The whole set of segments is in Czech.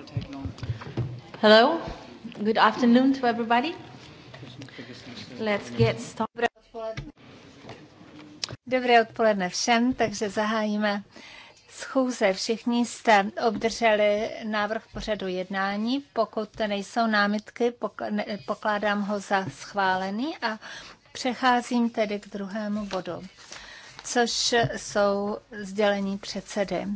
will take long. Hello. Good afternoon to everybody. Let's get started. Dobré odpoledne všem, takže zahájíme schůze. Všichni jste obdrželi návrh pořadu jednání. Pokud nejsou námitky, pokládám ho za schválený a přecházím tedy k druhému bodu, což jsou sdělení předsedy.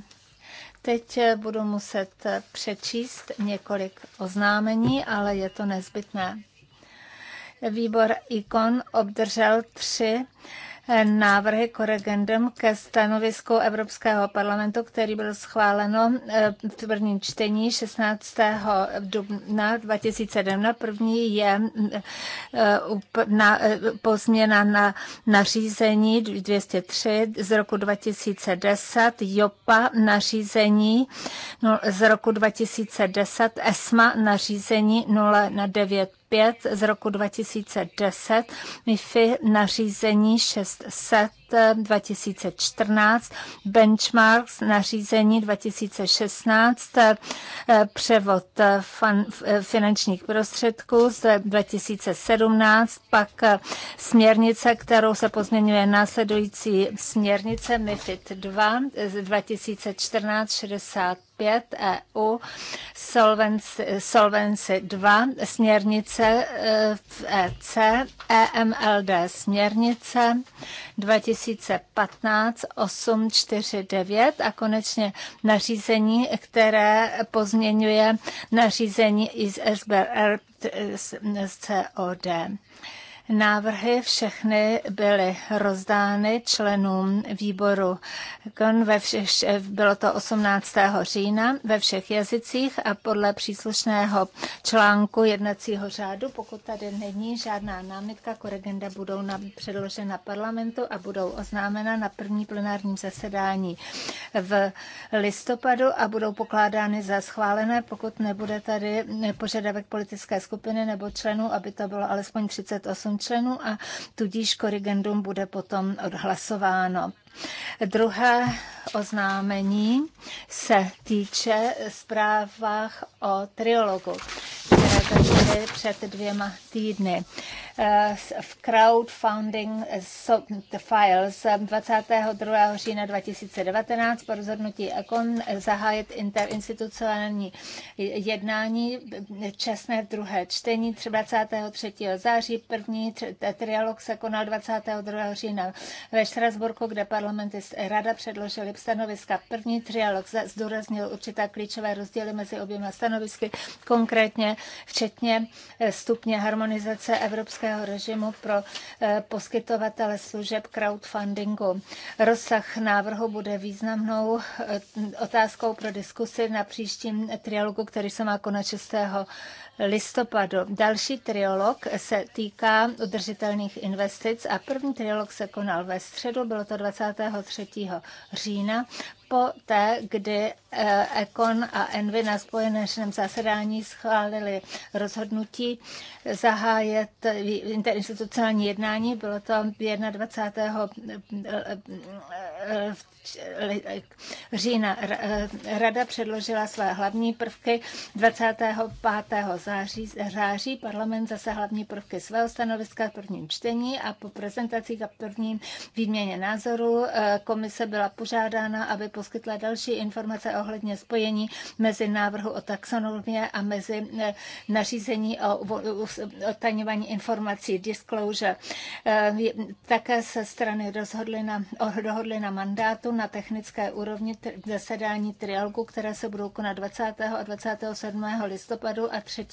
Teď budu muset přečíst několik oznámení, ale je to nezbytné. Výbor ikon obdržel tři návrhy koregendem ke stanovisku Evropského parlamentu, který byl schváleno eh, v prvním čtení 16. dubna 2017. První je eh, eh, pozměna na nařízení 203 z roku 2010, JOPA nařízení no, z roku 2010, ESMA nařízení 0 na 9 5 z roku 2010 MIFI nařízení 600 2014, benchmarks nařízení 2016, eh, převod eh, eh, finančních prostředků z 2017, pak směrnice, kterou se pozměňuje následující směrnice MIFID 2 z 2014 60 5 EU, Solvency, Solvency 2, směrnice v EC, EMLD směrnice 2000 2015 849 a konečně nařízení, které pozměňuje nařízení ISBR z z COD. Návrhy všechny byly rozdány členům výboru ve všech, bylo to 18. října, ve všech jazycích a podle příslušného článku jednacího řádu, pokud tady není žádná námitka, koregenda budou předložena parlamentu a budou oznámena na první plenárním zasedání v listopadu a budou pokládány za schválené, pokud nebude tady požadavek politické skupiny nebo členů, aby to bylo alespoň 38 členů a tudíž korrigendum bude potom odhlasováno. Druhé oznámení se týče zprávách o triologu, které začaly před dvěma týdny. Eh, v crowdfunding eh, the files 22. Eh, října 2019 po rozhodnutí Econ zahájit interinstitucionální jednání, čestné druhé čtení 23. září, první trialog se konal 22. října ve Štrasburku, kde parlamenty rada předložili stanoviska. První trialog zdůraznil určité klíčové rozdíly mezi oběma stanovisky, konkrétně včetně stupně harmonizace Evropské specifického režimu pro eh, poskytovatele služeb crowdfundingu. Rozsah návrhu bude významnou eh, otázkou pro diskusi na příštím trialogu, který se má konat 6 listopadu. Další trialog se týká udržitelných investic a první trialog se konal ve středu, bylo to 23. října poté, kdy eh, Econ a Envy na spojeném zasedání schválili rozhodnutí zahájet interinstitucionální jednání, bylo to 21. Eh, eh, října eh, rada předložila své hlavní prvky 25. září, září parlament zase hlavní prvky svého stanoviska v prvním čtení a po prezentaci a prvním výměně názorů eh, komise byla požádána, aby poskytla další informace ohledně spojení mezi návrhu o taxonomie a mezi eh, nařízení o otaňování informací disclosure. Také se strany rozhodly na, dohodly na mandátu na technické úrovni zasedání trialku, které se budou konat 20. a 27. listopadu a 3.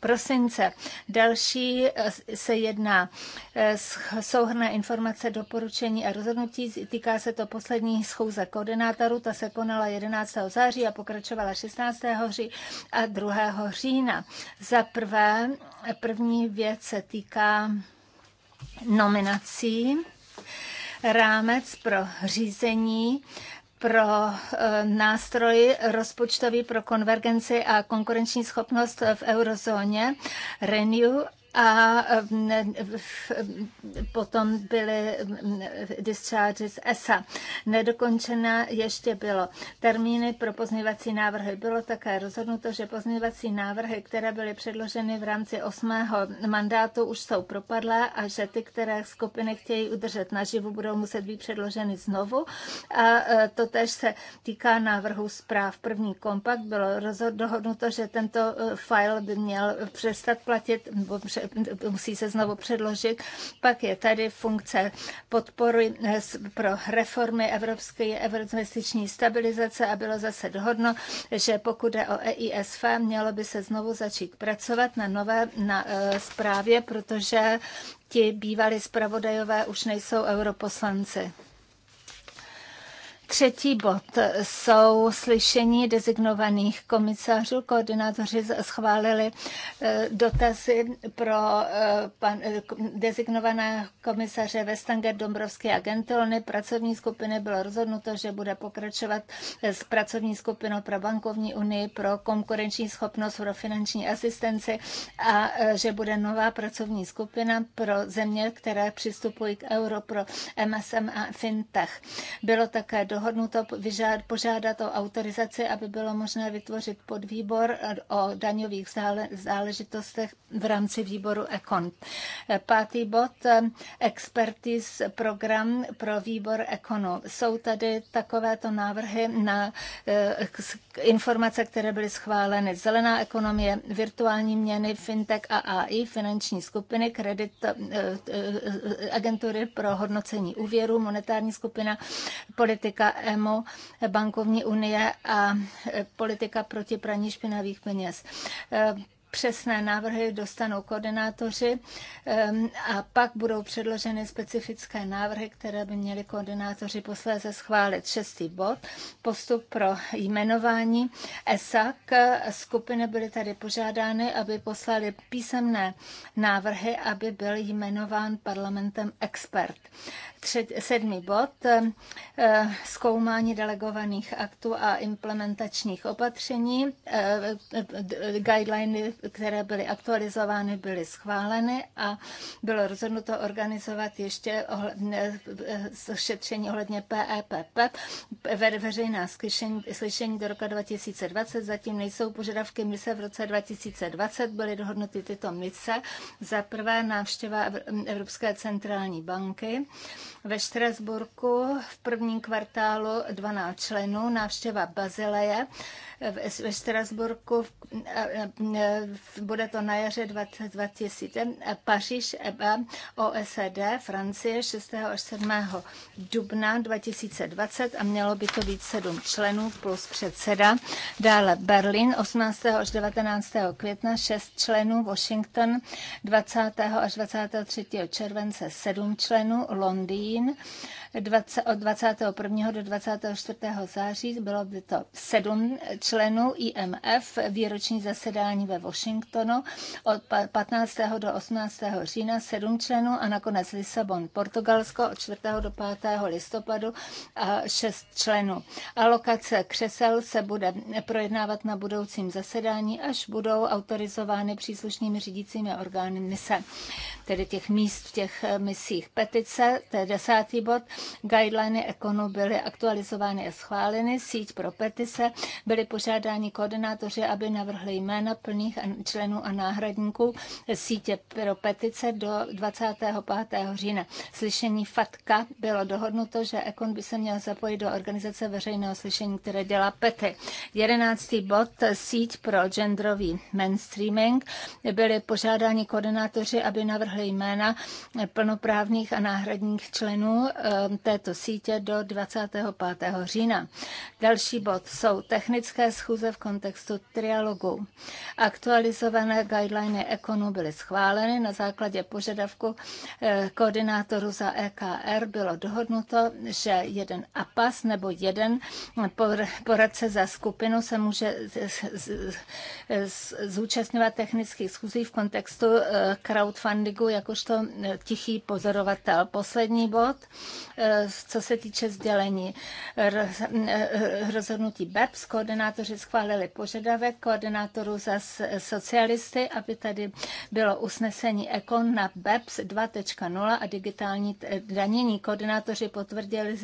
prosince. Další eh, se jedná eh, souhrné informace, doporučení a rozhodnutí. Týká se to poslední schůze koordinátorů. Ta se konala 11. září a pokračovala 16. hří a 2. října. Za prvé, první věc se týká nominací rámec pro řízení pro e, nástroj rozpočtový pro konvergenci a konkurenční schopnost v eurozóně Renew a potom byly discharge z ESA. Nedokončena ještě bylo termíny pro pozměňovací návrhy. Bylo také rozhodnuto, že pozměňovací návrhy, které byly předloženy v rámci osmého mandátu, už jsou propadlé a že ty, které skupiny chtějí udržet naživu, budou muset být předloženy znovu. A e, to tež se týká návrhu zpráv. První kompakt bylo rozhodnuto, že tento e, file by měl přestat platit, nebo musí se znovu předložit. Pak je tady funkce podpory eh, pro reformy Evropské evropské stabilizace a bylo zase dohodno, že pokud je o EISF, mělo by se znovu začít pracovat na nové na, eh, zprávě, protože ti bývalí zpravodajové už nejsou europoslanci. Třetí bod jsou slyšení designovaných komisařů. Koordinátoři schválili eh, dotazy pro eh, pan, eh, designované komisaře Vestanger Dombrovské a Gentilny. Pracovní skupiny bylo rozhodnuto, že bude pokračovat s pracovní skupinou pro bankovní unii, pro konkurenční schopnost, pro finanční asistenci a že bude nová pracovní skupina pro země, které přistupují k euro, pro MSM a fintech. Bylo také do dohodnuto vyžád, požádat o autorizaci, aby bylo možné vytvořit podvýbor o daňových záležitostech v rámci výboru ECON. Pátý bod, expertiz program pro výbor ECONu. Jsou tady takovéto návrhy na eh, informace, které byly schváleny. Zelená ekonomie, virtuální měny, fintech a AI, finanční skupiny, kredit eh, eh, agentury pro hodnocení úvěru, monetární skupina, politika EMO, bankovní unie a e, politika proti praní špinavých peněz e, přesné návrhy dostanou koordinátoři e, a pak budou předloženy specifické návrhy, které by měli koordinátoři posléze schválit. Šestý bod, postup pro jmenování ESAK. Skupiny byly tady požádány, aby poslali písemné návrhy, aby byl jmenován parlamentem expert třed, sedmý bod, eh, eh, zkoumání delegovaných aktů a implementačních opatření. Eh, guideliny, které byly aktualizovány, byly schváleny a bylo rozhodnuto organizovat ještě šetření ohledně PEPP, e ve, veřejná slyšení, slyšení do roku 2020. Zatím nejsou požadavky mise v roce 2020, byly dohodnuty tyto mise. Za prvé návštěva Evropské centrální banky, ve Štrasburku v prvním kvartálu 12 členů, návštěva Bazileje ve Strasburku, bude to na jaře 2020, Paříž, EBA, OSD, Francie 6. až 7. dubna 2020 a mělo by to být sedm členů plus předseda. Dále Berlin 18. až 19. května 6 členů, Washington 20. až 23. července 7 členů, Londýn 20, od 21. do 24. září. Bylo by to sedm členů IMF, výroční zasedání ve Washingtonu od 15. do 18. října, sedm členů a nakonec Lisabon, Portugalsko od 4. do 5. listopadu a šest členů. Alokace křesel se bude projednávat na budoucím zasedání, až budou autorizovány příslušnými řídícími orgány mise tedy těch míst v těch eh, misích. Petice, to je desátý bod, guideliny ekonu byly aktualizovány a schváleny, síť pro petice, byly požádáni koordinátoři, aby navrhli jména plných členů a náhradníků sítě pro petice do 25. října. Slyšení FATKA bylo dohodnuto, že ekon by se měl zapojit do organizace veřejného slyšení, které dělá PETY. Jedenáctý bod, síť pro genderový mainstreaming, byly požádáni koordinátoři, aby navrhli návrhy jména plnoprávných a náhradních členů eh, této sítě do 25. října. Další bod jsou technické schůze v kontextu trialogu. Aktualizované guideliny ekonu byly schváleny na základě požadavku eh, koordinátoru za EKR bylo dohodnuto, že jeden APAS nebo jeden poradce za skupinu se může zúčastňovat technických schůzí v kontextu eh, crowdfundingu jakožto eh, tichý pozorovatel. Poslední bod, eh, co se týče sdělení. Eh, rozhodnutí BEPS, koordinátoři schválili požadavek koordinátorů za socialisty, aby tady bylo usnesení ekon na BEPS 2.0 a digitální danění. Koordinátoři potvrdili,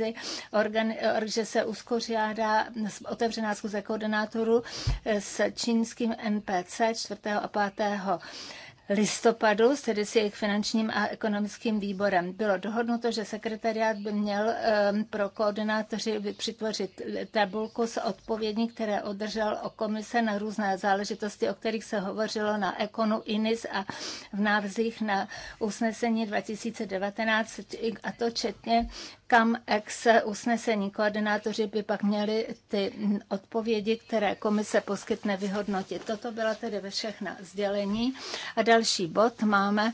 že se uskořádá otevřená schůze koordinátorů s čínským NPC 4. a 5 listopadu, tedy s jejich finančním a ekonomickým výborem. Bylo dohodnuto, že sekretariát by měl pro koordinátoři přitvořit tabulku s odpovědní, které održel o komise na různé záležitosti, o kterých se hovořilo na Ekonu Inis a v návrzích na usnesení 2019, a to četně, kam ex usnesení koordinátoři by pak měli ty odpovědi, které komise poskytne, vyhodnotit. Toto byla tedy ve všechna sdělení. A dal další bod máme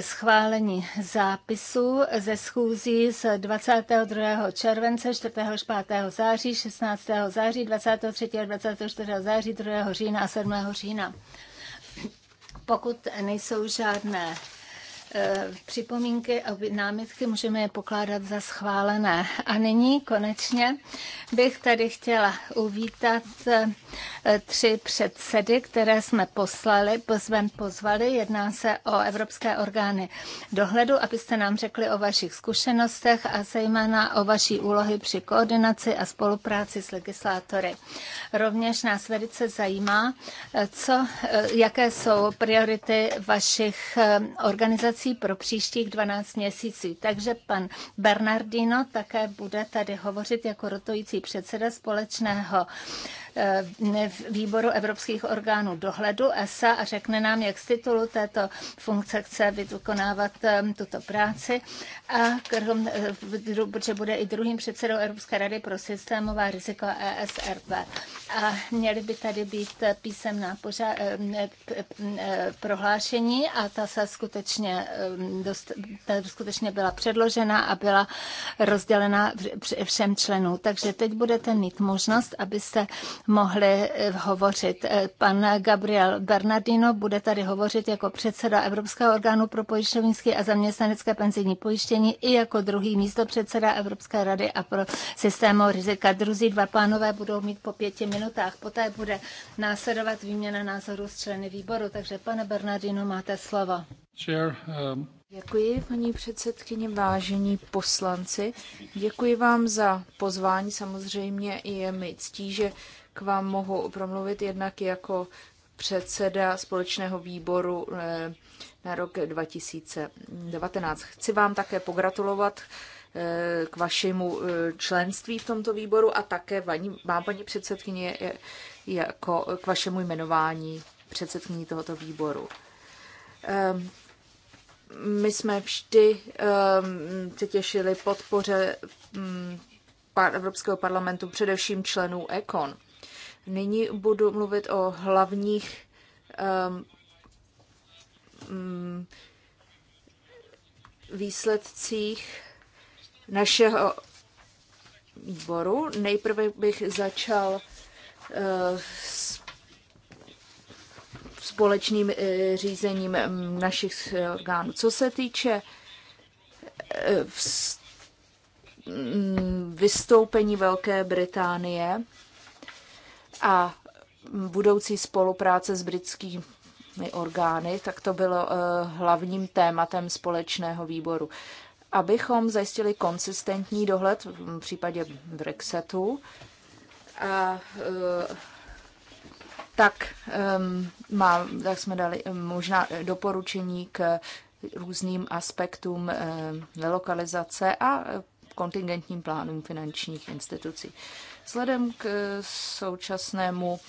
schválení zápisu ze schůzí z 22. července, 4. až 5. září, 16. září, 23. a 24. září, 2. října a 7. října. Pokud nejsou žádné Eh, připomínky a námitky můžeme je pokládat za schválené. A nyní konečně bych tady chtěla uvítat eh, tři předsedy, které jsme poslali, pozvem, pozvali. Jedná se o evropské orgány dohledu, abyste nám řekli o vašich zkušenostech a zejména o vaší úlohy při koordinaci a spolupráci s legislátory. Rovněž nás velice zajímá, eh, co, jaké jsou priority vašich organizací, věcí pro příštích 12 měsíců. Takže pan Bernardino také bude tady hovořit jako rotující předseda společného Eh, v výboru evropských orgánů dohledu ESA a řekne nám, jak z titulu této funkce chce vykonávat eh, tuto práci a eh, protože bude i druhým předsedou Evropské rady pro systémová rizika ESRB. A měly by tady být písemná poža- prohlášení a ta se skutečně, dost, ta skutečně byla předložena a byla rozdělena všem členům. Takže teď budete mít možnost, abyste mohli eh, hovořit. Eh, pan Gabriel Bernardino bude tady hovořit jako předseda Evropského orgánu pro pojišťovnické a zaměstnanecké penzijní pojištění i jako druhý místo předseda Evropské rady a pro systému rizika. Druzí dva pánové budou mít po pěti minutách. Poté bude následovat výměna názorů s členy výboru. Takže pane Bernardino, máte slovo. Um, Děkuji, paní předsedkyně, vážení poslanci. Děkuji vám za pozvání. Samozřejmě i je mi ctí, že k vám mohu promluvit jednak jako předseda společného výboru eh, na rok 2019. Chci vám také pogratulovat eh, k vašemu eh, členství v tomto výboru a také vám, paní předsedkyně, jako k vašemu jmenování předsedkyní tohoto výboru. Ehm, my jsme vždy um, těšili podpoře um, par- Evropského parlamentu, především členů ECON. Nyní budu mluvit o hlavních um, um, výsledcích našeho výboru. Nejprve bych začal uh, s společným eh, řízením mm, našich eh, orgánů. Co se týče eh, mm, vystoupení Velké Británie a budoucí spolupráce s britskými orgány, tak to bylo hlavním tématem společného výboru. Abychom zajistili konsistentní dohled v případě Brexitu a tak, um, má, tak jsme dali ehm, možná doporučení k různým aspektům um, ehm, lokalizace a eh, kontingentním plánům finančních institucí. Vzhledem k eh, současnému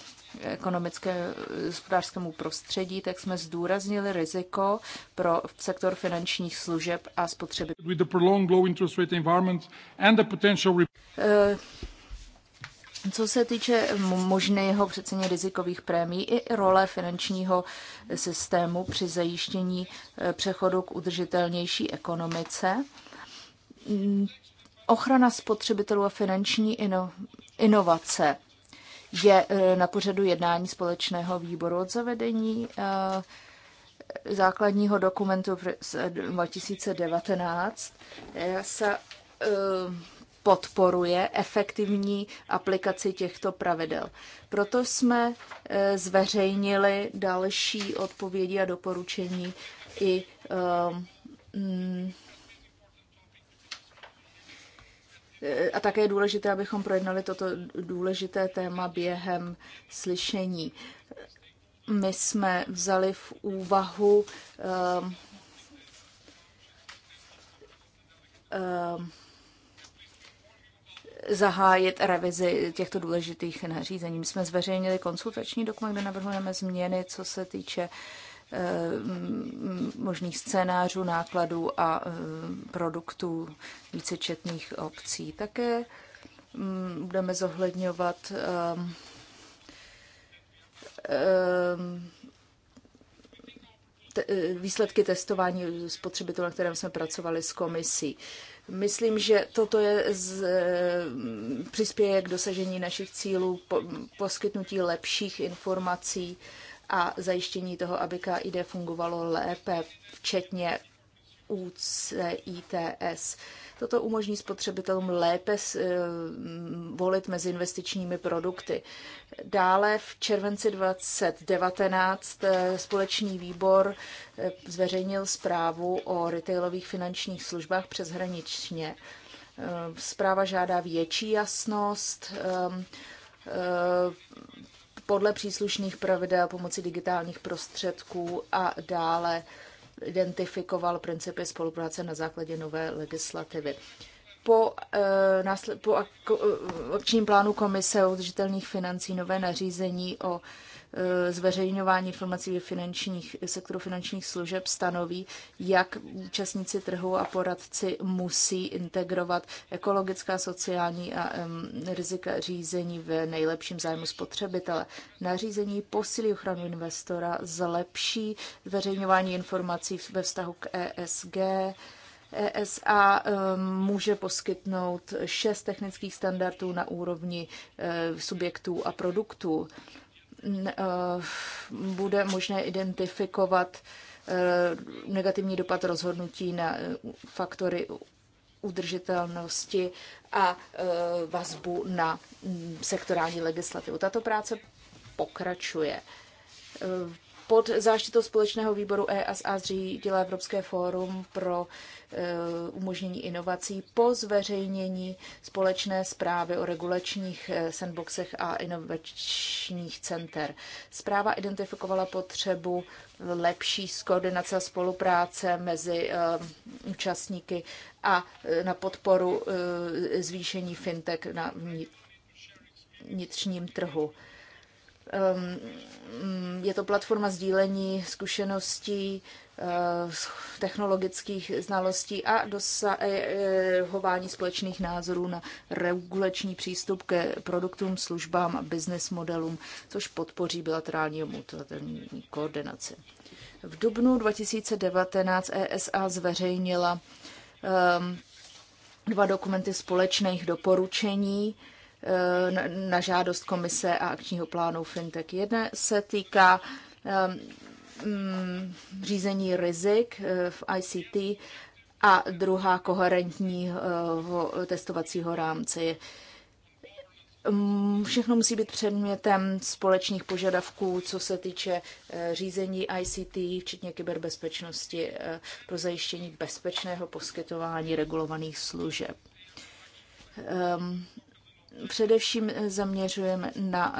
ekonomické hospodářskému prostředí, tak jsme zdůraznili riziko pro sektor finančních služeb a spotřeby. Co se týče možného přeceně rizikových prémí i role finančního systému při zajištění e, přechodu k udržitelnější ekonomice, mm, ochrana spotřebitelů a finanční inovace je e, na pořadu jednání společného výboru od zavedení e, základního dokumentu 2019 se podporuje efektivní aplikaci těchto pravidel. Proto jsme eh, zveřejnili další odpovědi a doporučení i ehm, mm, eh, a také je důležité, abychom projednali toto důležité téma během slyšení. My jsme vzali v úvahu uh, uh, zahájit revizi těchto důležitých nařízení. My jsme zveřejnili konsultační dokument, kde navrhujeme změny, co se týče eh, možných scénářů, nákladů a eh, produktů vícečetných obcí. Také mm, budeme zohledňovat eh, výsledky testování spotřebitelů, na kterém jsme pracovali s komisí. Myslím, že toto je z, eh, přispěje k dosažení našich cílů, po, poskytnutí lepších informací a zajištění toho, aby KID fungovalo lépe, včetně UCITS. Toto umožní spotřebitelům lépe eh, volit mezi investičními produkty. Dále v červenci 2019 eh, společný výbor eh, zveřejnil zprávu o retailových finančních službách přeshraničně. Zpráva žádá větší jasnost podle příslušných pravidel pomocí digitálních prostředků a dále identifikoval principy spolupráce na základě nové legislativy. Po, e, po občním eh, plánu Komise o udržitelných financí nové nařízení o Eh, zveřejňování informací ve finančních, sektoru finančních služeb stanoví, jak účastníci trhu a poradci musí integrovat ekologická, sociální a um, rizika řízení v nejlepším zájmu spotřebitele. Nařízení posílí ochranu investora, zlepší zveřejňování informací ve vztahu k ESG, ESA může poskytnout šest technických standardů na úrovni eh, subjektů a produktů. Eh, bude možné identifikovat eh, negativní dopad rozhodnutí na eh, faktory udržitelnosti a vazbu na mm, sektorální legislativu. Tato práce pokračuje. Pod záštitou společného výboru EASA zřídila Evropské fórum pro Eh, umožnění inovací po zveřejnění společné zprávy o regulačních eh, sandboxech a inovačních center. Zpráva identifikovala potřebu lepší skoordinace a spolupráce mezi eh, účastníky a na podporu zvýšení fintech na vnitřním trhu Ehm, je to platforma sdílení zkušeností, eh, technologických znalostí a dosahování společných názorů na regulační přístup ke produktům, službám a business modelům, což podpoří bilaterální multilaterální koordinaci. V dubnu 2019 ESA zveřejnila ehm, dva dokumenty společných doporučení Eh, na žádost komise a akčního plánu FinTech 1 se týká eh, mm, řízení rizik eh, v ICT a druhá koherentního testovacího rámce. Mm, všechno musí být předmětem společných požadavků, co se týče řízení ICT, včetně kyberbezpečnosti, pro zajištění bezpečného poskytování regulovaných služeb. Ehm, Především zaměřujeme na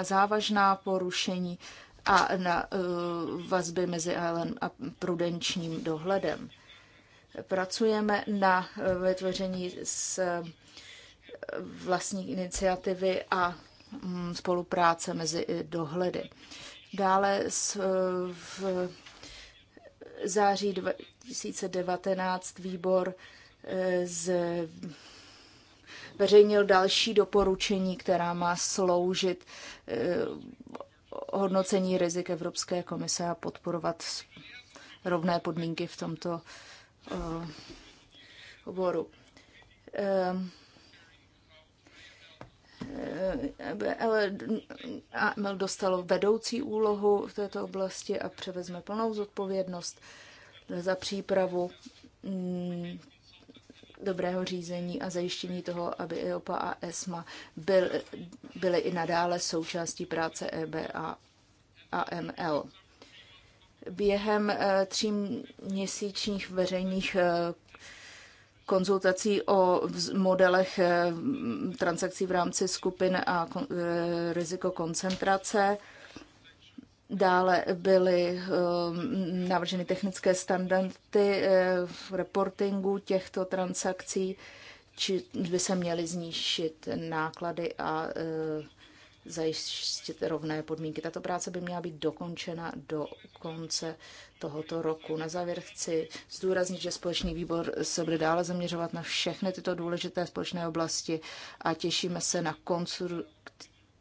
eh, závažná porušení a na eh, vazby mezi ILM a prudenčním dohledem. Pracujeme na eh, vytvoření s vlastní iniciativy a hm, spolupráce mezi dohledy. Dále v září 2019 výbor z zveřejnil další doporučení, která má sloužit eh, hodnocení rizik Evropské komise a podporovat rovné podmínky v tomto eh, oboru. Eh, AML dostalo vedoucí úlohu v této oblasti a převezme plnou zodpovědnost za přípravu mm, dobrého řízení a zajištění toho, aby EOPA a ESMA byl, byly i nadále součástí práce EBA a AML. Během eh, tří měsíčních veřejných eh, konzultací o modelech eh, transakcí v rámci skupin a riziko koncentrace Dále byly ehm, navrženy technické standardy eh, v reportingu těchto transakcí, či by se měly znížit náklady a eh, zajistit rovné podmínky. Tato práce by měla být dokončena do konce tohoto roku. Na závěr chci zdůraznit, že společný výbor se bude dále zaměřovat na všechny tyto důležité společné oblasti a těšíme se na konstruktivní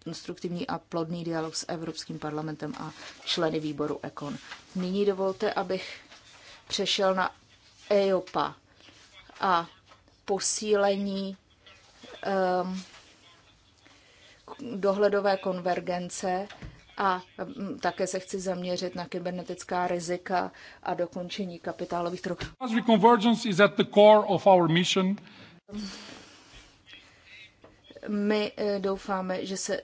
konstruktivní a plodný dialog s Evropským parlamentem a členy výboru EKON. Nyní dovolte, abych přešel na EOPA a posílení um, dohledové konvergence a mm, také se chci zaměřit na kybernetická rizika a dokončení kapitálových trhů. My eh, doufáme, že se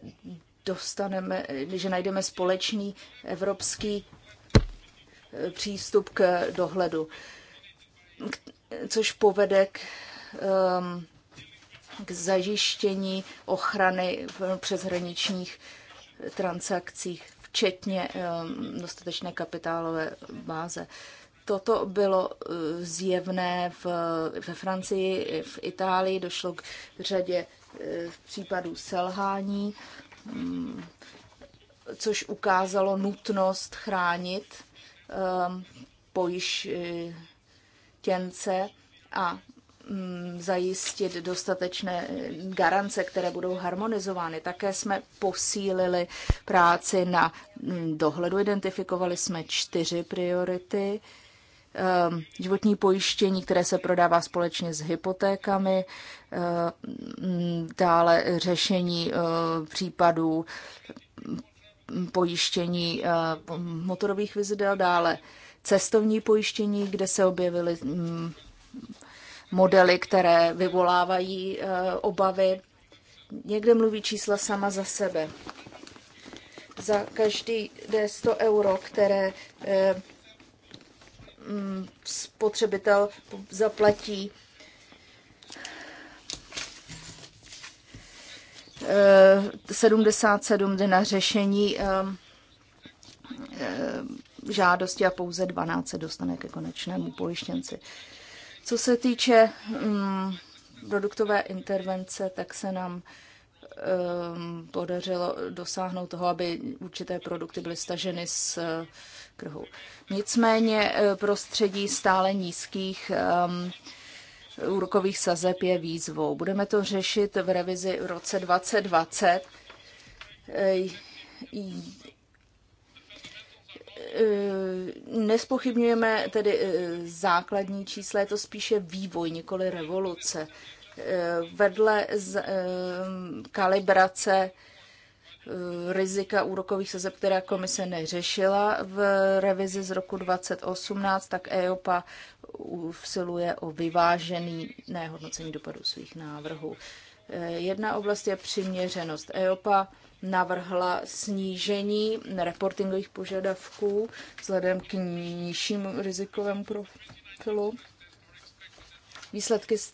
dostaneme, že najdeme společný evropský eh, přístup k dohledu, což povede k, ehm, k zajištění ochrany v přeshraničních eh, transakcích, včetně ehm, dostatečné kapitálové báze. Toto bylo zjevné v, ve Francii, v Itálii, došlo k řadě v případu selhání, mm, což ukázalo nutnost chránit ehm, pojištěnce a mm, zajistit dostatečné garance, které budou harmonizovány. Také jsme posílili práci na mm, dohledu, identifikovali jsme čtyři priority Ehm, životní pojištění, které se prodává společně s hypotékami, ehm, dále řešení ehm, případů pojištění motorových vozidel, dále cestovní pojištění, kde se objevily mm, modely, které vyvolávají obavy. Někde mluví čísla sama za sebe. Za každý 100 euro, které Mm, spotřebitel zaplatí e, eh, 77 dny na řešení e, e, žádosti a pouze 12 se dostane ke konečnému pojištěnci. Co se týče mm, produktové intervence, tak se nám um, podařilo dosáhnout toho, aby určité produkty byly staženy z trhu. Nicméně eh, prostředí stále nízkých um, úrokových sazeb je výzvou. Budeme to řešit v revizi v roce 2020. Eh, nespochybňujeme tedy eh, základní čísla, je to spíše vývoj, nikoli revoluce. Vedle ehm, kalibrace Eh, rizika úrokových sazeb, která komise neřešila v revizi z roku 2018, tak EOPA usiluje o vyvážený nehodnocení dopadů svých návrhů. Eh, jedna oblast je přiměřenost. EOPA navrhla snížení reportingových požadavků vzhledem k nižšímu rizikovému profilu Výsledky z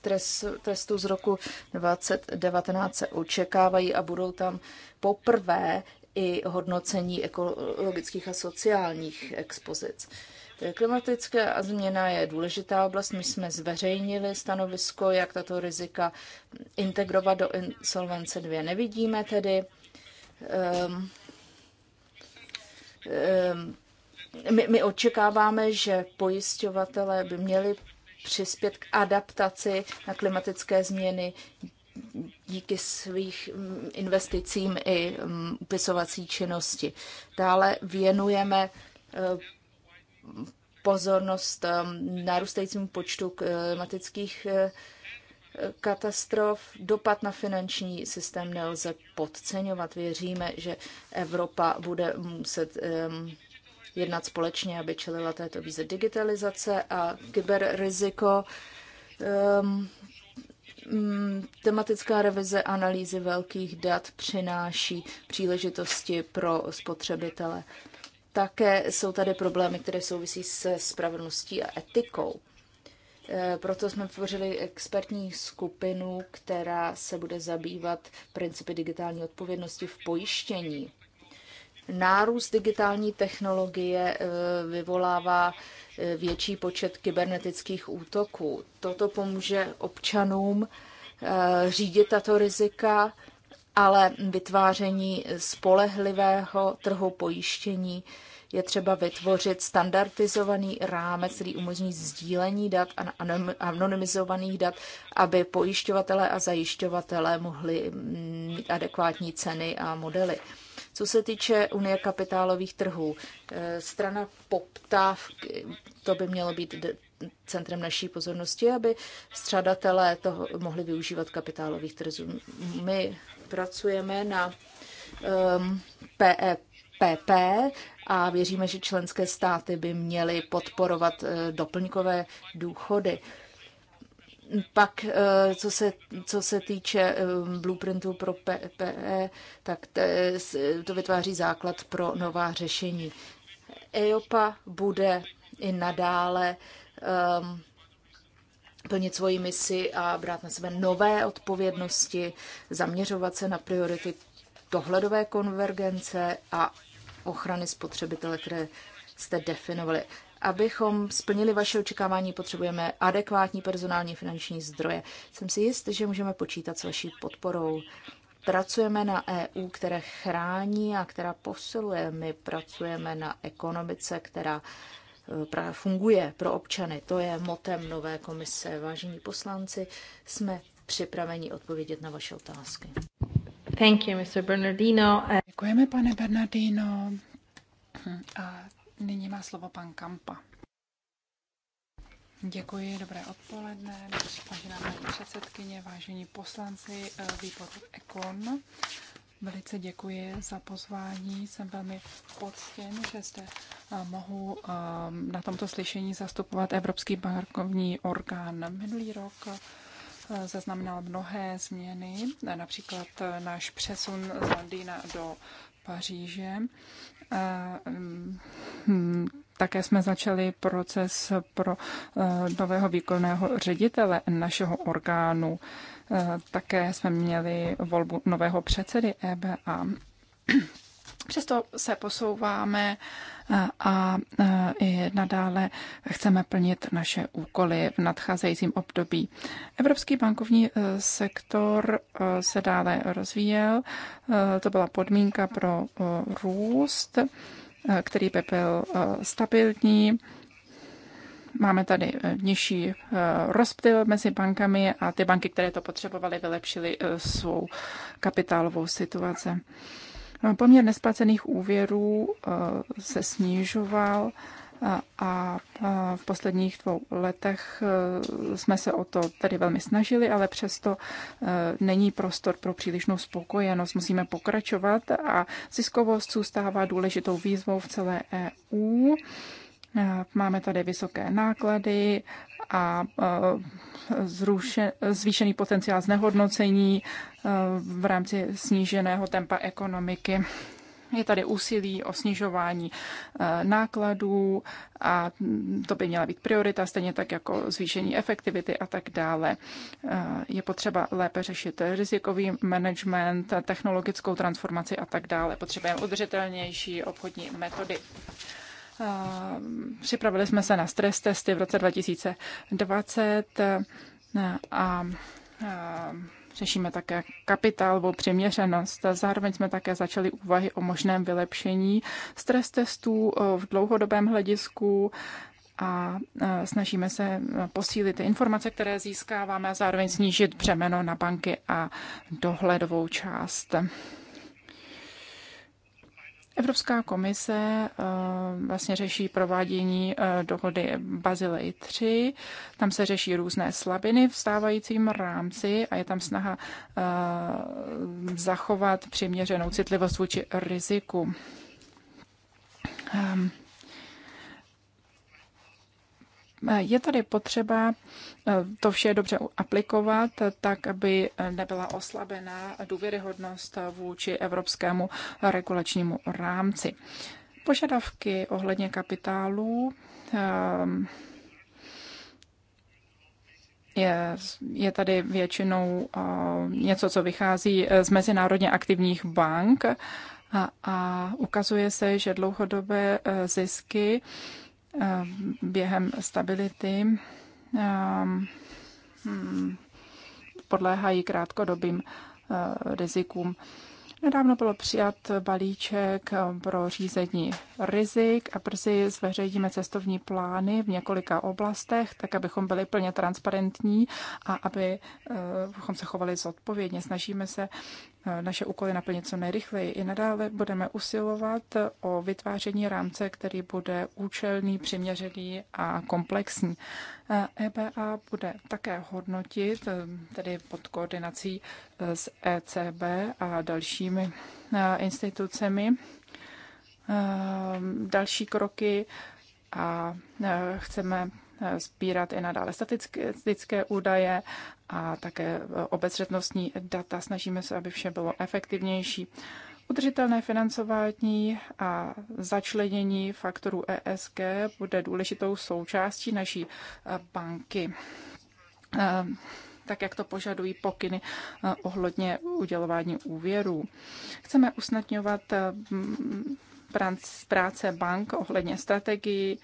trestu z roku 2019 se očekávají a budou tam poprvé i hodnocení ekologických a sociálních expozic. Klimatická změna je důležitá oblast. My jsme zveřejnili stanovisko, jak tato rizika integrovat do insolvence 2. Nevidíme tedy. Um, um, my, my očekáváme, že pojišťovatele by měli přispět k adaptaci na klimatické změny díky svých mm, investicím i mm, upisovací činnosti. Dále věnujeme e, pozornost e, narůstajícímu počtu klimatických e, katastrof. Dopad na finanční systém nelze podceňovat. Věříme, že Evropa bude muset um, jednat společně, aby čelila této víze digitalizace a kyberriziko. Um, tematická revize analýzy velkých dat přináší příležitosti pro spotřebitele. Také jsou tady problémy, které souvisí se spravedlností a etikou. Eh, proto jsme vytvořili expertní skupinu, která se bude zabývat principy digitální odpovědnosti v pojištění. Nárůst digitální technologie eh, vyvolává eh, větší počet kybernetických útoků. Toto pomůže občanům eh, řídit tato rizika, ale vytváření spolehlivého trhu pojištění je třeba vytvořit standardizovaný rámec, který umožní sdílení dat a anonymizovaných dat, aby pojišťovatelé a zajišťovatelé mohli mm, mít adekvátní ceny a modely. Co se týče Unie kapitálových trhů, eh, strana poptávky, to by mělo být centrem naší pozornosti, aby střadatelé to mohli využívat kapitálových trhů. My pracujeme na um, ehm, PEPP a věříme, že členské státy by měly podporovat uh, doplňkové důchody. Uh, pak, eh, co se, co se týče eh, blueprintu pro PPE, tak to vytváří základ pro nová řešení. EOPA bude i nadále um, plnit svoji misi a brát na sebe nové odpovědnosti, zaměřovat se na priority dohledové konvergence a ochrany spotřebitele, které jste definovali. Abychom splnili vaše očekávání, potřebujeme adekvátní personální finanční zdroje. Jsem si jist, že můžeme počítat s vaší podporou. Pracujeme na EU, které chrání a která posiluje. My pracujeme na ekonomice, která eh, funguje pro občany. To je motem nové komise. Vážení poslanci, jsme připraveni odpovědět na vaše otázky. Thank you, Mr. Bernardino. Děkujeme, pane Bernardino. A Nyní má slovo pan Kampa. Děkuji, dobré odpoledne, vážená paní předsedkyně, vážení poslanci eh, výboru EKON. Velice děkuji za pozvání. Jsem velmi poctěn, že zde eh, mohu eh, na tomto slyšení zastupovat Evropský bankovní orgán. Minulý rok zaznamenal mnohé změny, například náš přesun z Londýna do Paříže. Eh, mm, také jsme začali proces pro eh, nového výkonného ředitele našeho orgánu. Eh, také jsme měli volbu nového předsedy EBA. Přesto se posouváme eh, a eh, i nadále chceme plnit naše úkoly v nadcházejícím období. Evropský bankovní eh, sektor se dále rozvíjel. To byla podmínka pro růst, který by byl stabilní. Máme tady nižší rozptyl mezi bankami a ty banky, které to potřebovaly, vylepšily svou kapitálovou situaci. No, poměr nesplacených úvěrů eh, se snižoval eh, a eh, v posledních dvou letech jsme se o to tedy velmi snažili, ale přesto není prostor pro přílišnou spokojenost. Musíme pokračovat a ziskovost zůstává důležitou výzvou v celé EU. Máme tady vysoké náklady, a e, zvýšený potenciál znehodnocení e, v rámci sníženého tempa ekonomiky. Je tady úsilí o snižování e, nákladů a to by měla být priorita, stejně tak jako zvýšení efektivity a tak dále. Je potřeba lépe řešit rizikový management, technologickou transformaci a tak dále. Potřebujeme udržitelnější obchodní metody. Ehm, připravili jsme se na stres testy v roce 2020 eh, a ehm, Řešíme také kapitálovou přiměřenost. Zároveň jsme také začali úvahy o možném vylepšení stres testů eh, v dlouhodobém hledisku a eh, snažíme se posílit ty informace, které získáváme a zároveň snížit břemeno na banky a dohledovou část. Evropská komise eh, vlastně řeší provádění eh, dohody Bazilej 3. Tam se řeší různé slabiny v stávajícím rámci a je tam snaha eh, zachovat přiměřenou citlivost vůči riziku. Ehm, je tady potřeba eh, to vše dobře aplikovat, eh, tak aby eh, nebyla oslabená důvěryhodnost vůči evropskému regulačnímu rámci. Požadavky ohledně kapitálu je, je tady většinou něco, co vychází z mezinárodně aktivních bank a, a ukazuje se, že dlouhodobé zisky Eh, během stability eh, hmm, podléhají krátkodobým eh, rizikům. Nedávno bylo přijat balíček pro řízení rizik a brzy zveřejníme cestovní plány v několika oblastech, tak abychom byli plně transparentní a abychom se chovali zodpovědně. Snažíme se Eh, naše úkoly naplnit co nejrychleji. I nadále budeme usilovat eh, o vytváření rámce, který bude účelný, přiměřený a komplexní. EBA eh, e bude také hodnotit, tedy pod koordinací s ECB a dalšími institucemi, další kroky a chceme sbírat i nadále statistické údaje a také e, obezřetnostní data. Snažíme se, aby vše bylo efektivnější. Udržitelné financování a začlenění faktorů ESG bude důležitou součástí naší e, banky e, tak jak to požadují pokyny ohledně udělování úvěrů. Chceme usnadňovat práce bank ohledně strategii,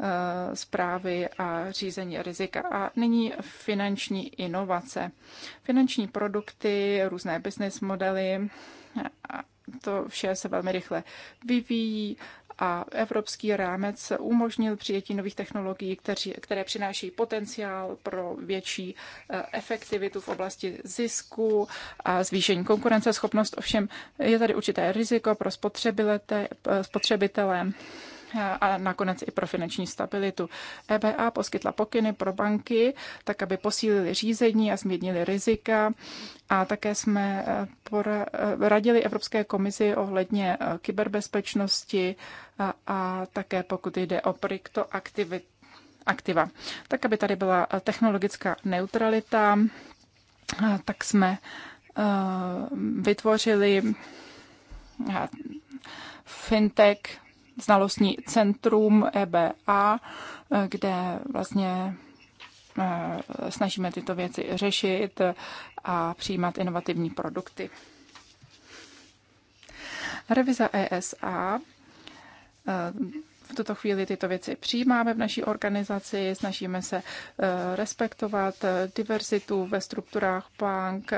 eh, zprávy a řízení rizika. A nyní finanční inovace. Finanční produkty, různé business modely, to vše se velmi rychle vyvíjí a evropský rámec umožnil přijetí nových technologií, které přináší potenciál pro větší eh, efektivitu v oblasti zisku a zvýšení konkurenceschopnost. Ovšem je tady určité riziko pro eh, spotřebitele a nakonec i pro finanční stabilitu. EBA poskytla pokyny pro banky, tak aby posílili řízení a změnili rizika. A také jsme eh, eh, radili Evropské komisi ohledně eh, kyberbezpečnosti a, a také pokud jde o aktivit, aktiva. Tak, aby tady byla technologická neutralita, tak jsme vytvořili fintech znalostní centrum EBA, kde vlastně eh, snažíme tyto věci řešit a přijímat inovativní produkty. Revize ESA. Eh, v tuto chvíli tyto věci přijímáme v naší organizaci, snažíme se eh, respektovat diverzitu ve strukturách bank,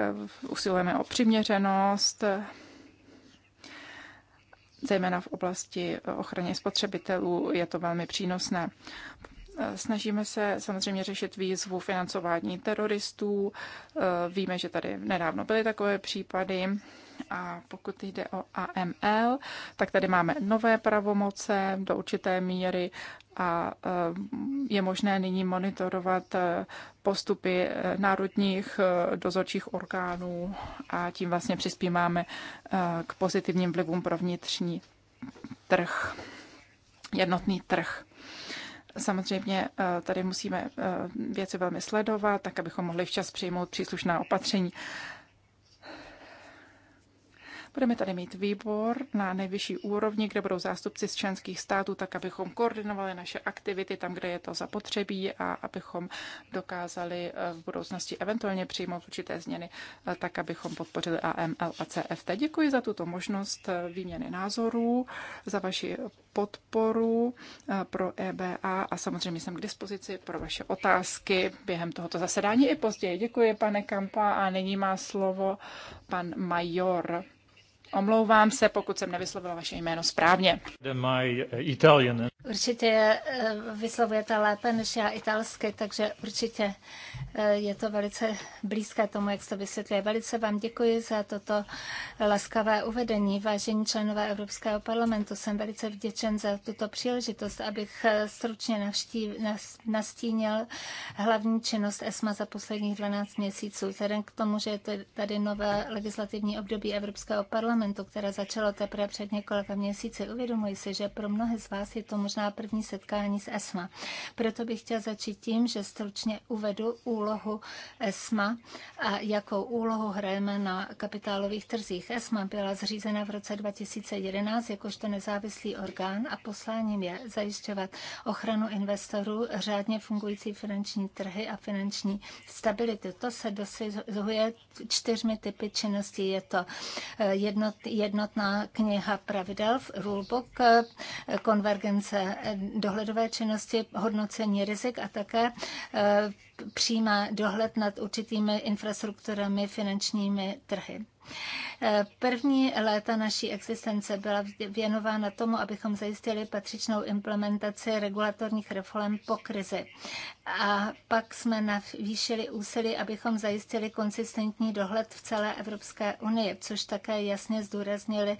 usilujeme o přiměřenost zejména v oblasti ochrany spotřebitelů je to velmi přínosné. Snažíme se samozřejmě řešit výzvu financování teroristů. Víme, že tady nedávno byly takové případy a pokud jde o AML, tak tady máme nové pravomoce do určité míry a eh, je možné nyní monitorovat eh, postupy eh, národních dozorčích orgánů a tím vlastně přispíváme k pozitivním vlivům pro vnitřní trh, jednotný trh. Samozřejmě tady musíme věci velmi sledovat, tak abychom mohli včas přijmout příslušná opatření. Budeme tady mít výbor na nejvyšší úrovni, kde budou zástupci z členských států, tak abychom koordinovali naše aktivity tam, kde je to zapotřebí a abychom dokázali eh, v budoucnosti eventuálně přijmout určité změny, eh, tak abychom podpořili AML a CFT. Děkuji za tuto možnost eh, výměny názorů, za vaši podporu pro EBA a samozřejmě jsem k dispozici pro vaše otázky během tohoto zasedání i později. Děkuji, pane Kampa, a nyní má slovo pan Major. Omlouvám se, pokud jsem nevyslovila vaše jméno správně. Eh, eh. Určitě eh, vyslovujete lépe než já italsky, takže určitě je to velice blízké tomu, jak to vysvětluje. Velice vám děkuji za toto laskavé uvedení. Vážení členové Evropského parlamentu, jsem velice vděčen za tuto příležitost, abych stručně navštív, nastínil hlavní činnost ESMA za posledních 12 měsíců. Vzhledem k tomu, že je tady nové legislativní období Evropského parlamentu, parlamentu, které začalo teprve před několika měsíci. Uvědomuji si, že pro mnohé z vás je to možná první setkání s ESMA. Proto bych chtěla začít tím, že stručně uvedu úlohu ESMA a jakou úlohu hrajeme na kapitálových trzích. ESMA byla zřízena v roce 2011 jakožto nezávislý orgán a posláním je zajišťovat ochranu investorů, řádně fungující finanční trhy a finanční stabilitu. To se dosahuje čtyřmi typy činností. Je to eh, jedno jednotná kniha pravidel, rulebook, konvergence dohledové činnosti, hodnocení rizik a také eh, přijímá dohled nad určitými infrastrukturami finančními trhy. Eh, první léta naší existence byla věnována tomu, abychom zajistili patřičnou implementaci regulatorních reform po krizi a pak jsme navýšili úsilí, abychom zajistili konsistentní dohled v celé Evropské unii, což také jasně zdůraznili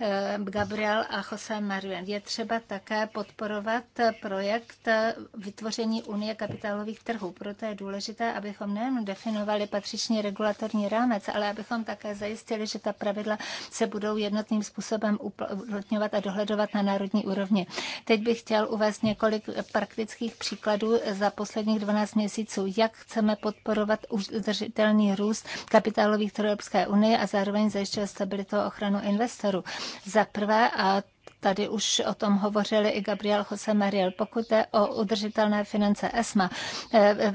eh, Gabriel a José Marien. Je třeba také podporovat projekt eh, vytvoření unie kapitálových trhů. Proto je důležité, abychom nejen definovali patřičný regulatorní rámec, ale abychom také zajistili, že ta pravidla se budou jednotným způsobem uplatňovat a dohledovat na národní úrovni. Teď bych chtěl uvést několik praktických příkladů za posledních 12 měsíců, jak chceme podporovat udržitelný růst kapitálových trhů Evropské unie a zároveň zajišťovat stabilitu a ochranu investorů. Za prvé, a Tady už o tom hovořili i Gabriel Jose Mariel. Pokud je o udržitelné finance ESMA, eh,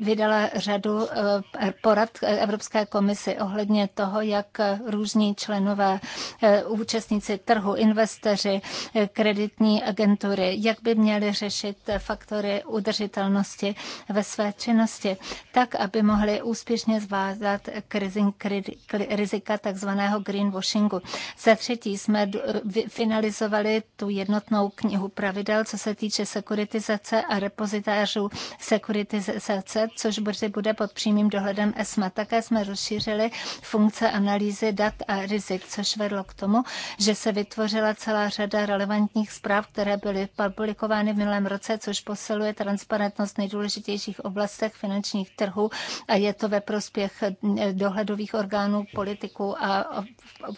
vydala řadu eh, porad Evropské komisi ohledně toho, jak různí členové eh, účastníci trhu, investoři, kreditní agentury, jak by měli řešit faktory udržitelnosti ve své činnosti, tak, aby mohli úspěšně zvázat rizika takzvaného greenwashingu. Za třetí jsme finalizovali vypracovali tu jednotnou knihu pravidel, co se týče sekuritizace a repozitářů sekuritizace, což brzy bude pod přímým dohledem ESMA. Také jsme rozšířili funkce analýzy dat a rizik, což vedlo k tomu, že se vytvořila celá řada relevantních zpráv, které byly publikovány v minulém roce, což posiluje transparentnost v nejdůležitějších oblastech finančních trhů a je to ve prospěch eh, dohledových orgánů, politiků a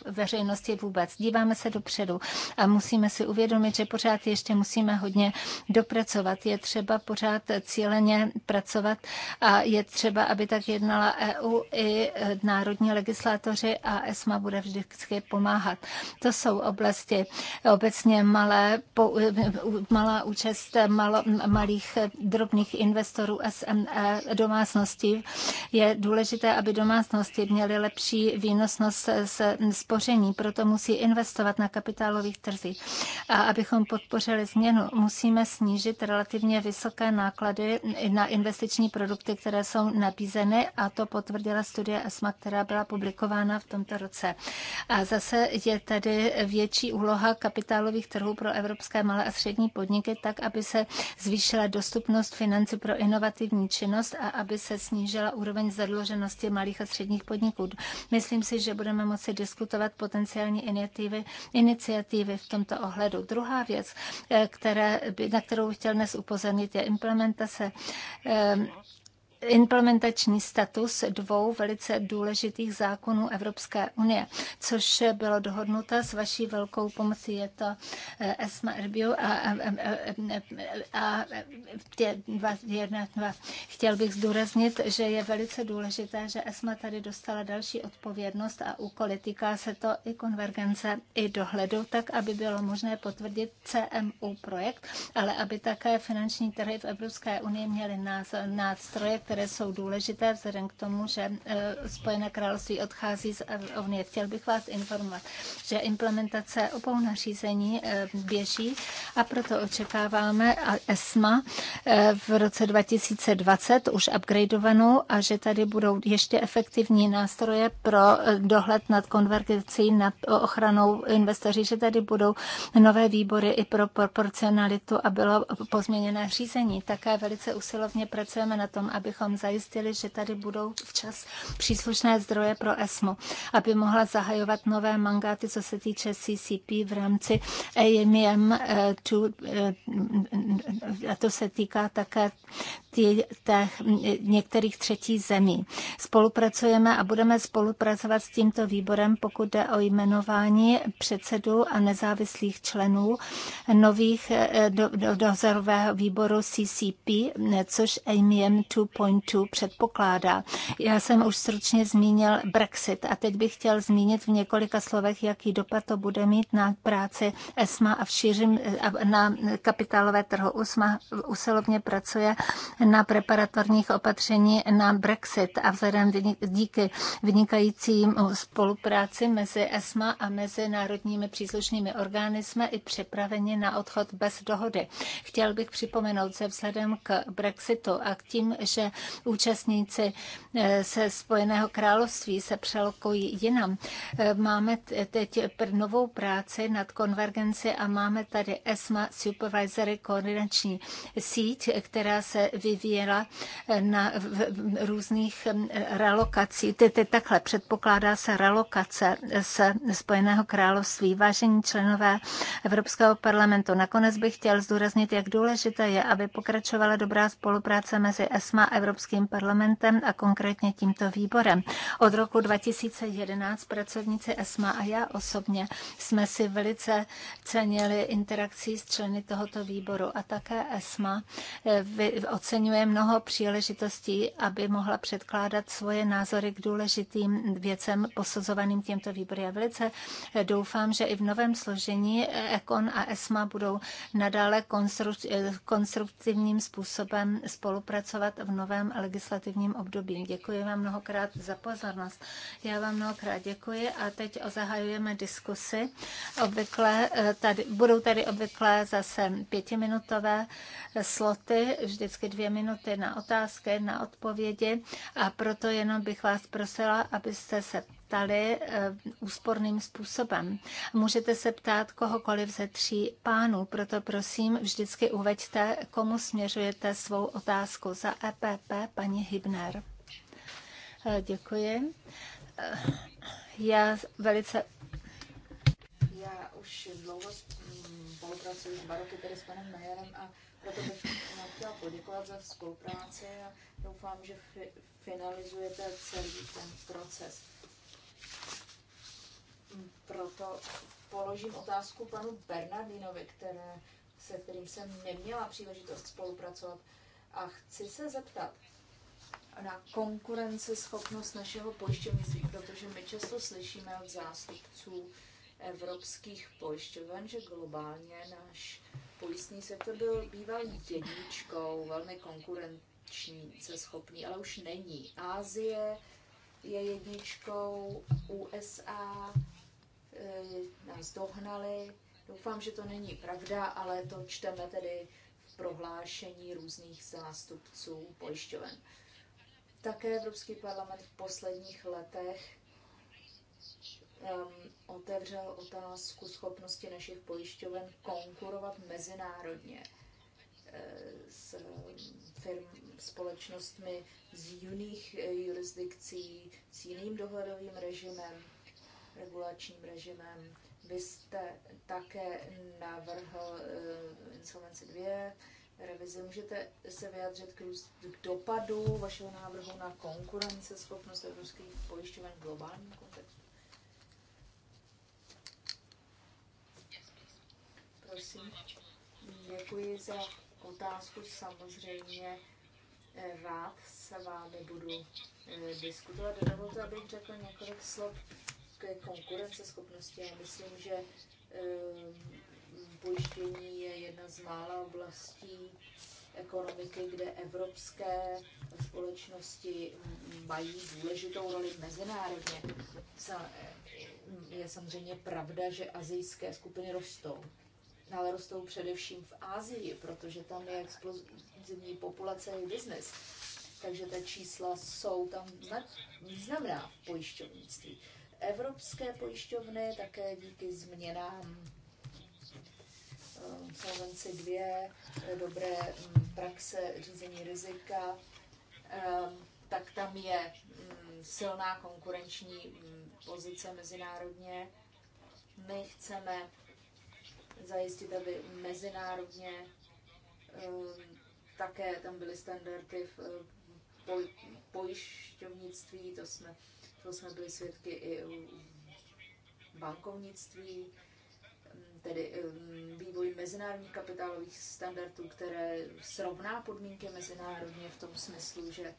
veřejnosti vůbec. Díváme se dopředu a musíme si uvědomit, že pořád ještě musíme hodně dopracovat. Je třeba pořád cíleně pracovat a je třeba, aby tak jednala EU i národní legislátoři a ESMA bude vždycky pomáhat. To jsou oblasti obecně malé, po, malá účast malo, malých drobných investorů SME domácností. Je důležité, aby domácnosti měly lepší výnosnost se spoření, proto musí investovat na kapitálových trzích krizí. A abychom podpořili změnu, musíme snížit relativně vysoké náklady na investiční produkty, které jsou nabízeny a to potvrdila studie ESMA, která byla publikována v tomto roce. A zase je tady větší úloha kapitálových trhů pro evropské malé a střední podniky, tak aby se zvýšila dostupnost financí pro inovativní činnost a aby se snížila úroveň zadluženosti malých a středních podniků. Myslím si, že budeme moci diskutovat potenciální iniciativy, iniciativy v tomto ohledu. Druhá věc, eh, které, na kterou chtěl dnes upozornit, je implementace eh, implementační status dvou velice důležitých zákonů Evropské unie, což bylo dohodnuto s vaší velkou pomocí. Je to eh, ESMA Erbiu a, a, a, a tě, dva, jedna, dva. Chtěl bych zdůraznit, že je velice důležité, že ESMA tady dostala další odpovědnost a úkoly. Týká se to i konvergence, i dohledu, tak, aby bylo možné potvrdit CMU projekt, ale aby také finanční trhy v Evropské unii měly nástroje, které jsou důležité vzhledem k tomu, že eh, Spojené království odchází z Unie. Chtěl bych vás informovat, že implementace obou nařízení eh, běží a proto očekáváme ESMA eh, v roce 2020 už upgradeovanou a že tady budou ještě efektivní nástroje pro dohled nad konvergencí, nad ochranou investoří, že tady budou nové výbory i pro proporcionalitu a bylo pozměněné řízení. Také velice usilovně pracujeme na tom, abychom abychom zajistili, že tady budou včas příslušné zdroje pro ESMO, aby mohla zahajovat nové mangáty, co se týče CCP v rámci AMM, eh, eh, a to se týká také těch některých třetí zemí. Spolupracujeme a budeme spolupracovat s tímto výborem, pokud jde o jmenování předsedů a nezávislých členů nových do, do, dozorového výboru CCP, což AMM 2.2 předpokládá. Já jsem už stručně zmínil Brexit a teď bych chtěl zmínit v několika slovech, jaký dopad to bude mít na práci ESMA a v šířím na kapitálové trhu. USMA usilovně pracuje na preparatorních opatření na Brexit a vzhledem díky vynikajícím spolupráci mezi ESMA a mezi národními příslušnými orgány jsme i připraveni na odchod bez dohody. Chtěl bych připomenout se vzhledem k Brexitu a k tím, že účastníci eh, se Spojeného království se přelokují jinam. Eh, máme teď novou práci nad konvergenci a máme tady ESMA Supervisory koordinační síť, která se vy vyvíjela eh, na v, v různých eh, relokací. Ty, takhle předpokládá se relokace z eh, Spojeného království. Vážení členové Evropského parlamentu, nakonec bych chtěl zdůraznit, jak důležité je, aby pokračovala dobrá spolupráce mezi ESMA, Evropským parlamentem a konkrétně tímto výborem. Od roku 2011 pracovníci ESMA a já osobně jsme si velice cenili interakcí s členy tohoto výboru a také ESMA ocenila oceňuje mnoho příležitostí, aby mohla předkládat svoje názory k důležitým věcem posuzovaným těmto výbory. Já velice eh, doufám, že i v novém složení Ekon eh, a ESMA budou nadále eh, konstruktivním způsobem spolupracovat v novém legislativním období. Děkuji vám mnohokrát za pozornost. Já vám mnohokrát děkuji a teď zahajujeme diskusy. Obvykle tady, budou tady obvykle zase pětiminutové sloty, vždycky dvě minuty na otázky, na odpovědi a proto jenom bych vás prosila, abyste se ptali eh, úsporným způsobem. Můžete se ptát kohokoliv ze tří pánů, proto prosím vždycky uveďte, komu směřujete svou otázku. Za EPP paní Hybner. Eh, děkuji. Eh, já velice... Já už dlouho mm, spolupracuji s Baroky, tedy s panem Majerem a proto bych vám chtěla poděkovat za spolupráci a doufám, že fi- finalizujete celý ten proces. Hm, proto položím otázku panu Bernardinovi, které, se kterým jsem neměla příležitost spolupracovat. A chci se zeptat na konkurenceschopnost našeho pojišťovnictví, protože my často slyšíme od zástupců evropských pojišťoven, že globálně náš pojistný sektor byl býval jedničkou, velmi konkurenční, se schopný, ale už není. Ázie je jedničkou, USA e, eh, nás dohnali. Doufám, že to není pravda, ale to čteme tedy v prohlášení různých zástupců pojišťoven. Také Evropský parlament v posledních letech um, otevřel otázku schopnosti našich pojišťoven konkurovat mezinárodně eh, s firm, společnostmi z jiných eh, jurisdikcí, s jiným dohledovým režimem, regulačním režimem. Vy jste také navrhl uh, Insolvency 2 revizi. Můžete se vyjádřit k, k dopadu vašeho návrhu na konkurenceschopnost evropských pojišťoven v globálním kontextu? prosím. Děkuji za otázku. Samozřejmě eh, rád s vámi budu eh, diskutovat. Dovolte, abych řekl několik slov ke konkurenceschopnosti. Já myslím, že eh, pojištění je jedna z mála oblastí ekonomiky, kde evropské společnosti mají důležitou roli mezinárodně. Je samozřejmě pravda, že azijské skupiny rostou ale rostou především v Ázii, protože tam je explozivní populace i biznis. Takže ta čísla jsou tam významná v pojišťovnictví. Evropské pojišťovny také díky změnám eh, Solvency 2, dobré hm, praxe řízení rizika, eh, tak tam je hm, silná konkurenční hm, pozice mezinárodně. My chceme zajistit, aby mezinárodně ehm, také tam byly standardy v eh, poj, pojišťovnictví, to jsme, to jsme byli svědky i bankovnictví, ehm, tedy ehm, vývoj mezinárodních kapitálových standardů, které srovná podmínky mezinárodně v tom smyslu, že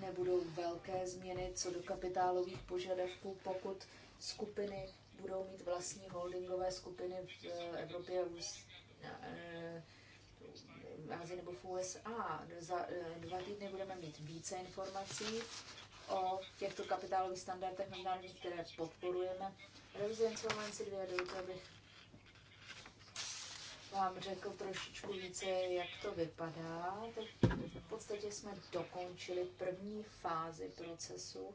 nebudou velké změny co do kapitálových požadavků, pokud skupiny budou mít vlastní holdingové skupiny v eh, Evropě, v Ázii eh, nebo v USA. Za eh, dva týdny budeme mít více informací o těchto kapitálových standardech mezinárodních, které podporujeme. Revize insolvenci 2 dovolte, abych vám řekl trošičku více, jak to vypadá. Tak v podstatě jsme dokončili první fázi procesu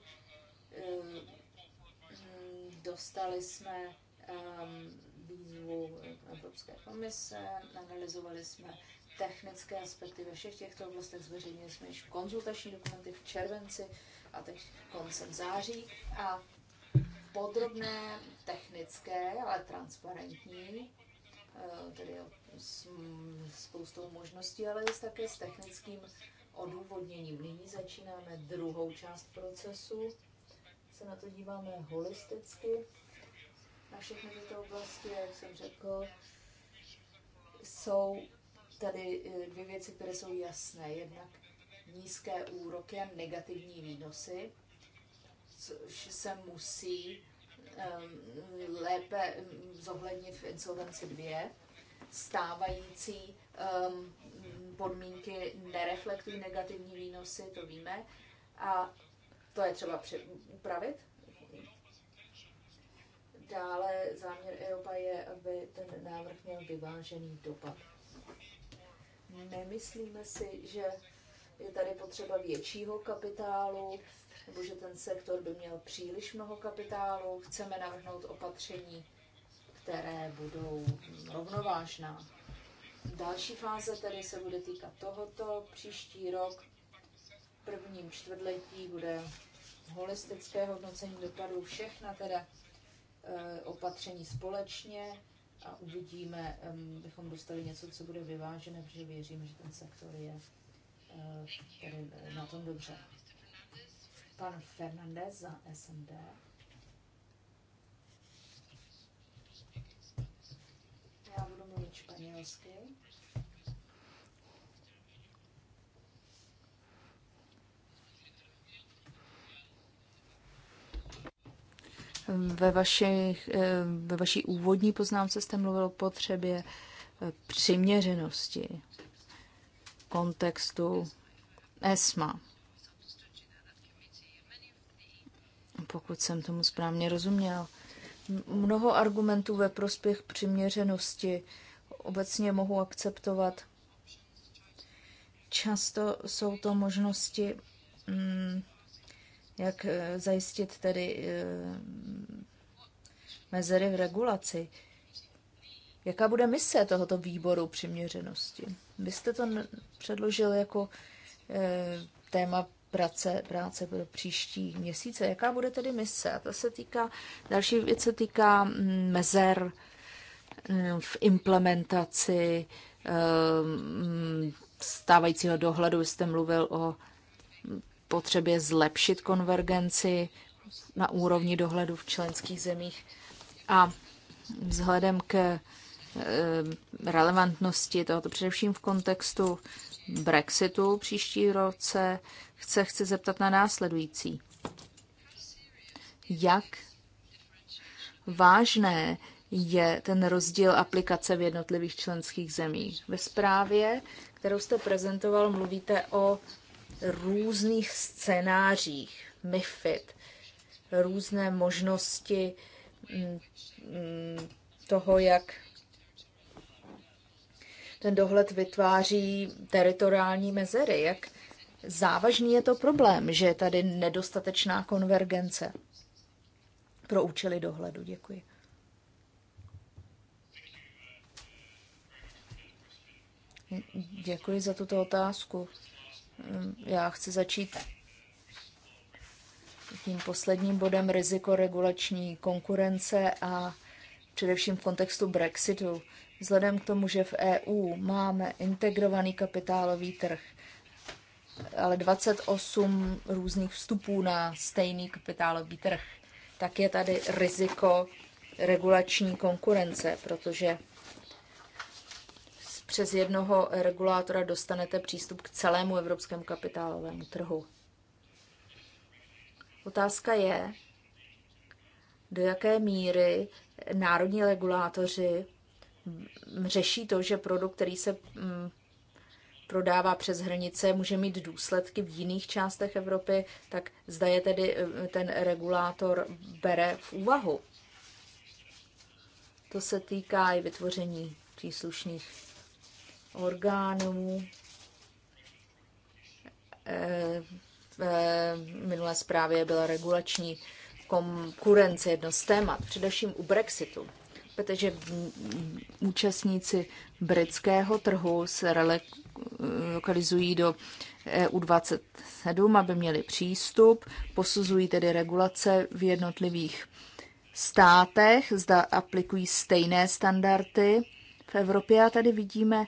Dostali jsme ehm, výzvu Evropské komise, analyzovali jsme technické aspekty ve všech těchto oblastech, zveřejnili jsme již konzultační dokumenty v červenci a teď koncem září a podrobné, technické, ale transparentní, eh, tedy s spoustou možností, ale také s technickým odůvodněním. Nyní začínáme druhou část procesu se na to díváme holisticky, na všechny tyto oblasti, jak jsem řekl, jsou tady eh, dvě věci, které jsou jasné. Jednak nízké úroky a negativní výnosy, což se musí um, lépe mm, zohlednit v insolvenci 2. Stávající um, podmínky nereflektují negativní výnosy, to víme. A to je třeba při, upravit. Dále záměr EOPA je, aby ten návrh měl vyvážený dopad. Nemyslíme si, že je tady potřeba většího kapitálu, nebo že ten sektor by měl příliš mnoho kapitálu. Chceme navrhnout opatření, které budou rovnovážná. Další fáze tedy se bude týkat tohoto. Příští rok prvním čtvrtletí bude holistické hodnocení dopadů všech na teda eh, opatření společně a uvidíme, bychom dostali něco, co bude vyvážené, protože věřím, že ten sektor je eh, tady na tom dobře. Pan Fernandez za SMD. Já budu mluvit španělsky. Ve, vašich, eh, ve vaší úvodní poznámce jste mluvil o potřebě eh, přiměřenosti kontextu ESMA. Pokud jsem tomu správně rozuměl. Mnoho argumentů ve prospěch přiměřenosti obecně mohu akceptovat. Často jsou to možnosti mm, jak eh, zajistit tedy eh, mezery v regulaci. Jaká bude mise tohoto výboru přiměřenosti? Vy jste to předložil jako eh, téma práce, práce pro příští měsíce. Jaká bude tedy mise? A to se týká, další věc se týká mm, mezer mm, v implementaci mm, stávajícího dohledu. Vy jste mluvil o potřebě zlepšit konvergenci na úrovni dohledu v členských zemích a vzhledem k eh, relevantnosti tohoto především v kontextu Brexitu příští roce chce, chci zeptat na následující. Jak vážné je ten rozdíl aplikace v jednotlivých členských zemích? Ve zprávě, kterou jste prezentoval, mluvíte o různých scénářích MIFID, různé možnosti mm, mm, toho, jak ten dohled vytváří teritoriální mezery, jak závažný je to problém, že je tady nedostatečná konvergence pro účely dohledu. Děkuji. Děkuji za tuto otázku. Já chci začít tím posledním bodem riziko regulační konkurence a především v kontextu Brexitu. Vzhledem k tomu, že v EU máme integrovaný kapitálový trh, ale 28 různých vstupů na stejný kapitálový trh, tak je tady riziko regulační konkurence, protože přes jednoho regulátora dostanete přístup k celému evropskému kapitálovému trhu. Otázka je, do jaké míry národní regulátoři řeší to, že produkt, který se mm, prodává přes hranice, může mít důsledky v jiných částech Evropy, tak zda je tedy e, ten regulátor bere v úvahu. To se týká i vytvoření příslušných orgánů. Eh, v eh, minulé zprávě byla regulační konkurence jedno z témat, především u Brexitu. Protože mm, účastníci britského trhu se eh, lokalizují do EU27, aby měli přístup, posuzují tedy regulace v jednotlivých státech, zda aplikují stejné standardy v Evropě a tady vidíme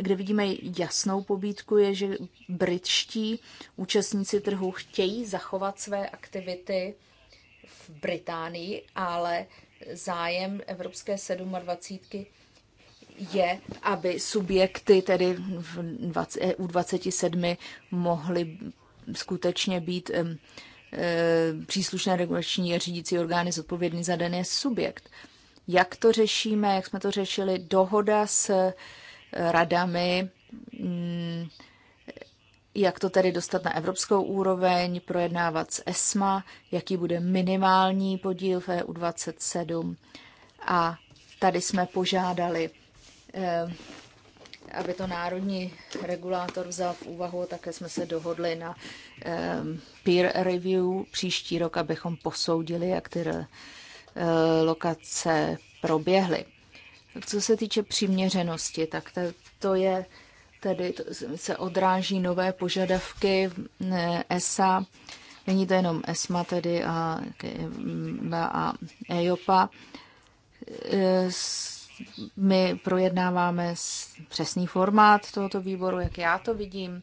kde vidíme jasnou pobídku, je, že britští účastníci trhu chtějí zachovat své aktivity v Británii, ale zájem Evropské 27 je, aby subjekty tedy v EU27 mohly skutečně být e, příslušné regulační a řídící orgány zodpovědný za daný subjekt. Jak to řešíme, jak jsme to řešili, dohoda s radami, mm, jak to tedy dostat na evropskou úroveň, projednávat s ESMA, jaký bude minimální podíl v EU27. A tady jsme požádali, eh, aby to národní regulátor vzal v úvahu, také jsme se dohodli na eh, peer review příští rok, abychom posoudili, jak ty eh, lokace proběhly. Co se týče přiměřenosti, tak to, to je tedy to se odráží nové požadavky ESA. Není to jenom ESMA tedy a, a EIOPA. E, my projednáváme přesný formát tohoto výboru, jak já to vidím.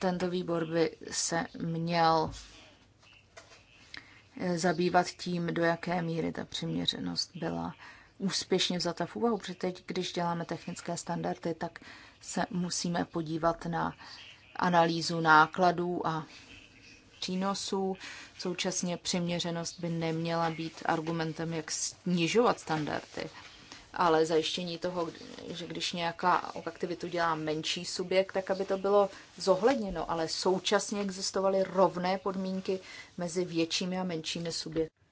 Tento výbor by se měl e, zabývat tím, do jaké míry ta přiměřenost byla úspěšně vzata v úvahu, protože teď, když děláme technické standardy, tak se musíme podívat na analýzu nákladů a přínosů. Současně přiměřenost by neměla být argumentem, jak snižovat standardy, ale zajištění toho, že když nějaká aktivitu dělá menší subjekt, tak aby to bylo zohledněno, ale současně existovaly rovné podmínky mezi většími a menšími subjekty.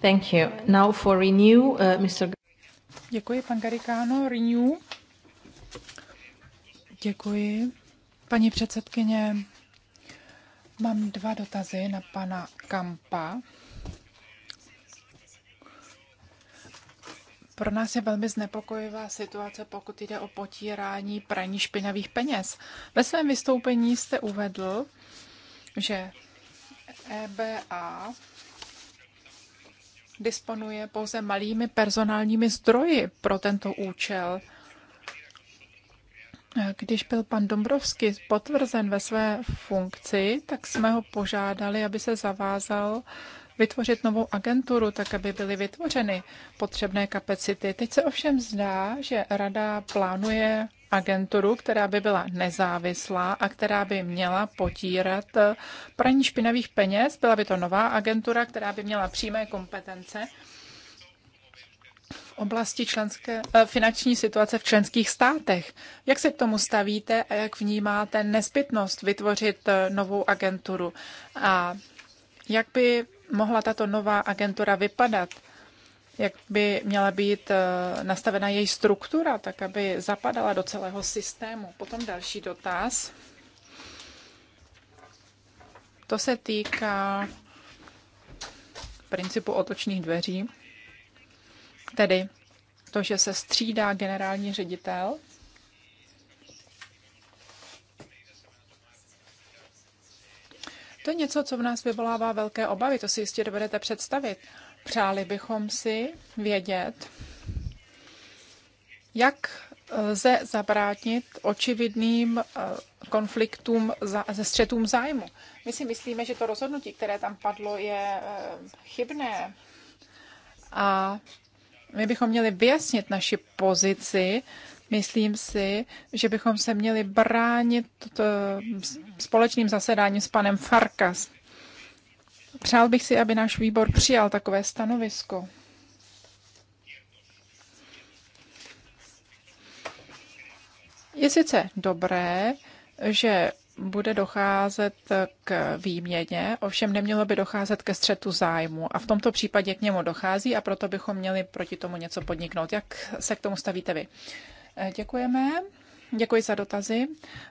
Thank you. Now for Renew, uh, Mr. Děkuji, pan Garikáno. Renew. Děkuji. Paní předsedkyně, mám dva dotazy na pana Kampa. Pro nás je velmi znepokojivá situace, pokud jde o potírání praní špinavých peněz. Ve svém vystoupení jste uvedl, že EBA disponuje pouze malými personálními zdroji pro tento účel. Když byl pan Dombrovský potvrzen ve své funkci, tak jsme ho požádali, aby se zavázal vytvořit novou agenturu, tak aby byly vytvořeny potřebné kapacity. Teď se ovšem zdá, že rada plánuje agenturu, která by byla nezávislá a která by měla potírat eh, praní špinavých peněz. Byla by to nová agentura, která by měla přímé kompetence v oblasti členské, eh, finanční situace v členských státech. Jak se k tomu stavíte a jak vnímáte nespytnost vytvořit eh, novou agenturu? A jak by mohla tato nová agentura vypadat? jak by měla být eh, nastavena její struktura, tak aby zapadala do celého systému. Potom další dotaz. To se týká principu otočných dveří, tedy to, že se střídá generální ředitel. To je něco, co v nás vyvolává velké obavy, to si jistě dovedete představit. Přáli bychom si vědět, jak lze zabránit očividným eh, konfliktům ze střetům zájmu. My si myslíme, že to rozhodnutí, které tam padlo, je eh, chybné. A my bychom měli vyjasnit naši pozici. Myslím si, že bychom se měli bránit eh, společným zasedáním s panem Farkas. Přál bych si, aby náš výbor přijal takové stanovisko. Je sice dobré, že bude docházet k výměně, ovšem nemělo by docházet ke střetu zájmu a v tomto případě k němu dochází a proto bychom měli proti tomu něco podniknout. Jak se k tomu stavíte vy? Eh, děkujeme. Děkuji za dotazy.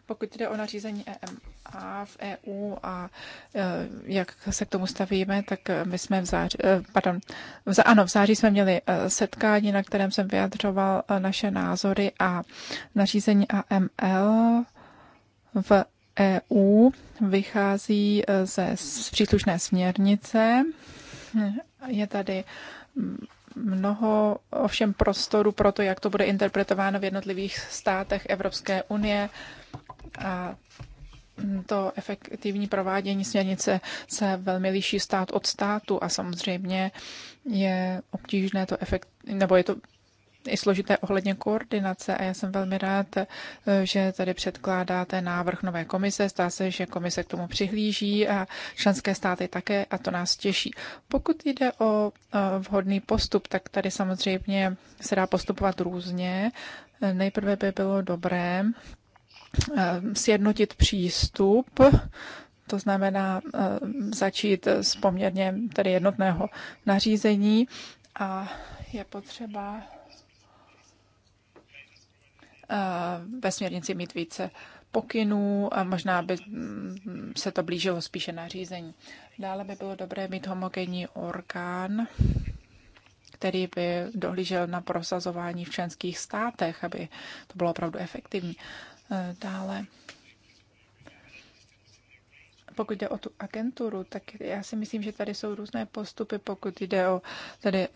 Pokud jde o nařízení EMA v EU a e, jak se k tomu stavíme, tak my jsme v září, e, pardon, v, zá, ano, v září jsme měli e, setkání, na kterém jsem vyjadřoval naše názory a nařízení AML v EU vychází ze příslušné směrnice. Je tady mnoho ovšem prostoru pro to, jak to bude interpretováno v jednotlivých státech Evropské unie a to efektivní provádění směrnice se velmi liší stát od státu a samozřejmě je obtížné to efekt, nebo je to i složité ohledně koordinace a já jsem velmi rád, eh, že tady předkládáte návrh nové komise. Zdá se, že komise k tomu přihlíží a členské státy také a to nás těší. Pokud jde o eh, vhodný postup, tak tady samozřejmě se dá postupovat různě. Nejprve by bylo dobré eh, sjednotit přístup to znamená začít z poměrně tedy jednotného nařízení a je potřeba Eh, ve směrnici mít více pokynů a možná by mm, se to blížilo spíše nařízení. Dále by bylo dobré mít homogenní orgán, který by dohlížel na prosazování v členských státech, aby to bylo opravdu efektivní. Eh, dále pokud jde o tu agenturu, tak já si myslím, že tady jsou různé postupy, pokud jde o tady eh,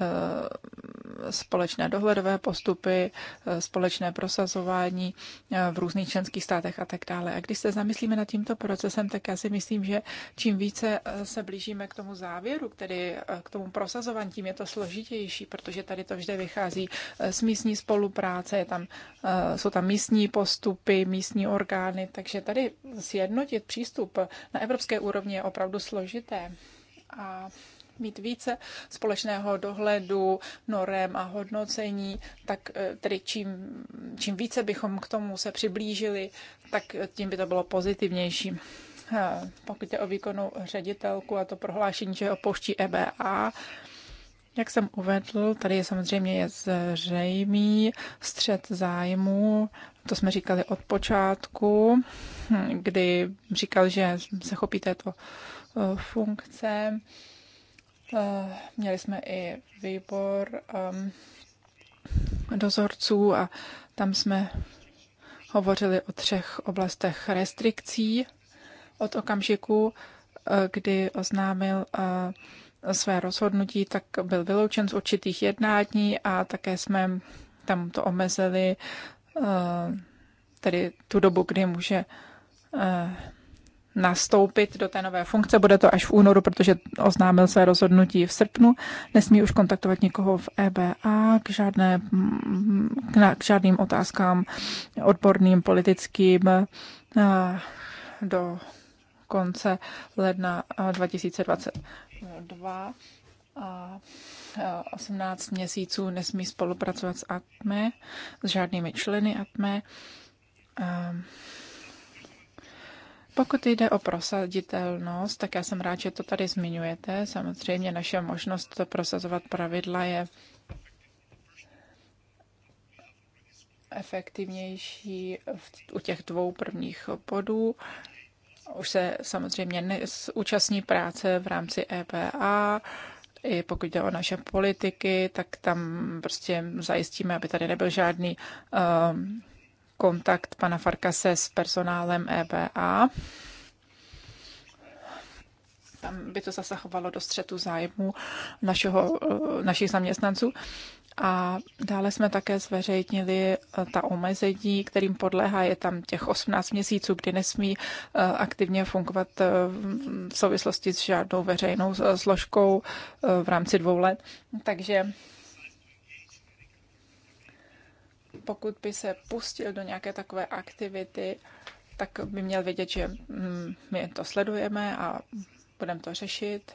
společné dohledové postupy, eh, společné prosazování eh, v různých členských státech a tak dále. A když se zamyslíme nad tímto procesem, tak já si myslím, že čím více se blížíme k tomu závěru, tedy k tomu prosazování, tím je to složitější, protože tady to vždy vychází z místní spolupráce, je tam, jsou tam místní postupy, místní orgány, takže tady sjednotit přístup na evropské úrovni je opravdu složité. A mít více společného dohledu, norem a hodnocení, tak eh, tedy čím, čím více bychom k tomu se přiblížili, tak tím by to bylo pozitivnější. Eh, pokud je o výkonu ředitelku a to prohlášení, že opouští EBA, jak jsem uvedl, tady je samozřejmě je zřejmý střed zájmu to jsme říkali od počátku, kdy říkal, že se chopí této eh, funkce. Eh, měli jsme i výbor eh, dozorců a tam jsme hovořili o třech oblastech restrikcí od okamžiku, kdy oznámil své rozhodnutí, tak byl vyloučen z určitých jednání a také jsme tam to omezili Eh, tedy tu dobu, kdy může eh, nastoupit do té nové funkce. Bude to až v únoru, protože oznámil své rozhodnutí v srpnu. Nesmí už kontaktovat nikoho v EBA k, žádné, mm, k, k žádným otázkám odborným, politickým eh, do konce ledna 2022. A 18 měsíců nesmí spolupracovat s ATME, s žádnými členy ATME. Ehm, pokud jde o prosaditelnost, tak já jsem rád, že to tady zmiňujete. Samozřejmě naše možnost to prosazovat pravidla je efektivnější v, u těch dvou prvních bodů. Už se samozřejmě účastní práce v rámci EPA, i pokud jde o naše politiky, tak tam prostě zajistíme, aby tady nebyl žádný um, kontakt pana Farkase s personálem EBA. Tam by to zasahovalo do střetu zájmu našeho, uh, našich zaměstnanců. A dále jsme také zveřejnili eh, ta omezení, kterým podléhá, je tam těch 18 měsíců, kdy nesmí eh, aktivně fungovat eh, v souvislosti s žádnou veřejnou složkou v rámci dvou let. Takže pokud by se pustil do nějaké takové aktivity, tak by měl vědět, že mm, my to sledujeme a budeme to řešit.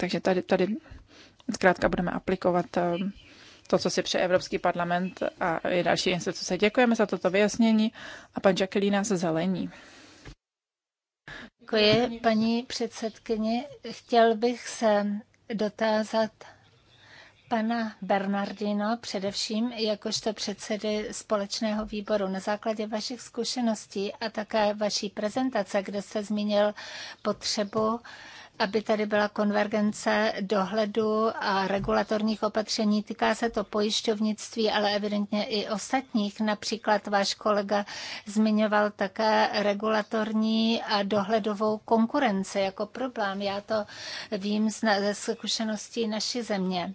Takže tady, tady zkrátka budeme aplikovat eh, to, co si přeje Evropský parlament a i další instituce. Děkujeme za toto vyjasnění a pan Jacqueline se zelení. Děkuji, paní předsedkyně. Chtěl bych se dotázat pana Bernardino, především jakožto předsedy společného výboru. Na základě vašich zkušeností a také vaší prezentace, kde jste zmínil potřebu aby tady byla konvergence dohledu a regulatorních opatření. Týká se to pojišťovnictví, ale evidentně i ostatních. Například váš kolega zmiňoval také regulatorní a dohledovou konkurenci jako problém. Já to vím ze zkušeností naší země.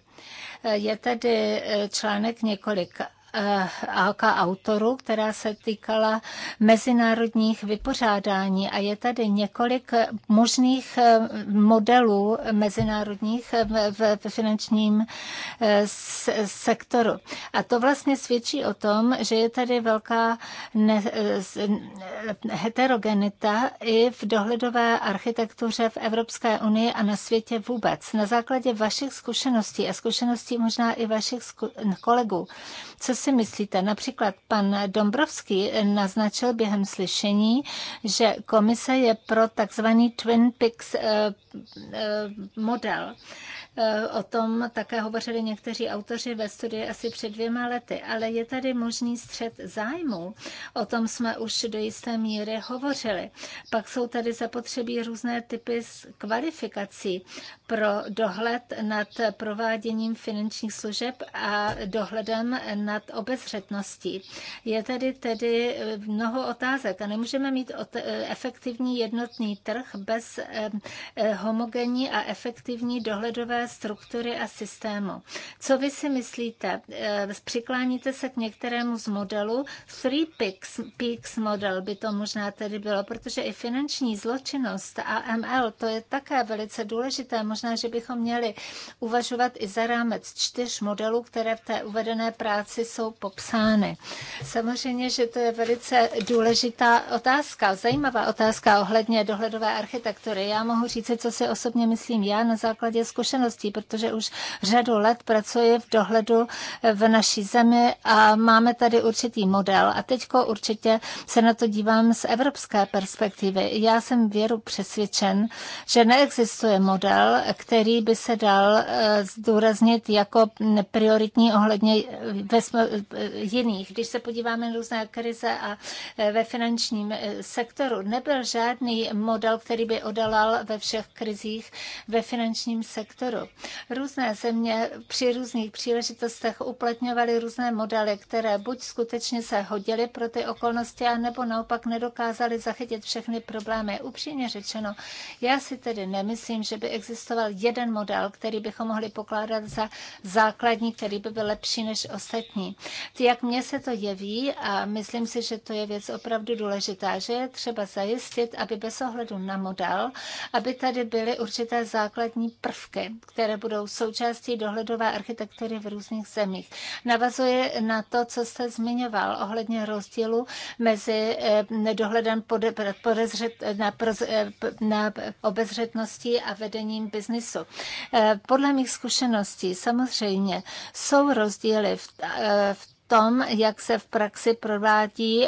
Je tedy článek několik Eh, alka autorů, která se týkala mezinárodních vypořádání a je tady několik možných eh, modelů mezinárodních eh, v finančním sektoru. A to vlastně svědčí o tom, že je tady velká ne, heterogenita i v dohledové architektuře v Evropské unii a na světě vůbec. Na základě vašich zkušeností a zkušeností možná i vašich kolegů, co si myslíte? Například pan Dombrovský naznačil během slyšení, že komise je pro takzvaný Twin Peaks eh, eh, model. O tom také hovořili někteří autoři ve studii asi před dvěma lety, ale je tady možný střed zájmů. O tom jsme už do jisté míry hovořili. Pak jsou tady zapotřebí různé typy kvalifikací pro dohled nad prováděním finančních služeb a dohledem nad obezřetností. Je tady tedy mnoho otázek a nemůžeme mít efektivní jednotný trh bez eh, eh, homogenní a efektivní dohledové struktury a systému. Co vy si myslíte? Eh, přikláníte se k některému z modelů? Three peaks, peaks model by to možná tedy bylo, protože i finanční zločinnost a ML, to je také velice důležité. Možná, že bychom měli uvažovat i za rámec čtyř modelů, které v té uvedené práci jsou popsány. Samozřejmě, že to je velice důležitá otázka, zajímavá otázka ohledně dohledové architektury. Já mohu říct, co si osobně myslím já na základě zkušenosti zkušeností, protože už řadu let pracuji v dohledu v naší zemi a máme tady určitý model. A teďko určitě se na to dívám z evropské perspektivy. Já jsem věru přesvědčen, že neexistuje model, který by se dal eh, zdůraznit jako prioritní ohledně eh, eh, jiných. Když se podíváme na různé krize a ve finančním sektoru, nebyl žádný model, který by odalal ve všech krizích ve finančním sektoru. Různé země při různých příležitostech uplatňovaly různé modely, které buď skutečně se hodily pro ty okolnosti, anebo naopak nedokázaly zachytit všechny problémy. Upřímně řečeno, já si tedy nemyslím, že by existoval jeden model, který bychom mohli pokládat za základní, který by byl lepší než ostatní. Jak mně se to jeví, a myslím si, že to je věc opravdu důležitá, že je třeba zajistit, aby bez ohledu na model, aby tady byly určité základní prvky, které budou součástí dohledové architektury v různých zemích. Navazuje na to, co jste zmiňoval ohledně rozdílu mezi eh, dohledem na, eh, obezřetnosti a vedením biznisu. Eh, podle mých zkušeností samozřejmě jsou rozdíly v tom, jak se v praxi provádí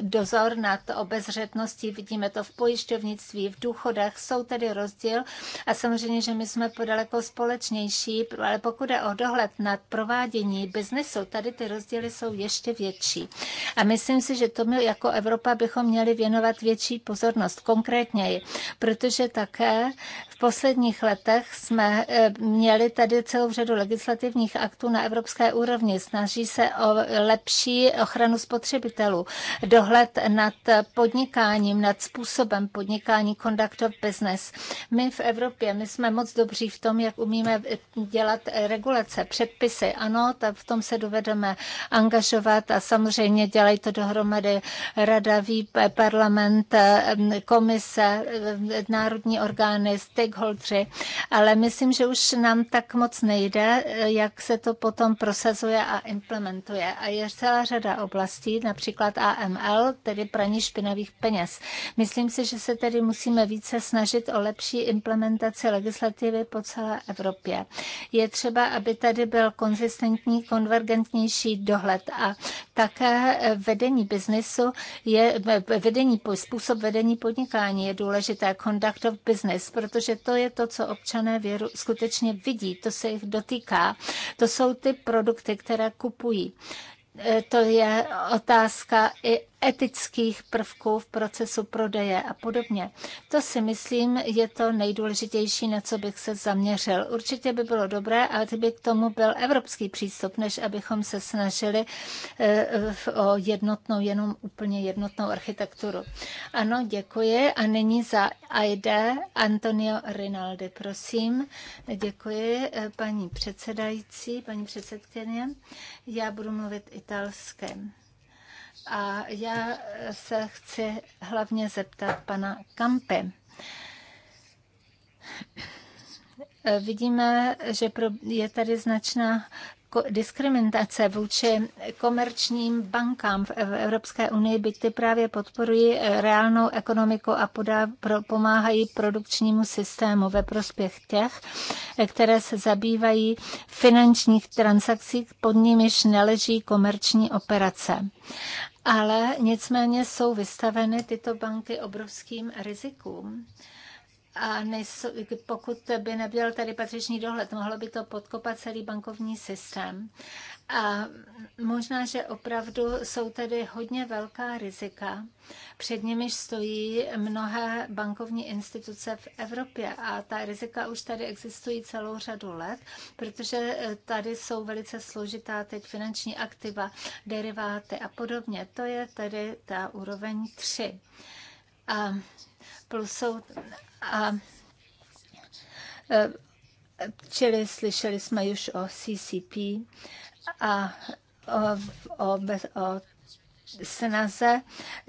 dozor nad obezřetností. Vidíme to v pojišťovnictví, v důchodech, jsou tedy rozdíl a samozřejmě, že my jsme podaleko společnější, ale pokud je o dohled nad provádění biznesu, tady ty rozdíly jsou ještě větší. A myslím si, že tomu jako Evropa bychom měli věnovat větší pozornost, konkrétněji, protože také v posledních letech jsme eh, měli tady celou řadu legislativních aktů na evropské úrovni. Snaží se o lepší ochranu spotřebitelů, dohled nad podnikáním, nad způsobem podnikání conduct of business. My v Evropě, my jsme moc dobří v tom, jak umíme dělat regulace, předpisy. Ano, v tom se dovedeme angažovat a samozřejmě dělají to dohromady rada, parlament, komise, národní orgány, stakeholdři, ale myslím, že už nám tak moc nejde, jak se to potom prosazuje a implementuje existuje a je celá řada oblastí, například AML, tedy praní špinavých peněz. Myslím si, že se tedy musíme více snažit o lepší implementaci legislativy po celé Evropě. Je třeba, aby tady byl konzistentní, konvergentnější dohled a také vedení biznesu je vedení, způsob vedení podnikání je důležité, conduct of business, protože to je to, co občané věru skutečně vidí, to se jich dotýká. To jsou ty produkty, které kupují. Eh, to je otázka i etických prvků v procesu prodeje a podobně. To si myslím, je to nejdůležitější, na co bych se zaměřil. Určitě by bylo dobré, aby k tomu byl evropský přístup, než abychom se snažili eh, o jednotnou, jenom úplně jednotnou architekturu. Ano, děkuji. A nyní za ID Antonio Rinaldi, prosím. Děkuji, eh, paní předsedající, paní předsedkyně. Já budu mluvit italsky. A já eh, se chci hlavně zeptat pana Kampy. Eh, vidíme, že je tady značná diskriminace vůči komerčním bankám v Evropské unii, byť ty právě podporují eh, reálnou ekonomiku a podá, pro, pomáhají produkčnímu systému ve prospěch těch, eh, které se zabývají finančních transakcí, pod nimiž neleží komerční operace. Ale nicméně jsou vystaveny tyto banky obrovským rizikům a nejsou, pokud by nebyl tady patřičný dohled, mohlo by to podkopat celý bankovní systém. A možná, že opravdu jsou tady hodně velká rizika, před nimiž stojí mnohé bankovní instituce v Evropě a ta rizika už tady existují celou řadu let, protože tady jsou velice složitá teď finanční aktiva, deriváty a podobně. To je tedy ta úroveň 3. A plus jsou a e, čili slyšeli jsme už o CCP a o, o, o snaze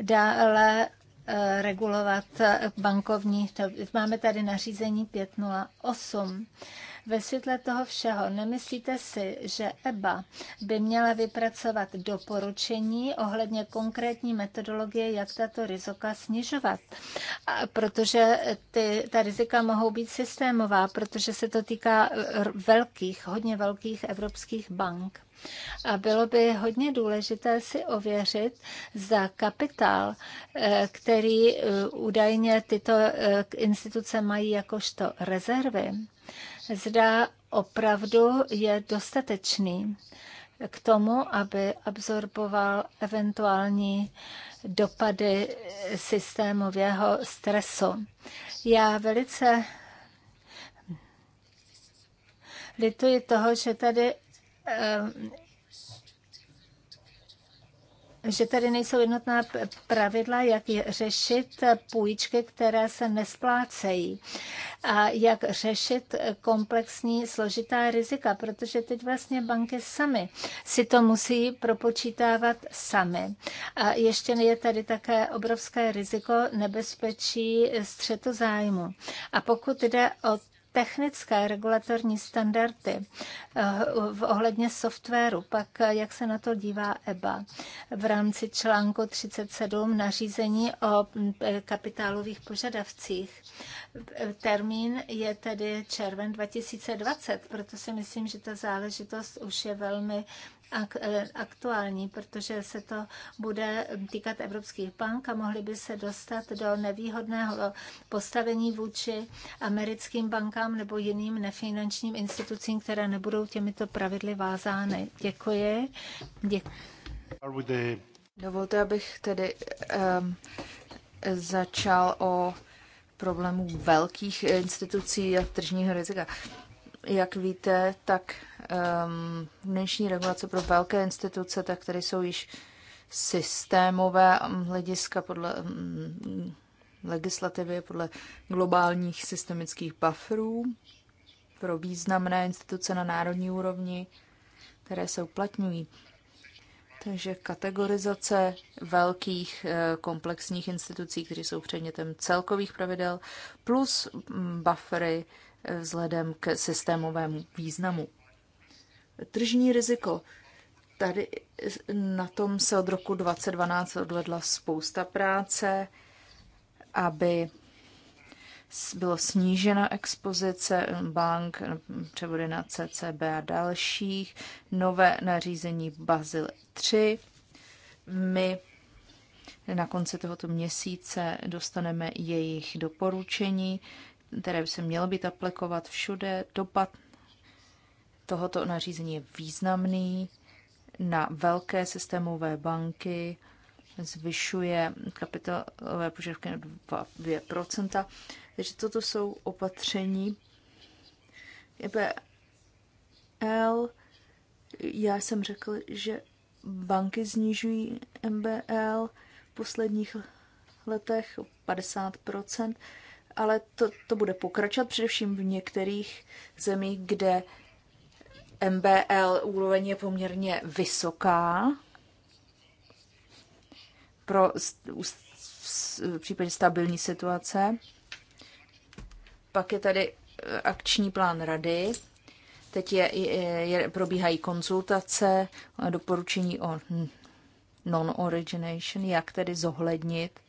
dále e, regulovat bankovní. Máme tady nařízení 508 ve světle toho všeho, nemyslíte si, že EBA by měla vypracovat doporučení ohledně konkrétní metodologie, jak tato rizika snižovat? Protože ty, ta rizika mohou být systémová, protože se to týká eh, velkých, hodně velkých evropských bank. A bylo by hodně důležité si ověřit za kapitál, eh, který eh, údajně tyto instituce mají jakožto rezervy, zda opravdu je dostatečný k tomu, aby absorboval eventuální dopady systémového stresu. Já velice lituji toho, že tady eh, že tady nejsou jednotná pravidla, jak řešit půjčky, které se nesplácejí a jak řešit komplexní složitá rizika, protože teď vlastně banky sami si to musí propočítávat sami. A ještě je tady také obrovské riziko nebezpečí střetu zájmu. A pokud jde o technické regulatorní standardy eh, v ohledně softwaru, pak eh, jak se na to dívá EBA v rámci článku 37 nařízení o mm, eh, kapitálových požadavcích. Termín je tedy červen 2020, proto si myslím, že ta záležitost už je velmi Eh, aktuální, protože se to bude týkat evropských bank a mohli by se dostat do nevýhodného postavení vůči americkým bankám nebo jiným nefinančním institucím, které nebudou těmito pravidly vázány. Děkuji. Děkuji. Dovolte, abych tedy um, začal o problému velkých institucí a tržního rizika. Jak víte, tak Um, dnešní regulace pro velké instituce, tak které jsou již systémové um, hlediska podle um, legislativy, podle globálních systemických bufferů pro významné instituce na národní úrovni, které se uplatňují. Takže kategorizace velkých eh, komplexních institucí, které jsou předmětem celkových pravidel, plus mm, buffery eh, vzhledem k systémovému významu. Tržní riziko. Tady na tom se od roku 2012 odvedla spousta práce, aby bylo snížena expozice bank, převody na CCB a dalších, nové nařízení Bazil 3. My na konci tohoto měsíce dostaneme jejich doporučení, které by se mělo být aplikovat všude. Dopad tohoto nařízení je významný na velké systémové banky, zvyšuje kapitálové požadavky na 2%. Takže toto jsou opatření MBL. E já jsem řekl, že banky snižují MBL v posledních letech 50%, ale to, to bude pokračovat především v některých zemích, kde MBL úroveň je poměrně vysoká pro v případě stabilní situace. Pak je tady eh, akční plán rady. Teď je, je, je, probíhají konzultace, eh, doporučení o non-origination, jak tedy zohlednit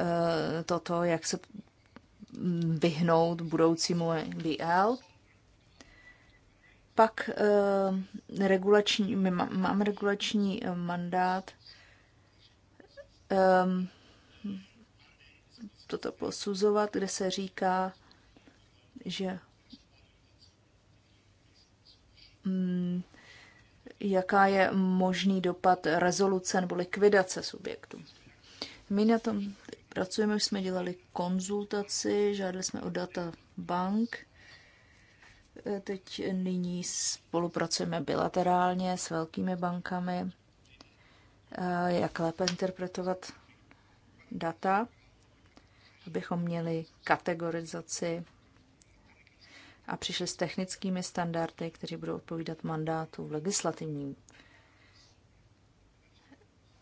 e, toto, jak se mm, vyhnout budoucímu BL. Pak eh, regulační, my máme regulační eh, mandát. Ehm, toto posuzovat, kde se říká, že mm, jaká je možný dopad rezoluce nebo likvidace subjektu. My na tom pracujeme, už jsme dělali konzultaci, žádali jsme o data bank, Eh, teď nyní spolupracujeme bilaterálně s velkými bankami, eh, jak lépe interpretovat data, abychom měli kategorizaci a přišli s technickými standardy, které budou odpovídat mandátu v legislativním,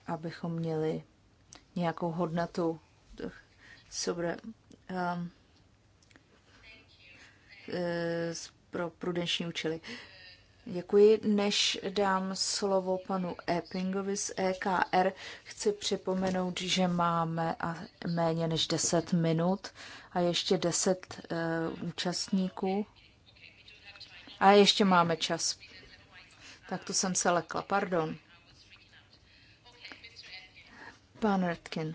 abychom měli nějakou hodnotu sobre um, eh, pro prudenční účely. Děkuji. Než dám slovo panu Eppingovi z EKR, chci připomenout, že máme a méně než 10 minut a ještě 10 uh, eh, účastníků. A ještě máme čas. Tak to jsem se lekla, pardon. Pan Redkin.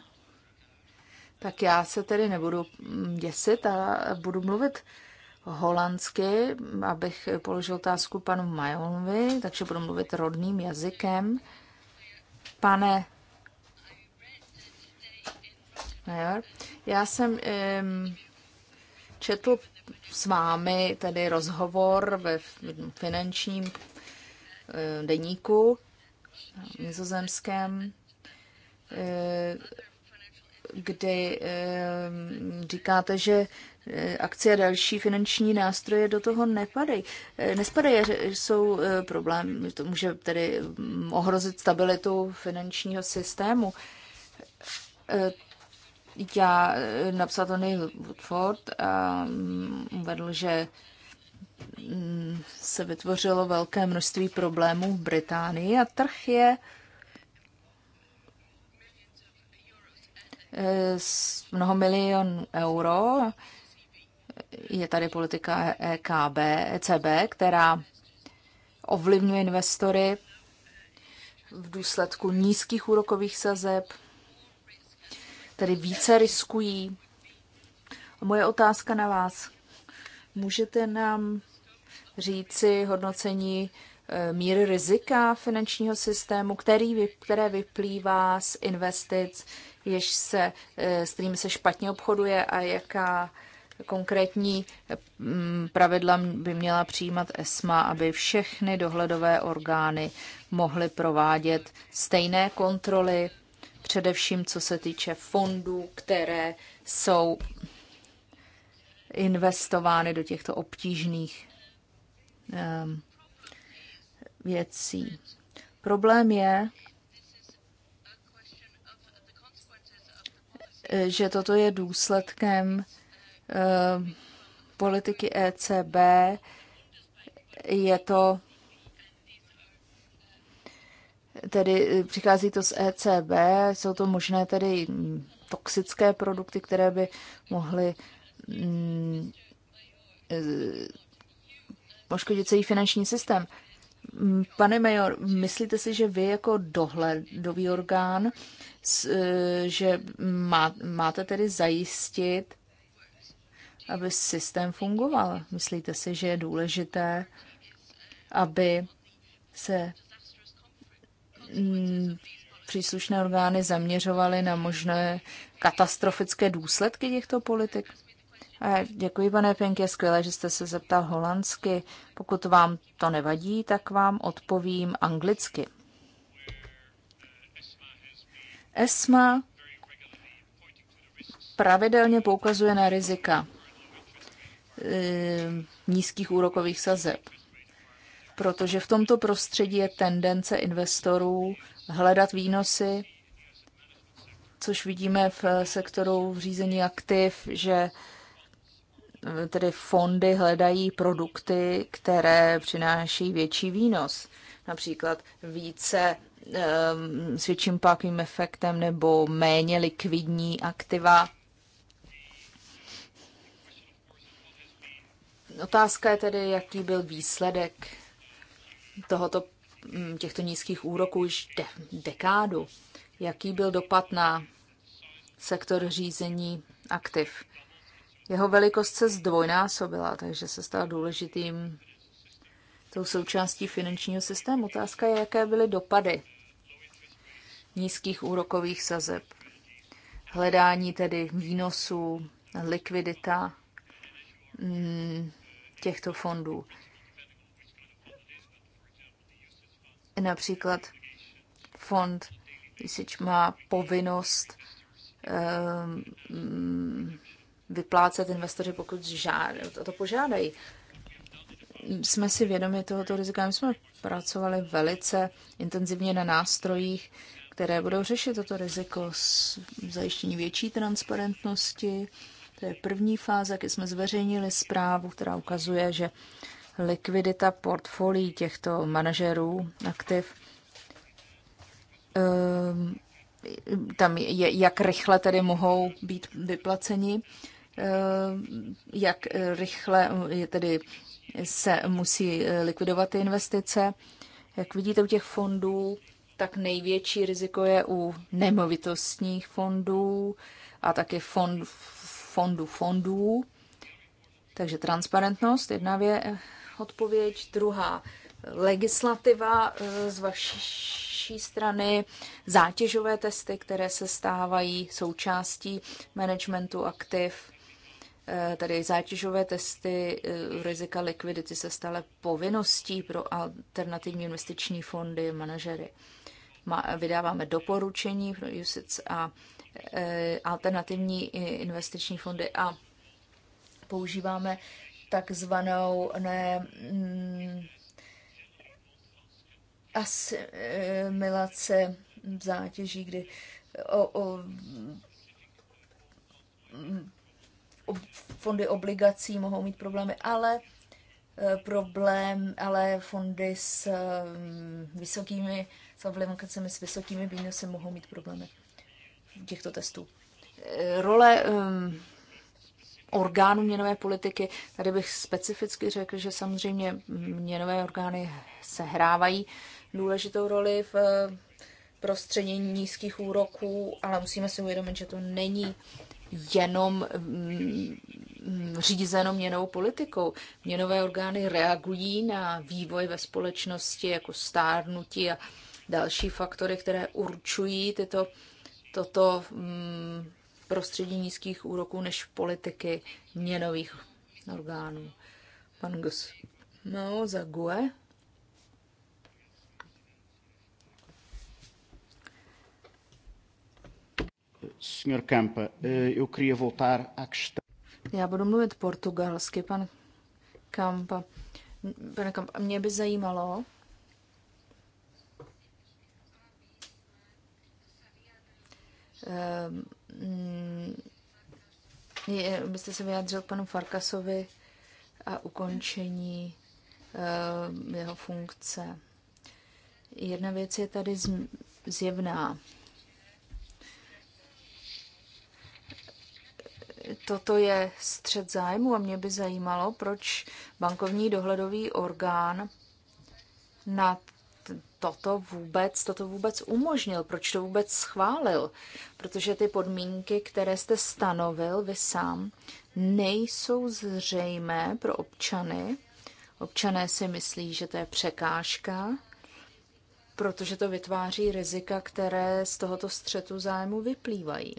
Tak já se tedy nebudu mm, děsit a budu mluvit holandsky, abych položil otázku panu Majonovi, takže budu mluvit rodným jazykem. Pane Major, já jsem um, četl s vámi tedy rozhovor ve finančním uh, deníku nizozemském, uh, kdy uh, říkáte, že Eh, akci a další finanční nástroje do toho nepadají. Eh, nespadají, jsou eh, problém, to může tedy mm, ohrozit stabilitu finančního systému. Já napsal Neil Woodford a mm, uvedl, že mm, se vytvořilo velké množství problémů v Británii a trh je mnoho milionů euro je tady politika EKB, ECB, která ovlivňuje investory v důsledku nízkých úrokových sazeb, tedy více riskují. Moje otázka na vás. Můžete nám říci hodnocení eh, míry rizika finančního systému, který, které vyplývá z investic, jež se, eh, s kterými se špatně obchoduje a jaká Konkrétní mm, pravidla by měla přijímat ESMA, aby všechny dohledové orgány mohly provádět stejné kontroly, především co se týče fondů, které jsou investovány do těchto obtížných um, věcí. Problém je, že toto je důsledkem Eh, politiky ECB. Je to tedy eh, přichází to z ECB, jsou to možné tedy hm, toxické produkty, které by mohly hm, eh, poškodit celý finanční systém. Hm, pane major, myslíte si, že vy jako dohledový orgán, že má, máte tedy zajistit aby systém fungoval. Myslíte si, že je důležité, aby se mm, příslušné orgány zaměřovaly na možné katastrofické důsledky těchto politik? A děkuji, pane Pěnky, je skvělé, že jste se zeptal holandsky. Pokud vám to nevadí, tak vám odpovím anglicky. ESMA pravidelně poukazuje na rizika Eh, nízkých úrokových sazeb. Protože v tomto prostředí je tendence investorů hledat výnosy, což vidíme v sektoru v řízení aktiv, že eh, tedy fondy hledají produkty, které přináší větší výnos. Například více eh, s větším pákovým efektem nebo méně likvidní aktiva Otázka je tedy, jaký byl výsledek tohoto, mm, těchto nízkých úroků už de, dekádu. Jaký byl dopad na sektor řízení aktiv? Jeho velikost se zdvojnásobila, takže se stal důležitým tou součástí finančního systému. Otázka je, jaké byly dopady nízkých úrokových sazeb. Hledání tedy výnosů, likvidita, mm, těchto fondů. Například fond Research má povinnost um, vyplácet investoři, pokud žád, to, požádají. Jsme si vědomi tohoto rizika. My jsme pracovali velice intenzivně na nástrojích, které budou řešit toto riziko zajištění větší transparentnosti, to je první fáze, kdy jsme zveřejnili zprávu, která ukazuje, že likvidita portfolí těchto manažerů aktiv ehm, tam je, jak rychle tedy mohou být vyplaceni, ehm, jak rychle je tedy se musí likvidovat ty investice. Jak vidíte u těch fondů, tak největší riziko je u nemovitostních fondů a taky fond, fondu fondů. Takže transparentnost, jedna vě, odpověď, druhá legislativa eh, z vaší strany, zátěžové testy, které se stávají součástí managementu aktiv, eh, tedy zátěžové testy eh, rizika likvidity se staly povinností pro alternativní investiční fondy manažery. Vydáváme doporučení pro a Eh, alternativní investiční fondy a používáme takzvanou ne, mm, asimilace zátěží, kdy o, o, o, mm, fondy obligací mohou mít problémy, ale eh, problém, ale fondy s mm, vysokými, s s vysokými výnosy mohou mít problémy těchto testů. Eh, role um, orgánů měnové politiky, tady bych specificky řekl, že samozřejmě měnové orgány sehrávají důležitou roli v eh, prostředí nízkých úroků, ale musíme si uvědomit, že to není jenom mm, řízeno měnovou politikou. Měnové orgány reagují na vývoj ve společnosti, jako stárnutí a další faktory, které určují tyto toto mm, prostředí nízkých úroků než politiky měnových orgánů. Pan Gus. No, za GUE. Sr. Campa, eh, eu queria voltar à questão. Já budu mluvit portugalsky, pan Kampa. Pane Kampa, mě by zajímalo, Ehm, mm, byste se vyjádřil panu Farkasovi a ukončení ehm, jeho funkce. Jedna věc je tady zjevná. Toto je střed zájmu a mě by zajímalo, proč bankovní dohledový orgán nad toto vůbec, toto vůbec umožnil, proč to vůbec schválil, protože ty podmínky, které jste stanovil vy sám, nejsou zřejmé pro občany. Občané si myslí, že to je překážka, protože to vytváří rizika, které z tohoto střetu zájmu vyplývají.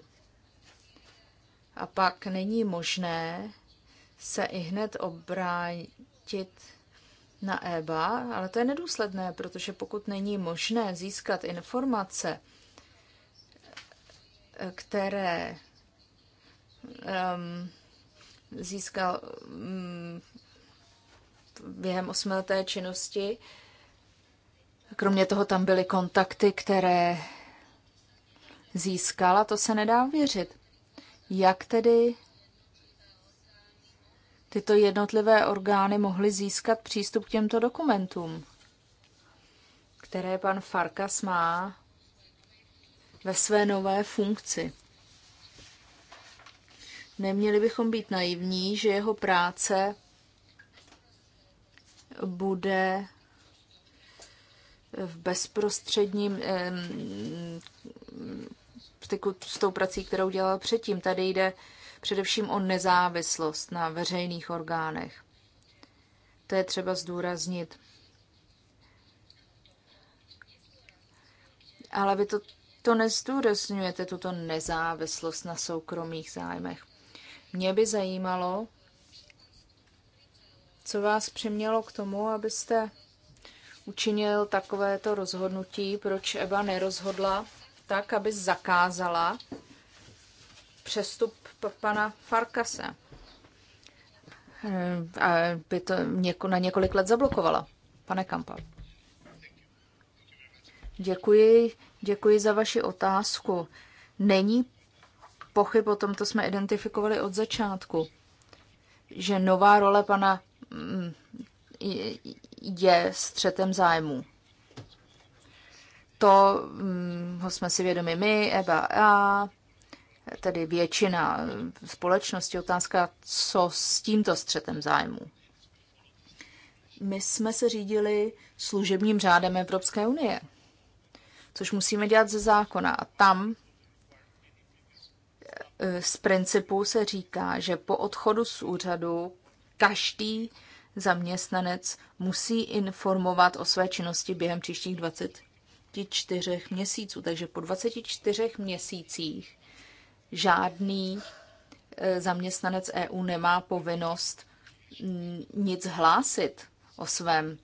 A pak není možné se i hned obrátit na EBA, ale to je nedůsledné, protože pokud není možné získat informace, které um, získal um, během osmileté činnosti, kromě toho tam byly kontakty, které získala, to se nedá věřit. Jak tedy tyto jednotlivé orgány mohly získat přístup k těmto dokumentům, které pan Farkas má ve své nové funkci. Neměli bychom být naivní, že jeho práce bude v bezprostředním styku s tou prací, kterou dělal předtím. Tady jde především o nezávislost na veřejných orgánech. To je třeba zdůraznit. Ale vy to, to nezdůrazňujete, tuto nezávislost na soukromých zájmech. Mě by zajímalo, co vás přimělo k tomu, abyste učinil takovéto rozhodnutí, proč Eva nerozhodla tak, aby zakázala přestup pana Farkase. Eh, a by to něko, na několik let zablokovala, pane Kampa. Děkuji, děkuji za vaši otázku. Není pochyb o tom, to jsme identifikovali od začátku, že nová role pana mm, je střetem zájmů. To hm, ho jsme si vědomi my, EBA, a tedy většina eh, společnosti, otázka, co s tímto střetem zájmu. My jsme se řídili služebním řádem Evropské unie, což musíme dělat ze zákona. A tam eh, z principu se říká, že po odchodu z úřadu každý zaměstnanec musí informovat o své činnosti během příštích 24 měsíců. Takže po 24 měsících žádný eh, zaměstnanec EU nemá povinnost nic hlásit o svém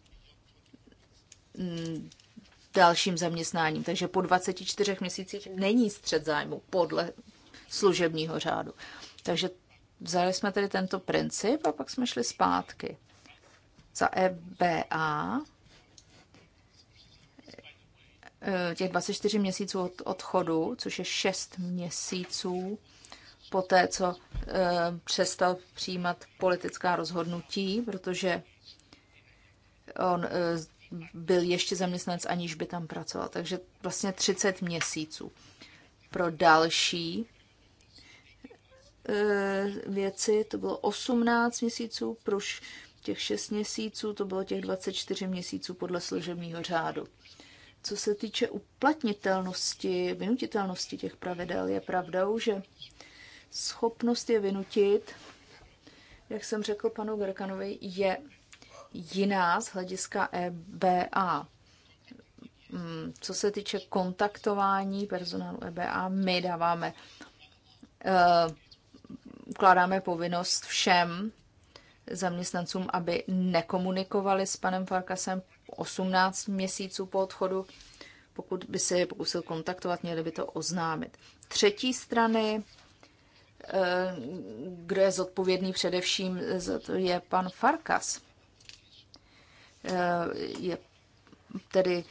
dalším zaměstnáním. Takže po 24 měsících není střed zájmu podle služebního řádu. Takže vzali jsme tedy tento princip a pak jsme šli zpátky. Za EBA Eh, těch 24 měsíců od odchodu, což je 6 měsíců po té, co eh, přestal přijímat politická rozhodnutí, protože on eh, byl ještě zaměstnanec, aniž by tam pracoval. Takže vlastně 30 měsíců. Pro další věci to bylo 18 měsíců, pro těch 6 měsíců to bylo těch 24 měsíců podle služebního řádu. Co se týče uplatnitelnosti, vynutitelnosti těch pravidel, je pravdou, že schopnost je vynutit, jak jsem řekl panu Gerkanovi, je jiná z hlediska EBA. Mm, co se týče kontaktování personálu EBA, my dáváme, eh, ukládáme povinnost všem zaměstnancům, aby nekomunikovali s panem Farkasem 18 měsíců po odchodu. Pokud by se je pokusil kontaktovat, měli by to oznámit. Třetí strany, eh, kdo je zodpovědný především, je pan Farkas. Eh, je tedy,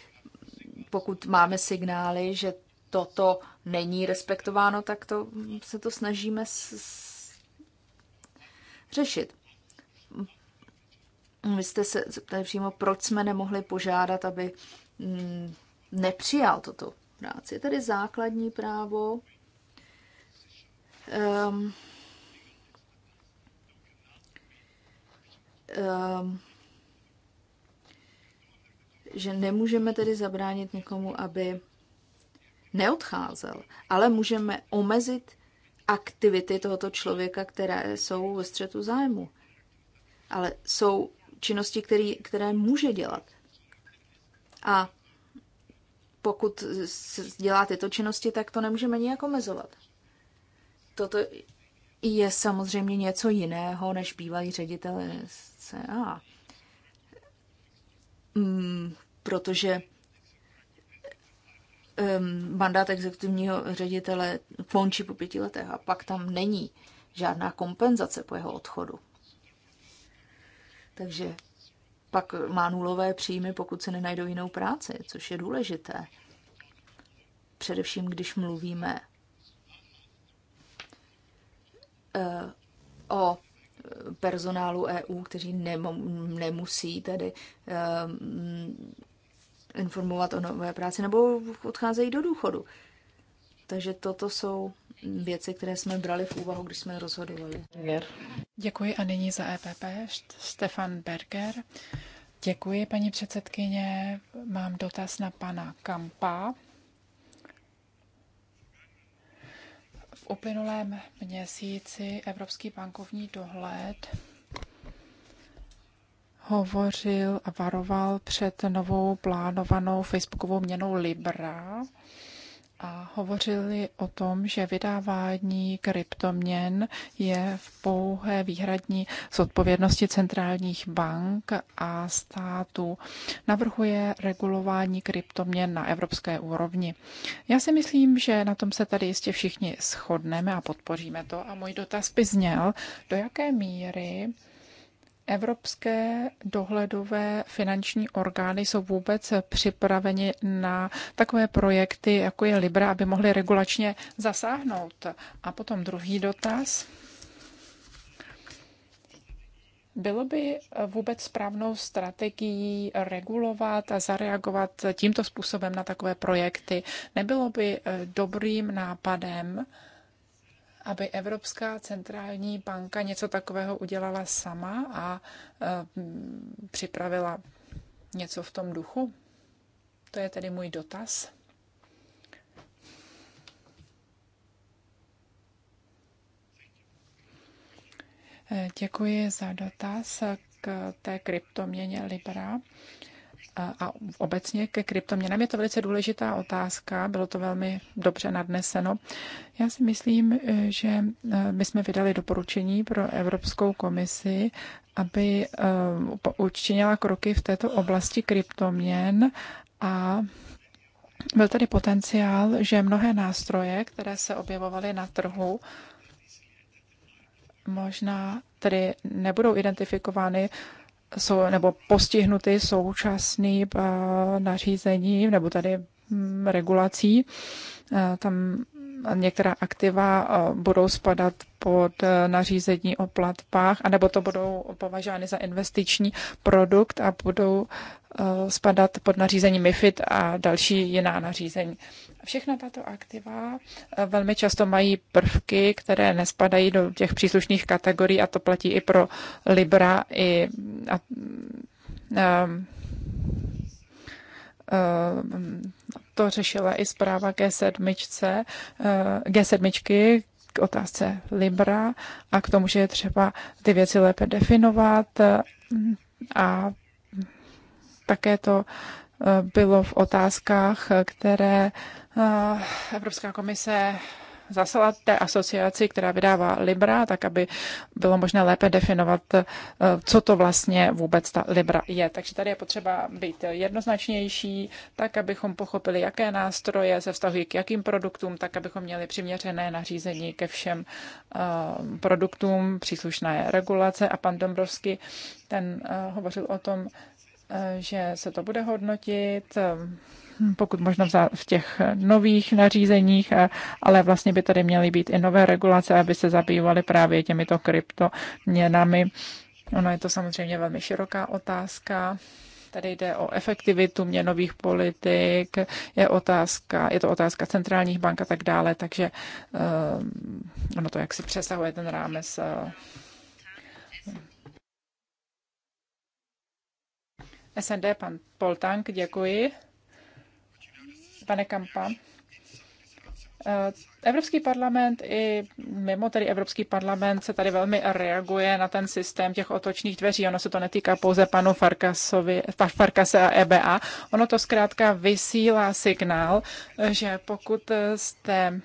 pokud máme signály, že toto není respektováno, tak to se to snažíme s, s, řešit. Vy jste se zeptali přímo, proč jsme nemohli požádat, aby mm, nepřijal toto práci. Je tady základní právo. Um, um, že nemůžeme tedy zabránit někomu, aby neodcházel, ale můžeme omezit aktivity tohoto člověka, které jsou ve střetu zájmu. Ale jsou činnosti, který, které může dělat. A pokud dělá tyto činnosti, tak to nemůžeme nijak omezovat. Toto je samozřejmě něco jiného, než bývalý ředitel SCA. Mm, protože um, mandát exekutivního ředitele končí po pěti letech a pak tam není žádná kompenzace po jeho odchodu. Takže pak má nulové příjmy, pokud se nenajdou jinou práci, což je důležité. Především, když mluvíme eh, o personálu EU, kteří nemusí tedy eh, informovat o nové práci nebo odcházejí do důchodu. Takže toto jsou věci, které jsme brali v úvahu, když jsme rozhodovali. Děkuji a nyní za EPP Stefan Berger. Děkuji, paní předsedkyně. Mám dotaz na pana Kampa. V uplynulém měsíci Evropský bankovní dohled hovořil a varoval před novou plánovanou facebookovou měnou Libra a hovořili o tom, že vydávání kryptoměn je v pouhé výhradní zodpovědnosti centrálních bank a států. Navrhuje regulování kryptoměn na evropské úrovni. Já si myslím, že na tom se tady jistě všichni shodneme a podpoříme to. A můj dotaz by zněl, do jaké míry Evropské dohledové finanční orgány jsou vůbec připraveni na takové projekty, jako je Libra, aby mohly regulačně zasáhnout. A potom druhý dotaz. Bylo by vůbec správnou strategií regulovat a zareagovat tímto způsobem na takové projekty? Nebylo by dobrým nápadem aby Evropská centrální banka něco takového udělala sama a e, připravila něco v tom duchu? To je tedy můj dotaz. E, děkuji za dotaz k té kryptoměně Libra a obecně ke kryptoměnám. Je to velice důležitá otázka, bylo to velmi dobře nadneseno. Já si myslím, eh, že eh, my jsme vydali doporučení pro Evropskou komisi, aby eh, učinila kroky v této oblasti kryptoměn a byl tady potenciál, že mnohé nástroje, které se objevovaly na trhu, možná tedy nebudou identifikovány jsou, nebo postihnuty současným eh, nařízením nebo tady hm, regulací. Eh, tam některá aktiva eh, budou spadat pod eh, nařízení o platbách, anebo to budou považovány za investiční produkt a budou eh, spadat pod nařízení MIFID a další jiná nařízení. Všechna tato aktiva velmi často mají prvky, které nespadají do těch příslušných kategorií a to platí i pro Libra, i a, a, Eh, to řešila i zpráva G7, eh, G7 k otázce Libra a k tomu, že je třeba ty věci lépe definovat eh, a také to bylo v otázkách, které Evropská komise zaslat té asociaci, která vydává Libra, tak aby bylo možné lépe definovat, eh, co to vlastně vůbec ta Libra je. Takže tady je potřeba být jednoznačnější, tak abychom pochopili, jaké nástroje se vztahují k jakým produktům, tak abychom měli přiměřené nařízení ke všem eh, produktům, příslušné regulace. A pan Dombrovský, ten eh, hovořil o tom, že se to bude hodnotit pokud možno v těch eh, nových nařízeních, eh, ale vlastně by tady měly být i nové regulace, aby se zabývaly právě těmito kryptoměnami. Ono je to samozřejmě velmi široká otázka. Tady jde o efektivitu měnových politik, je, otázka, je to otázka centrálních bank a tak dále, takže um, ono to jaksi přesahuje ten rámec. SND, pan Poltank, děkuji pane Kampa. Eh, Evropský parlament i mimo tedy Evropský parlament se tady velmi reaguje na ten systém těch otočných dveří. Ono se to netýká pouze panu Farkasovi, Farkase a EBA. Ono to zkrátka vysílá signál, že pokud jste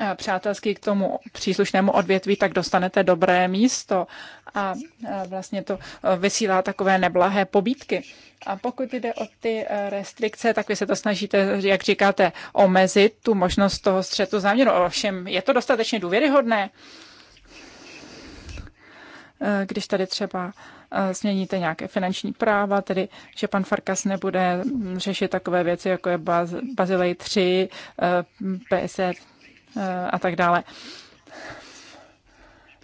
Eh, přátelský k tomu příslušnému odvětví, tak dostanete dobré místo a eh, vlastně to eh, vysílá takové neblahé pobídky. A pokud jde o ty restrikce, tak vy se to snažíte, jak říkáte, omezit tu možnost toho střetu záměru. Ovšem, je to dostatečně důvěryhodné? když tady třeba změníte nějaké finanční práva, tedy že pan Farkas nebude mm, řešit takové věci, jako je Bazilej 3, PSR. E Eh, a tak dále.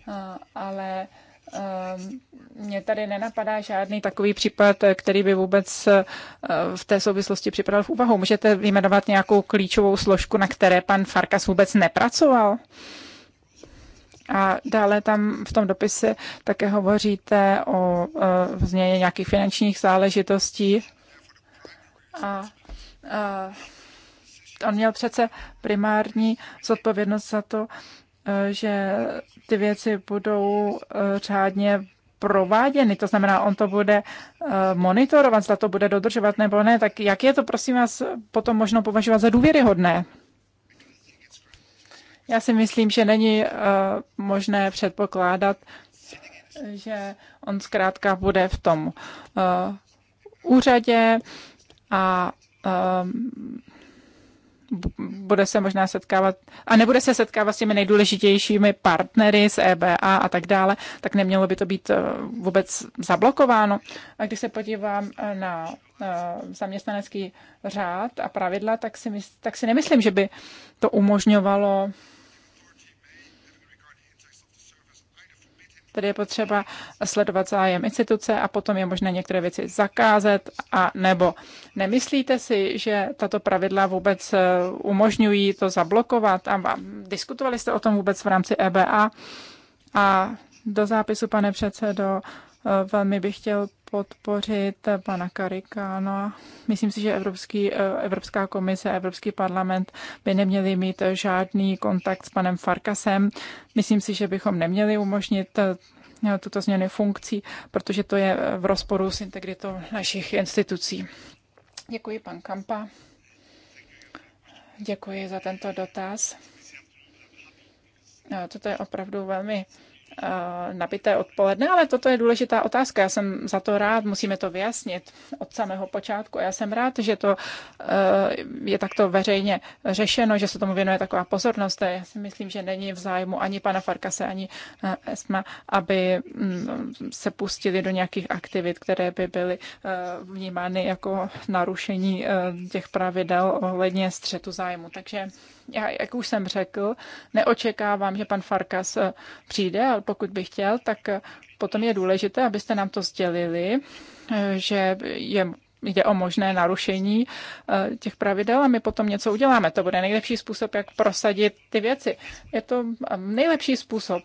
Eh, ale eh, mě tady nenapadá žádný takový případ, který by vůbec v té souvislosti připadal v úvahu. Můžete vyjmenovat nějakou klíčovou složku, na které pan Farkas vůbec nepracoval? A dále tam v tom dopise také hovoříte o změně nějakých finančních záležitostí. A, a on měl přece primární zodpovědnost za to, eh, že ty věci budou eh, řádně prováděny, to znamená, on to bude eh, monitorovat, zda to bude dodržovat nebo ne, tak jak je to, prosím vás, potom možno považovat za důvěryhodné? Já si myslím, že není možné předpokládat, že on zkrátka bude v tom úřadě a bude se možná setkávat a nebude se setkávat s těmi nejdůležitějšími partnery z EBA a tak dále, tak nemělo by to být eh, vůbec zablokováno. A když se podívám eh, na eh, zaměstnanecký řád a pravidla, tak si, mysl, tak si nemyslím, že by to umožňovalo Tedy je potřeba sledovat zájem instituce a potom je možné některé věci zakázet a nebo. Nemyslíte si, že tato pravidla vůbec eh, umožňují to zablokovat? A diskutovali jste o tom vůbec v rámci EBA? A do zápisu, pane předsedo, eh, velmi bych chtěl podpořit pana a Myslím si, že Evropský, eh, Evropská komise a Evropský parlament by neměli mít žádný kontakt s panem Farkasem. Myslím si, že bychom neměli umožnit eh, tuto změny funkcí, protože to je eh, v rozporu s integritou našich institucí. Děkuji, pan Kampa. Děkuji za tento dotaz. Toto je opravdu velmi Eh, nabité odpoledne, ale toto je důležitá otázka. Já jsem za to rád, musíme to vyjasnit od samého počátku. Já jsem rád, že to eh, je takto veřejně řešeno, že se tomu věnuje taková pozornost. Já si myslím, že není v zájmu ani pana Farkase, ani eh, ESMA, aby mm, se pustili do nějakých aktivit, které by byly vnímány jako narušení těch pravidel ohledně střetu zájmu. Takže já, jak už jsem řekl, neočekávám, že pan Farkas eh, přijde, ale pokud by chtěl, tak eh, potom je důležité, abyste nám to sdělili, eh, že je jde o možné narušení těch pravidel a my potom něco uděláme. To bude nejlepší způsob, jak prosadit ty věci. Je to nejlepší způsob.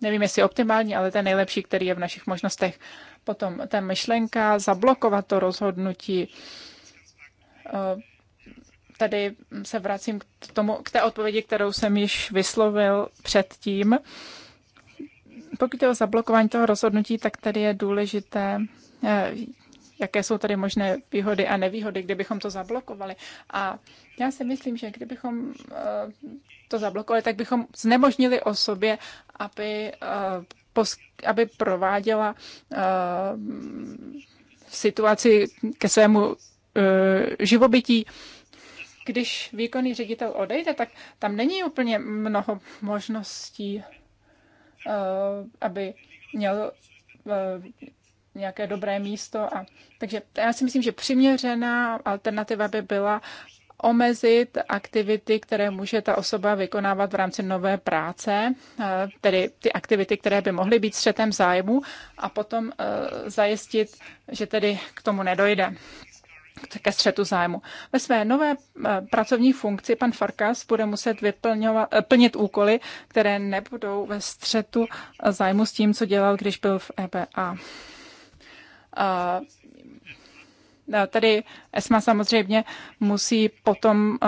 Nevím, jestli optimální, ale ten nejlepší, který je v našich možnostech. Potom ta myšlenka zablokovat to rozhodnutí tady se vracím k, tomu, k té odpovědi, kterou jsem již vyslovil předtím. Pokud je o zablokování toho rozhodnutí, tak tady je důležité, eh, jaké jsou tady možné výhody a nevýhody, kdybychom to zablokovali. A já si myslím, že kdybychom eh, to zablokovali, tak bychom znemožnili osobě, aby, eh, aby prováděla situaci ke svému živobytí když výkonný ředitel odejde, tak tam není úplně mnoho možností, eh, aby měl eh, nějaké dobré místo. A, takže já si myslím, že přiměřená alternativa by byla omezit aktivity, které může ta osoba vykonávat v rámci nové práce, eh, tedy ty aktivity, které by mohly být střetem zájmu a potom zajistit, že tedy k tomu nedojde ke střetu zájmu. Ve své nové eh, pracovní funkci pan Farkas bude muset vyplňovat, eh, plnit úkoly, které nebudou ve střetu eh, zájmu s tím, co dělal, když byl v EBA. A Tedy ESMA samozřejmě musí potom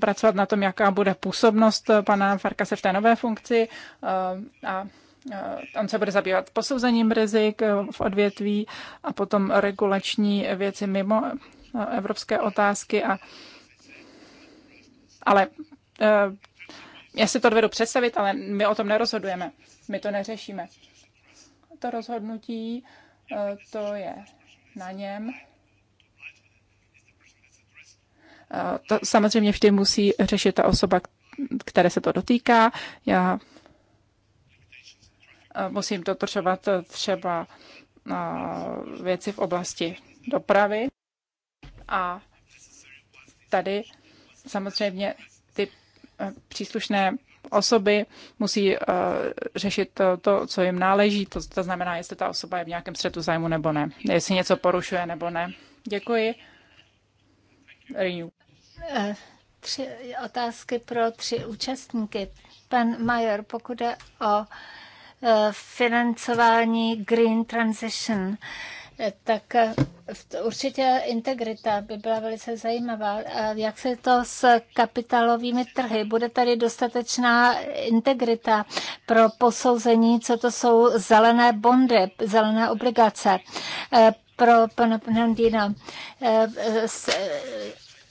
pracovat na tom, jaká bude působnost pana Farkase v té nové funkci a On eh, se bude zabývat posouzením rizik eh, v odvětví a potom regulační věci mimo eh, evropské otázky. A, ale já si to dovedu představit, ale my o tom nerozhodujeme. My to neřešíme. To rozhodnutí, to je na něm. To samozřejmě vždy musí řešit ta osoba, které se to dotýká. Já musím dotržovat třeba věci v oblasti dopravy. A tady samozřejmě ty e, příslušné osoby musí uh, řešit to, to, co jim náleží, to, to znamená, jestli ta osoba je v nějakém střetu zájmu nebo ne, jestli něco porušuje nebo ne. Děkuji. Renew. E, tři otázky pro tři účastníky. Pan Major, pokud je o Eh, financování Green Transition eh, tak eh, určitě integrita by byla velice zajímavá. Jak se to s kapitálovými trhy? Bude tady dostatečná integrita pro posouzení, co to jsou zelené bondy, zelené obligace? Pro pana Nandina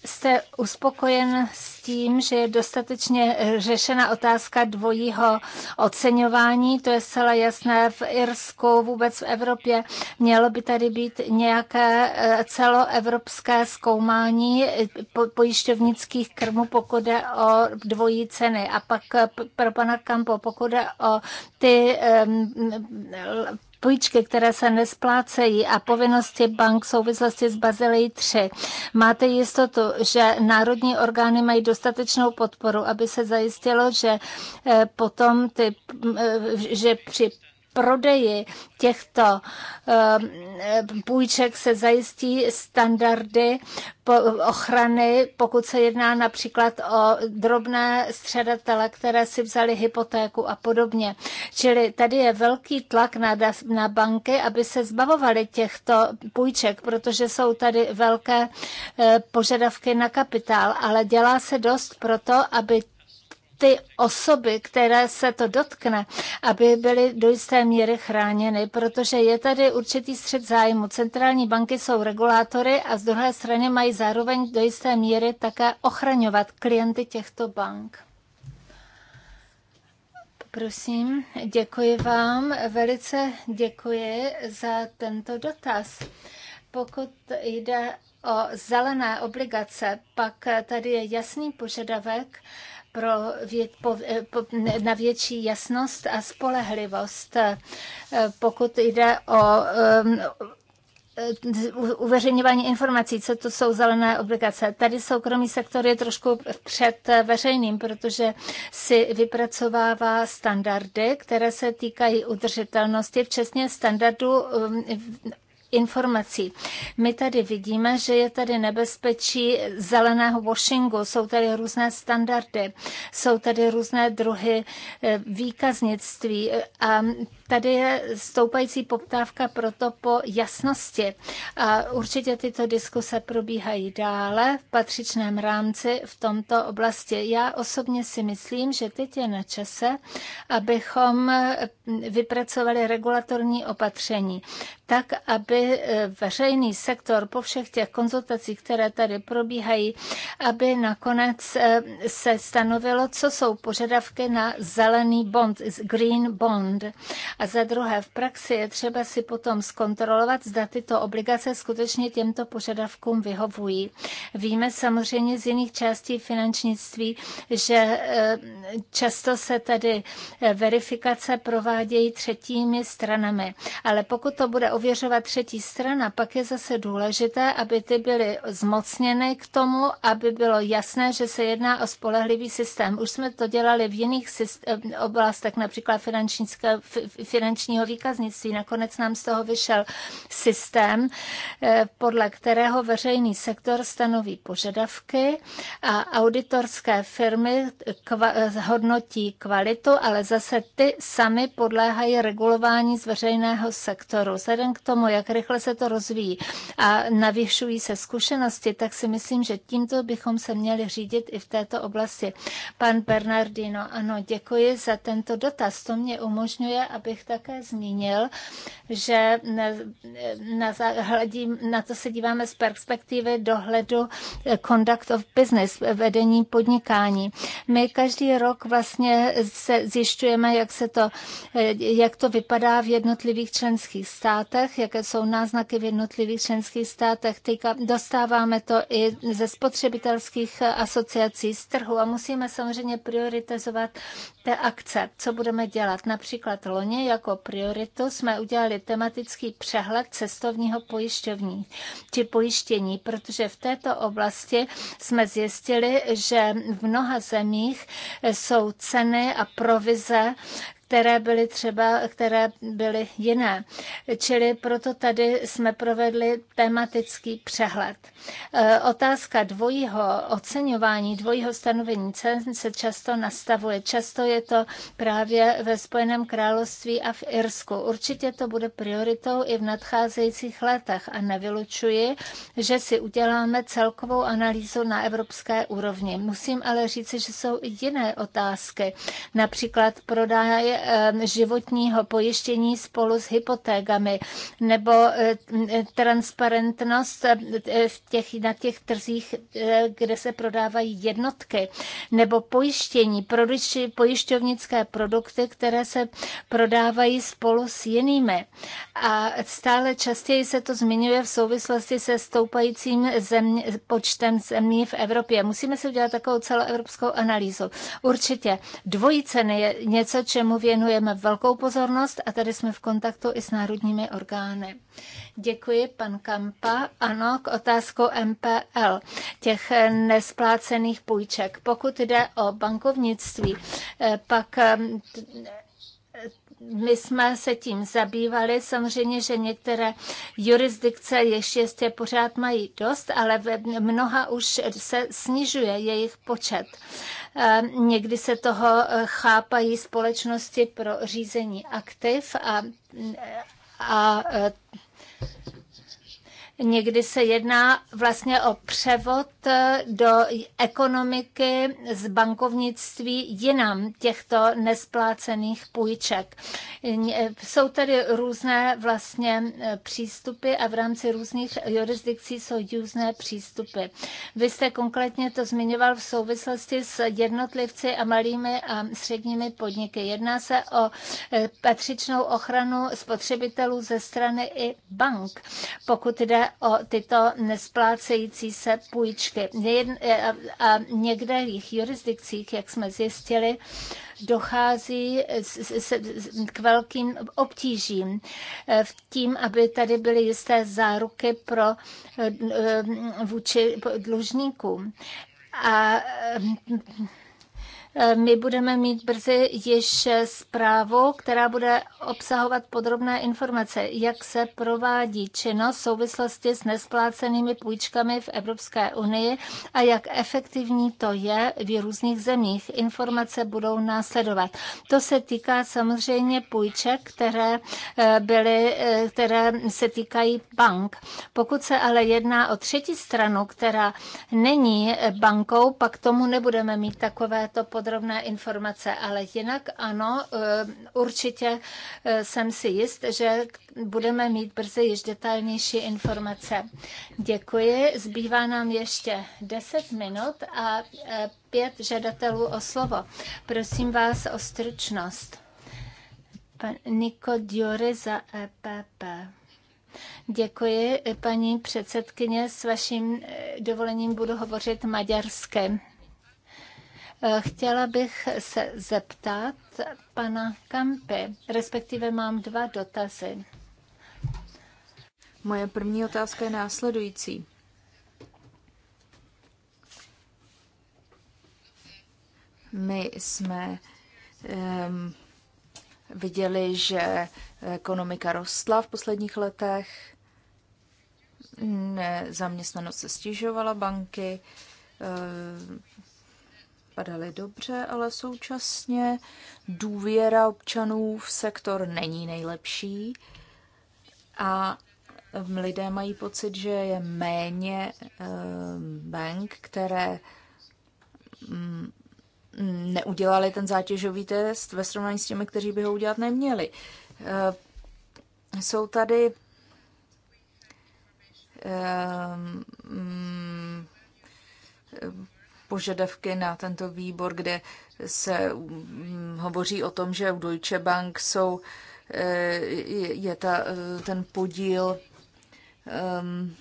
jste uspokojen s tím, že je dostatečně řešena otázka dvojího oceňování? To je zcela jasné v Irsku, vůbec v Evropě. Mělo by tady být nějaké eh, celoevropské zkoumání pojišťovnických krmů, pokud jde o dvojí ceny. A pak eh, pro pana Kampo, pokud jde o ty půjčky, které se nesplácejí a povinnosti bank v souvislosti s Bazilejí 3. Máte jistotu, že národní orgány mají dostatečnou podporu, aby se zajistilo, že eh, potom ty, eh, že při prodeji těchto ehm, ehm, půjček se zajistí standardy ochrany, pokud se jedná například o drobné středatele, které si vzali hypotéku a podobně. Čili tady je velký tlak na, banky, aby se zbavovali těchto půjček, protože jsou tady velké eh, požadavky na kapitál, ale dělá se dost proto, aby ty osoby, které se to dotkne, aby byly do jisté míry chráněny, protože je tady určitý střed zájmu. Centrální banky jsou regulátory a z druhé strany mají zároveň do jisté míry také ochraňovat klienty těchto bank. Prosím, děkuji vám, velice děkuji za tento dotaz. Pokud jde o zelené obligace, pak tady je jasný požadavek, pro vě, po, eh, po, na větší jasnost a spolehlivost, eh, pokud jde o um, uveřejňování informací, co to jsou zelené obligace. Tady soukromý sektor je trošku před veřejným, protože si vypracovává standardy, které se týkají udržitelnosti, včetně standardu ehm, informací. My tady vidíme, že je tady nebezpečí zeleného washingu, jsou tady různé standardy, jsou tady různé druhy eh, výkaznictví eh, a Tady je stoupající poptávka proto po jasnosti. A určitě tyto diskuse probíhají dále v patřičném rámci v tomto oblasti. Já osobně si myslím, že teď je na čase, abychom vypracovali regulatorní opatření tak, aby e, veřejný sektor po všech těch konzultacích, které tady probíhají, aby nakonec e, se stanovilo, co jsou požadavky na zelený bond, green bond. A za druhé, v praxi je třeba si potom zkontrolovat, zda tyto obligace skutečně těmto požadavkům vyhovují. Víme samozřejmě z jiných částí finančnictví, že e, často se tady e, verifikace provádějí třetími stranami. Ale pokud to bude ověřovat třetí strana, pak je zase důležité, aby ty byly zmocněny k tomu, aby bylo jasné, že se jedná o spolehlivý systém. Už jsme to dělali v jiných e, oblastech, například finančnické, finančního výkaznictví. Nakonec nám z toho vyšel systém, eh, podle kterého veřejný sektor stanoví požadavky a auditorské firmy kva- eh, hodnotí kvalitu, ale zase ty sami podléhají regulování z veřejného sektoru. Vzhledem k tomu, jak rychle se to rozvíjí a navyšují se zkušenosti, tak si myslím, že tímto bychom se měli řídit i v této oblasti. Pan Bernardino, ano, děkuji za tento dotaz. To mě umožňuje, abych bych také zmínil, že na, na, hledím, na to se díváme z perspektivy dohledu eh, conduct of business, vedení podnikání. My každý rok vlastně se zjišťujeme, jak, se to, eh, jak to vypadá v jednotlivých členských státech, jaké jsou náznaky v jednotlivých členských státech. Týka, dostáváme to i ze spotřebitelských eh, asociací z trhu a musíme samozřejmě prioritizovat té akce, co budeme dělat. Například loni jako prioritu jsme udělali tematický přehled cestovního pojišťovní či pojištění, protože v této oblasti jsme zjistili, že v mnoha zemích jsou ceny a provize které byly třeba, které byly jiné. Čili proto tady jsme provedli tematický přehled. E, otázka dvojího oceňování, dvojího stanovení cen se často nastavuje. Často je to právě ve Spojeném království a v Irsku. Určitě to bude prioritou i v nadcházejících letech a nevylučuji, že si uděláme celkovou analýzu na evropské úrovni. Musím ale říci, že jsou i jiné otázky, například prodáje Eh, životního pojištění spolu s hypotékami nebo eh, transparentnost eh, v těch, na těch trzích, kde se prodávají jednotky nebo pojištění, pojišťovnické produkty, které se prodávají spolu s jinými. A stále častěji se to zmiňuje v souvislosti se stoupajícím země, počtem zemí v Evropě. Musíme si udělat takovou celoevropskou analýzu. Určitě dvojí ceny je něco, čemu věnujeme velkou pozornost a tady jsme v kontaktu i s národními orgány. Děkuji, pan Kampa. Ano, k otázku MPL, těch nesplácených půjček. Pokud jde o bankovnictví, eh, pak eh, my jsme se tím zabývali. Samozřejmě, že některé jurisdikce ještě pořád mají dost, ale ve mnoha už se snižuje jejich počet. Eh, někdy se toho eh, chápají společnosti pro řízení aktiv a, eh, a Někdy se jedná vlastně o převod eh, do ekonomiky z bankovnictví jinam těchto nesplácených půjček. Eh, jsou tady různé vlastně eh, přístupy a v rámci různých jurisdikcí jsou různé přístupy. Vy jste konkrétně to zmiňoval v souvislosti s jednotlivci a malými a středními podniky. Jedná se o patřičnou ochranu spotřebitelů ze strany i bank, pokud jde o tyto nesplácející se půjčky. Eh, a v některých jurisdikcích, jak jsme zjistili, dochází k velkým obtížím eh, v tím, aby tady byly jisté záruky pro eh, vůči dlužníkům. A my budeme mít brzy již zprávu, která bude obsahovat podrobné informace, jak se provádí činnost v souvislosti s nesplácenými půjčkami v Evropské unii a jak efektivní to je v různých zemích. Informace budou následovat. To se týká samozřejmě půjček, které, eh, byly, eh, které se týkají bank. Pokud se ale jedná o třetí stranu, která není bankou, pak tomu nebudeme mít takovéto podrobné podrobné informace, ale jinak ano, eh, určitě eh, jsem si jist, že budeme mít brzy již detailnější informace. Děkuji. Zbývá nám ještě 10 minut a eh, pět žadatelů o slovo. Prosím vás o stručnost. Niko Diore za EPP. Děkuji, paní předsedkyně. S vaším dovolením budu hovořit maďarsky. Eh, chtěla bych se zeptat pana Kampy, respektive mám dva dotazy. Moje první otázka je následující. My jsme um, viděli, že ekonomika rostla v posledních letech, zaměstnanost se stěžovala, banky ehm, vypadaly dobře, ale současně důvěra občanů v sektor není nejlepší a lidé mají pocit, že je méně ehm, bank, které mm, neudělali ten zátěžový test ve srovnání s těmi, kteří by ho udělat neměli. Ehm, jsou tady ehm, mm, požadavky na tento výbor, kde se mm, hovoří o tom, že u Deutsche Bank jsou, eh, je ta, eh, ten podíl um,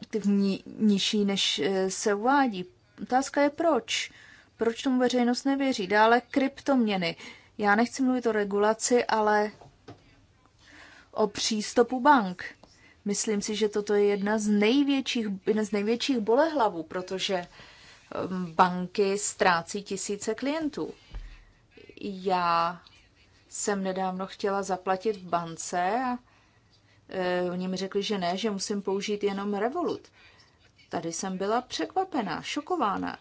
aktivní nižší, než eh, se uvádí. Otázka je proč. Proč tomu veřejnost nevěří? Dále kryptoměny. Já nechci mluvit o regulaci, ale o přístupu bank Myslím si, že toto je jedna z největších, jedna z největších bolehlavů, protože um, banky ztrácí tisíce klientů. Já jsem nedávno chtěla zaplatit v bance a e, oni mi řekli, že ne, že musím použít jenom Revolut. Tady jsem byla překvapená, šokována.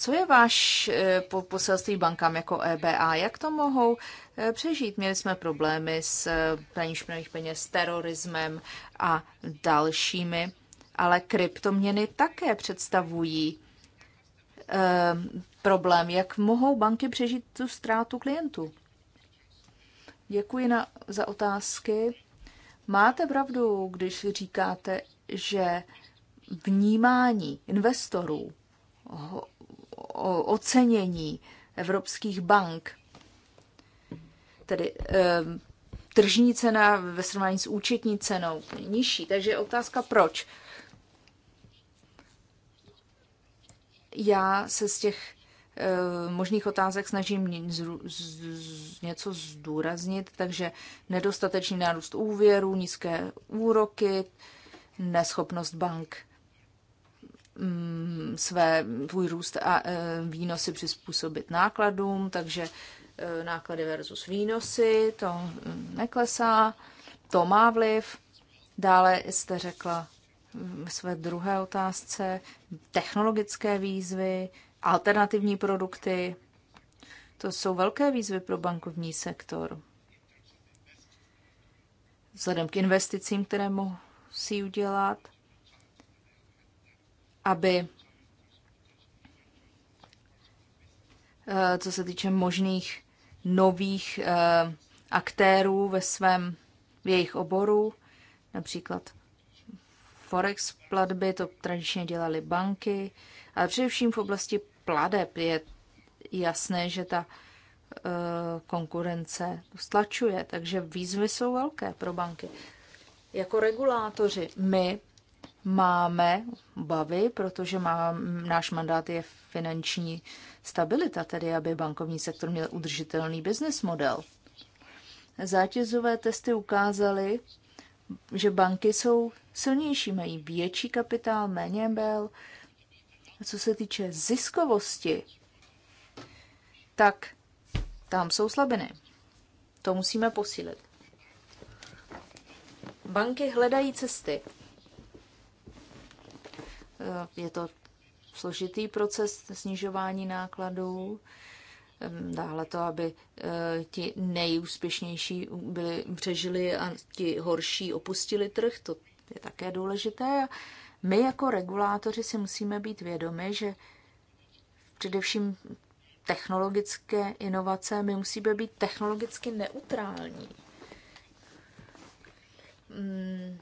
Co je váš eh, poselství bankám jako EBA? Jak to mohou eh, přežít? Měli jsme problémy s eh, praní špinavých peněz, terorismem a dalšími, ale kryptoměny také představují problém. Jak mohou banky přežít tu ztrátu klientů? Děkuji na, za otázky. Máte pravdu, když říkáte, že vnímání investorů ocenění evropských bank, tedy tržní cena ve srovnání s účetní cenou nižší. Takže je otázka proč. Já se z těch možných otázek snažím něco zdůraznit, takže nedostatečný nárůst úvěru, nízké úroky, neschopnost bank Mm, své, svůj růst a e, výnosy přizpůsobit nákladům, takže e, náklady versus výnosy, to mm, neklesá, to má vliv. Dále jste řekla mm, v své druhé otázce technologické výzvy, alternativní produkty. To jsou velké výzvy pro bankovní sektor. Vzhledem k investicím, které musí udělat, aby eh, co se týče možných nových eh, aktérů ve svém v jejich oboru, například forex platby, to tradičně dělaly banky, ale především v oblasti pladeb je jasné, že ta eh, konkurence stlačuje, takže výzvy jsou velké pro banky. Jako regulátoři my máme obavy, protože má, náš mandát je finanční stabilita, tedy aby bankovní sektor měl udržitelný business model. Zátězové testy ukázaly, že banky jsou silnější, mají větší kapitál, méně bel. A co se týče ziskovosti, tak tam jsou slabiny. To musíme posílit. Banky hledají cesty, je to složitý proces snižování nákladů. Dále to, aby eh, ti nejúspěšnější byli, přežili a ti horší opustili trh, to je také důležité. A my jako regulátoři si musíme být vědomi, že především technologické inovace, my musíme být technologicky neutrální. Um,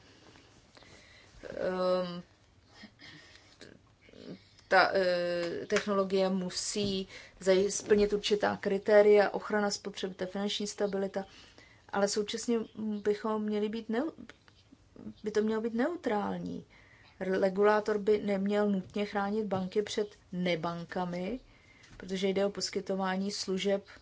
ta e, technologie musí splnit určitá kritéria, ochrana spotřebitele, finanční stabilita, ale současně bychom měli být ne, by to mělo být neutrální. Regulátor by neměl nutně chránit banky před nebankami, protože jde o poskytování služeb e,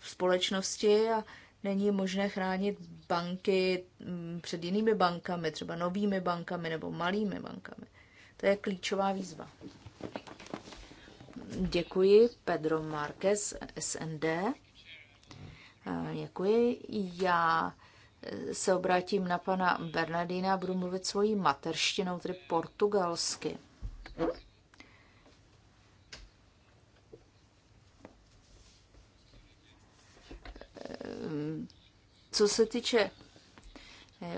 společnosti a není možné chránit banky mm, před jinými bankami, třeba novými bankami nebo malými bankami. To je klíčová výzva. Děkuji Pedro Marquez SND. Děkuji. Já se obrátím na pana Bernardina a budu mluvit svojí materštinou, tedy portugalsky. Co se týče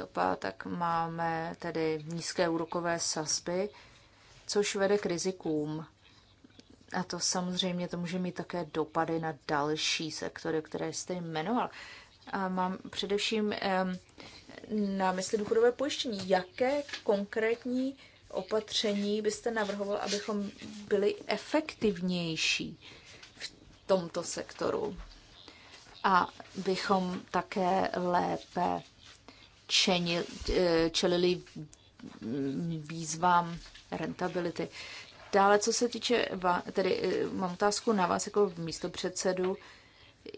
opa, tak máme tedy nízké úrokové sazby, což vede k rizikům. A to samozřejmě to může mít také dopady na další sektory, které jste jmenoval. A mám především na mysli důchodové pojištění. Jaké konkrétní opatření byste navrhoval, abychom byli efektivnější v tomto sektoru? A bychom také lépe čenil, eh, čelili výzvám rentability. Dále, co se týče, tedy eh, mám otázku na vás jako místo předsedu.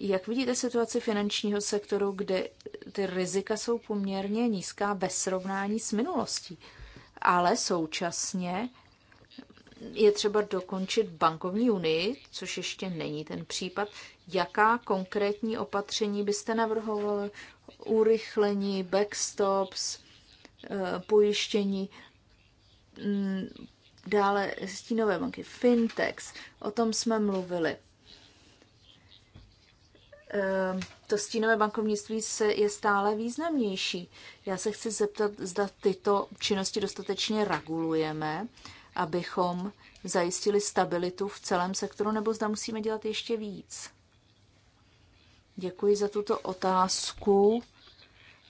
Jak vidíte situaci finančního sektoru, kde ty rizika jsou poměrně nízká ve srovnání s minulostí, ale současně je třeba dokončit bankovní unii, což ještě není ten případ. Jaká konkrétní opatření byste navrhovali? Urychlení, backstops, Eh, pojištění, mm, dále stínové banky, fintex o tom jsme mluvili. Ehm, to stínové bankovnictví se je stále významnější. Já se chci zeptat, zda tyto činnosti dostatečně regulujeme, abychom zajistili stabilitu v celém sektoru, nebo zda musíme dělat ještě víc. Děkuji za tuto otázku.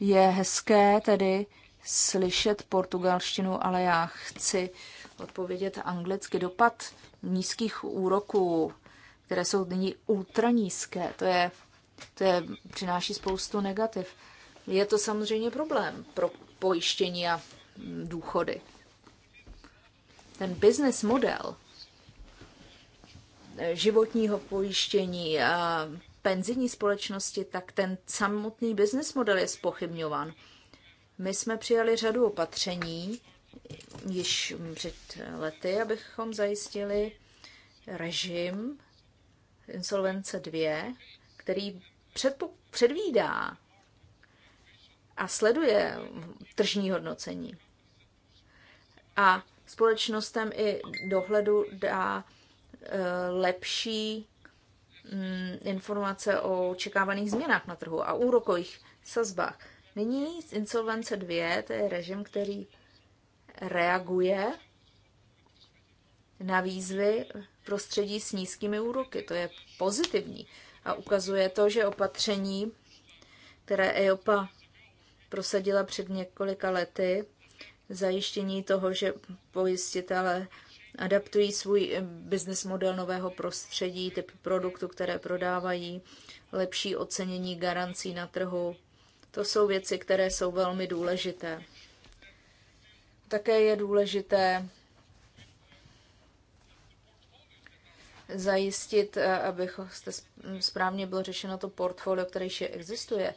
Je hezké tedy slyšet portugalštinu, ale já chci odpovědět anglicky. Dopad nízkých úroků, které jsou nyní ultra nízké, to je, to je, přináší spoustu negativ. Je to samozřejmě problém pro pojištění a důchody. Ten business model životního pojištění a penzijní společnosti, tak ten samotný business model je spochybňován my jsme přijali řadu opatření již před lety, abychom zajistili režim insolvence 2, který předpo- předvídá a sleduje tržní hodnocení. A společnostem i dohledu dá e, lepší mm, informace o očekávaných změnách na trhu a úrokových sazbách. Nyní z Insolvence 2, to je režim, který reaguje na výzvy prostředí s nízkými úroky. To je pozitivní a ukazuje to, že opatření, které EOPA prosadila před několika lety, zajištění toho, že pojistitelé adaptují svůj business model nového prostředí, typ produktu, které prodávají, lepší ocenění garancí na trhu, to jsou věci, které jsou velmi důležité. Také je důležité zajistit, eh, abyste správně bylo řešeno to portfolio, které ještě existuje,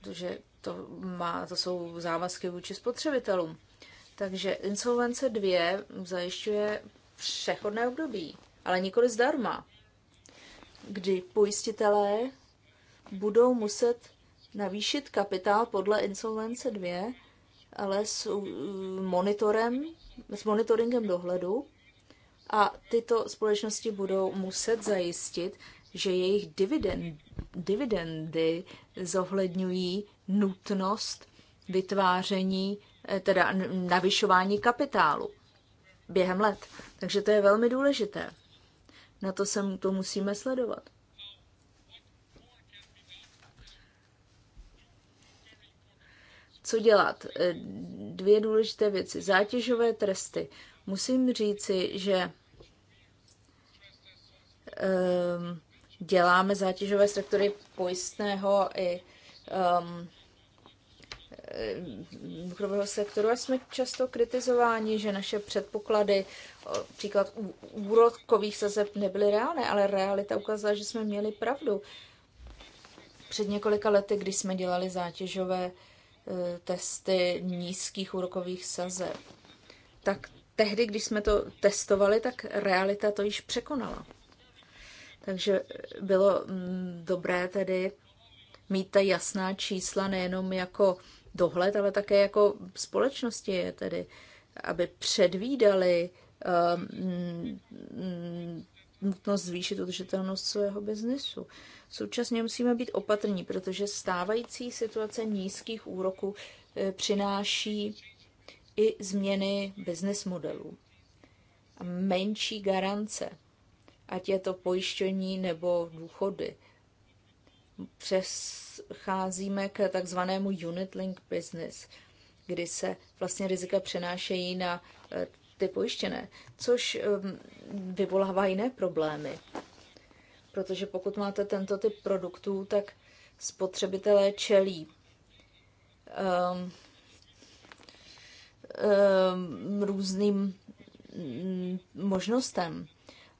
protože to, má, to jsou závazky vůči spotřebitelům. Takže insolvence 2 zajišťuje přechodné období, ale nikoli zdarma, kdy pojistitelé budou muset navýšit kapitál podle insolvence 2, ale s monitorem, s monitoringem dohledu a tyto společnosti budou muset zajistit, že jejich dividend, dividendy zohledňují nutnost vytváření, eh, teda navyšování kapitálu během let. Takže to je velmi důležité. Na to se to musíme sledovat. co dělat? E, dvě důležité věci. Zátěžové tresty. Musím říci, že um, děláme zátěžové struktury pojistného i um, důchodového sektoru a jsme často kritizováni, že naše předpoklady, e, příklad úrokových sazeb, nebyly reálné, ale realita ukázala, že jsme měli pravdu. Před několika lety, když jsme dělali zátěžové Eh, testy nízkých úrokových sazeb. Tak tehdy, když jsme to testovali, tak realita to již překonala. Takže bylo mm, dobré tedy mít ta jasná čísla nejenom jako dohled, ale také jako společnosti je tedy, aby předvídali um, nutnost zvýšit udržitelnost svého biznesu. Současně musíme být opatrní, protože stávající situace nízkých úroků eh, přináší i změny business modelů. A menší garance, ať je to pojištění nebo důchody. Přecházíme k takzvanému unit link business, kdy se vlastně rizika přenášejí na eh, ty pojištěné, což vyvolává jiné problémy. Protože pokud máte tento typ produktů, tak spotřebitelé čelí um, um, různým mm, možnostem.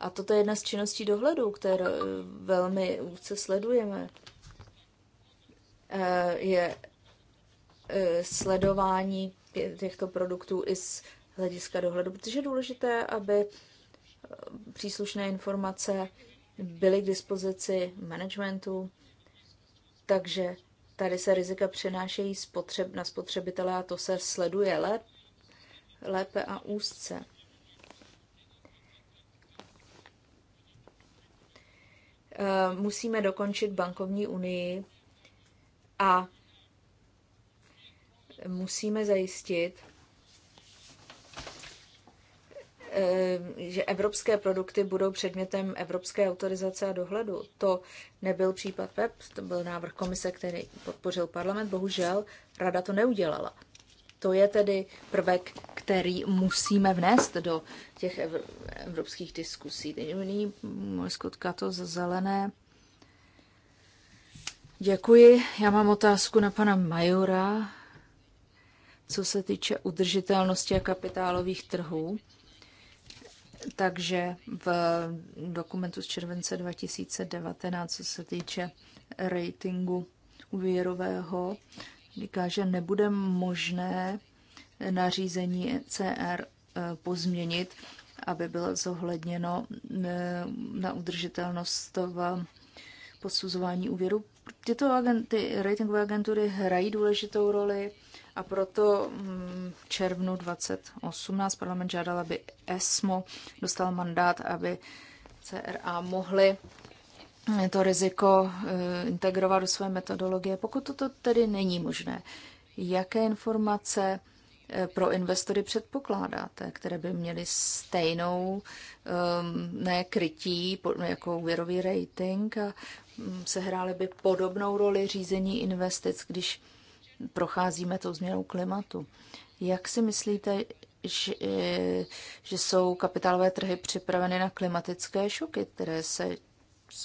A toto je jedna z činností dohledu, které eh, velmi úzce sledujeme. Eh, je eh, sledování těchto produktů i z hlediska dohledu, protože je důležité, aby eh, příslušné informace byly k dispozici managementu, takže tady se rizika přenášejí spotřeb, na spotřebitele a to se sleduje lép, lépe a úzce. Eh, musíme dokončit bankovní unii a musíme zajistit, Eh, že evropské produkty budou předmětem evropské autorizace a dohledu. To nebyl případ PEP, to byl návrh komise, který podpořil parlament. Bohužel rada to neudělala. To je tedy prvek, který musíme vnést do těch evropských diskusí. Nyní můj skotka to z zelené. Děkuji. Já mám otázku na pana Majora, co se týče udržitelnosti a kapitálových trhů. Takže v dokumentu z července 2019, co se týče ratingu úvěrového, říká, že nebude možné nařízení CR eh, pozměnit, aby bylo zohledněno eh, na udržitelnost v posuzování úvěru. Tyto agenty, ratingové agentury hrají důležitou roli a proto mm, v červnu 2018 parlament žádal, aby ESMO dostal mandát, aby CRA mohly to riziko e, integrovat do své metodologie. Pokud toto tedy není možné, jaké informace e, pro investory předpokládáte, které by měly stejnou ne krytí jako úvěrový rating a mm, sehrály by podobnou roli řízení investic, když procházíme tou změnou klimatu. Jak si myslíte, že, že jsou kapitálové trhy připraveny na klimatické šoky, které se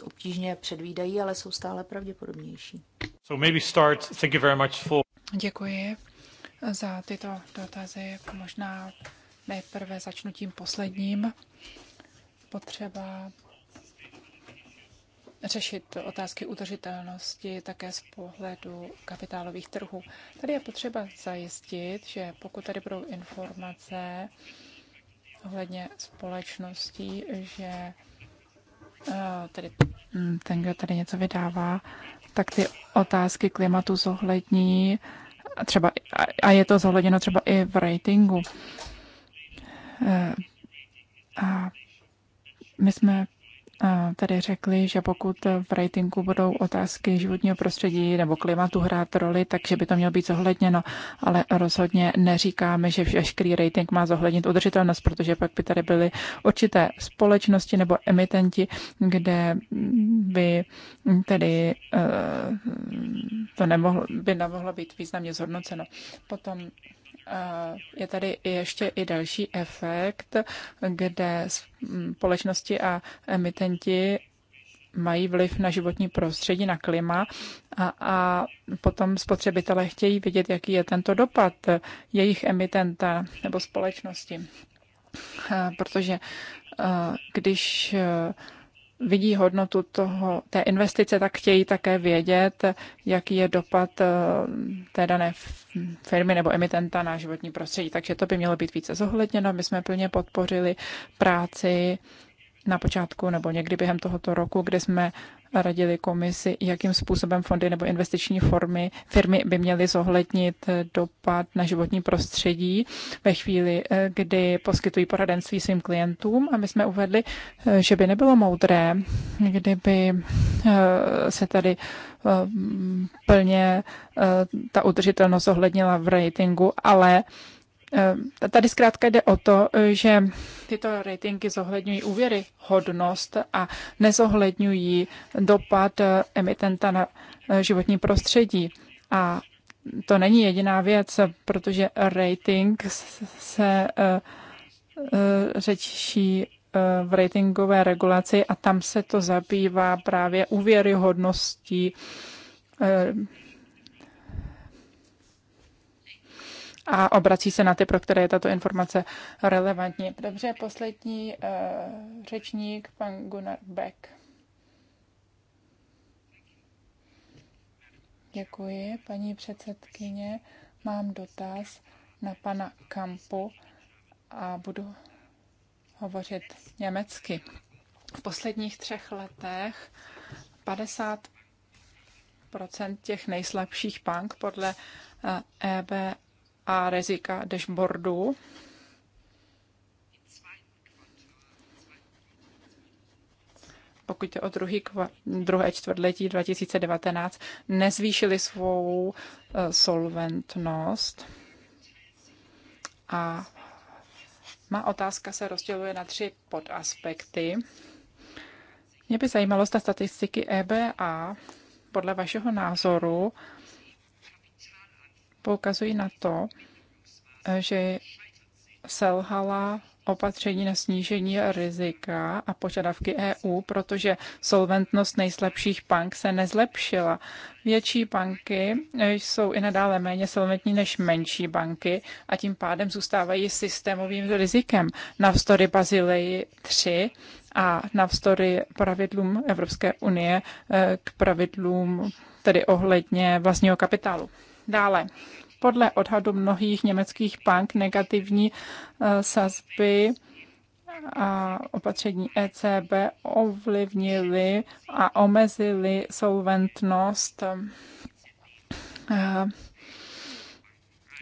obtížně předvídají, ale jsou stále pravděpodobnější? So maybe start, thank you very much for... Děkuji za tyto dotazy. Možná nejprve začnu tím posledním. Potřeba řešit otázky udržitelnosti také z pohledu kapitálových trhů. Tady je potřeba zajistit, že pokud tady budou informace ohledně společností, že eh, tady mm, ten, kdo tady něco vydává, tak ty otázky klimatu zohlední třeba, a je to zohledněno třeba i v ratingu. Eh, a my jsme tady řekli, že pokud v ratingu budou otázky životního prostředí nebo klimatu hrát roli, takže by to mělo být zohledněno, ale rozhodně neříkáme, že veškerý rating má zohlednit udržitelnost, protože pak by tady byly určité společnosti nebo emitenti, kde by tedy eh, to nemohlo, by nemohlo být významně zhodnoceno. Potom je tady ještě i další efekt, kde společnosti a emitenti mají vliv na životní prostředí, na klima a, a potom spotřebitelé chtějí vidět, jaký je tento dopad jejich emitenta nebo společnosti. Protože když vidí hodnotu toho, té investice, tak chtějí také vědět, jaký je dopad eh, té dané firmy nebo emitenta na životní prostředí. Takže to by mělo být více zohledněno. My jsme plně podpořili práci na počátku nebo někdy během tohoto roku, kde jsme radili komisi, jakým způsobem fondy nebo investiční formy, firmy by měly zohlednit dopad na životní prostředí ve chvíli, eh, kdy poskytují poradenství svým klientům. A my jsme uvedli, eh, že by nebylo moudré, kdyby eh, se tady plně ta udržitelnost zohlednila v ratingu, ale tady zkrátka jde o to, že tyto ratingy zohledňují úvěry hodnost a nezohledňují dopad emitenta na eh, životní prostředí. A to není jediná věc, protože rating se eh, eh, řečí v ratingové regulaci a tam se to zabývá právě úvěryhodností a obrací se na ty, pro které je tato informace relevantní. Dobře, poslední uh, řečník, pan Gunnar Beck. Děkuji, paní předsedkyně. Mám dotaz na pana Kampu a budu hovořit německy. V posledních třech letech 50 těch nejslabších bank podle EBA eh, e a rizika dashboardu. pokud je o druhý kva, druhé čtvrtletí 2019, nezvýšili svou uh, solventnost. A má otázka se rozděluje na tři podaspekty. Mě by zajímalo, zda statistiky EBA podle vašeho názoru uh, poukazují na to, že selhala opatření na snížení rizika a požadavky EU, protože solventnost nejslabších bank se nezlepšila. Větší banky jsou i nadále méně solventní než menší banky a tím pádem zůstávají systémovým rizikem. Navzdory Bazileji 3 a navzdory pravidlům Evropské unie eh, k pravidlům tedy ohledně vlastního kapitálu. Dále, podle odhadu mnohých německých bank negativní eh, sazby a opatření ECB ovlivnily a omezily solventnost eh,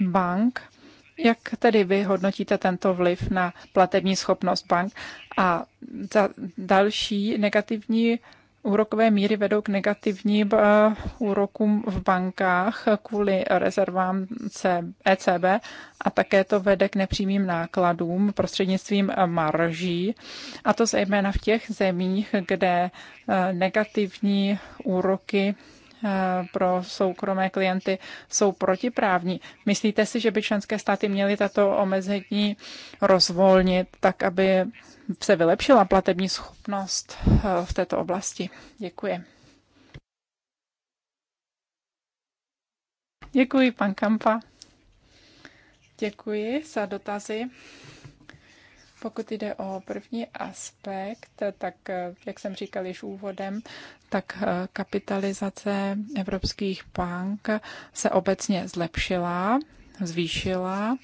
bank. Jak tedy vy hodnotíte tento vliv na platební schopnost bank? A za další negativní úrokové míry vedou k negativním eh, úrokům v bankách kvůli rezervám ECB a také to vede k nepřímým nákladům prostřednictvím eh, marží, a to zejména v těch zemích, kde eh, negativní úroky Eh, pro soukromé klienty jsou protiprávní. Myslíte si, že by členské státy měly tato omezení rozvolnit tak, aby se vylepšila platební schopnost eh, v této oblasti? Děkuji. Děkuji, pan Kampa. Děkuji za dotazy. Pokud jde o první aspekt, tak jak jsem říkal již úvodem, tak eh, kapitalizace evropských bank se obecně zlepšila, zvýšila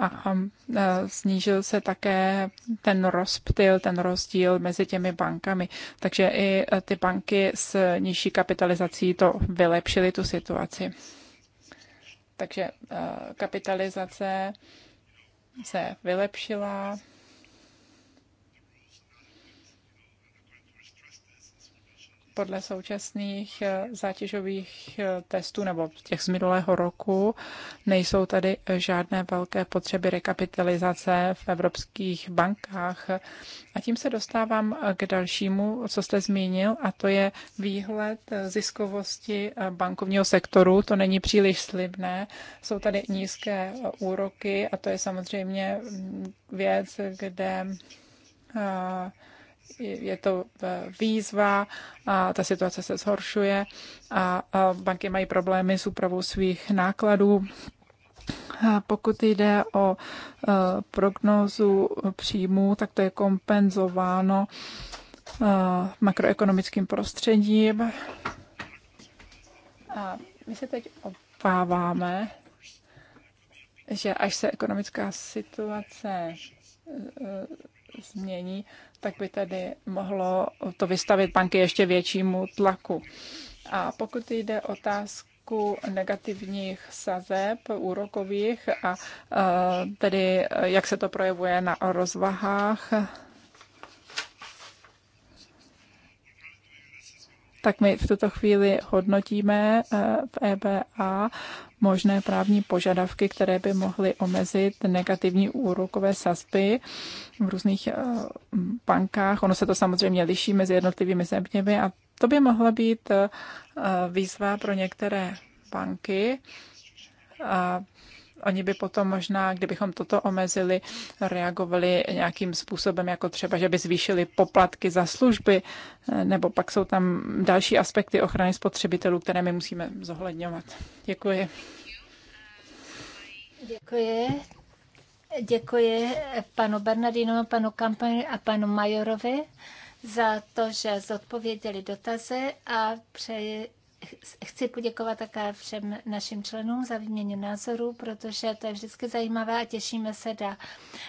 a eh, snížil se také ten rozptyl, ten rozdíl mezi těmi bankami. Takže i eh, ty banky s nižší kapitalizací to vylepšily tu situaci. Takže kapitalizace se vylepšila podle současných eh, zátěžových eh, testů nebo těch z minulého roku nejsou tady eh, žádné velké potřeby rekapitalizace v evropských bankách. A tím se dostávám k dalšímu, co jste zmínil, a to je výhled ziskovosti bankovního sektoru. To není příliš slibné. Jsou tady nízké úroky a to je samozřejmě mm, věc, kde je to eh, výzva a ta situace se zhoršuje a banky mají problémy s úpravou svých nákladů. Pokud jde o eh, prognózu příjmů, tak to je kompenzováno eh, makroekonomickým prostředím. A my se teď obáváme, že až se ekonomická situace změní, tak by tedy mohlo to vystavit banky ještě většímu tlaku. A pokud jde o otázku negativních sazeb úrokových a e, tedy e, jak se to projevuje na rozvahách tak my v tuto chvíli hodnotíme eh, v EBA možné právní požadavky, které by mohly omezit negativní úrokové sazby v různých eh, bankách. Ono se to samozřejmě liší mezi jednotlivými zeměmi a to by mohla být eh, výzva pro některé banky. A oni by potom možná, kdybychom toto omezili, reagovali nějakým způsobem, jako třeba, že by zvýšili poplatky za služby, eh, nebo pak jsou tam další aspekty ochrany spotřebitelů, které my musíme zohledňovat. Děkuji. Děkuji. Děkuji panu Bernardinu, panu Kampani a panu Majorovi za to, že zodpověděli dotazy a přeji chci poděkovat také všem našim členům za výměnu názorů, protože to je vždycky zajímavé a těšíme se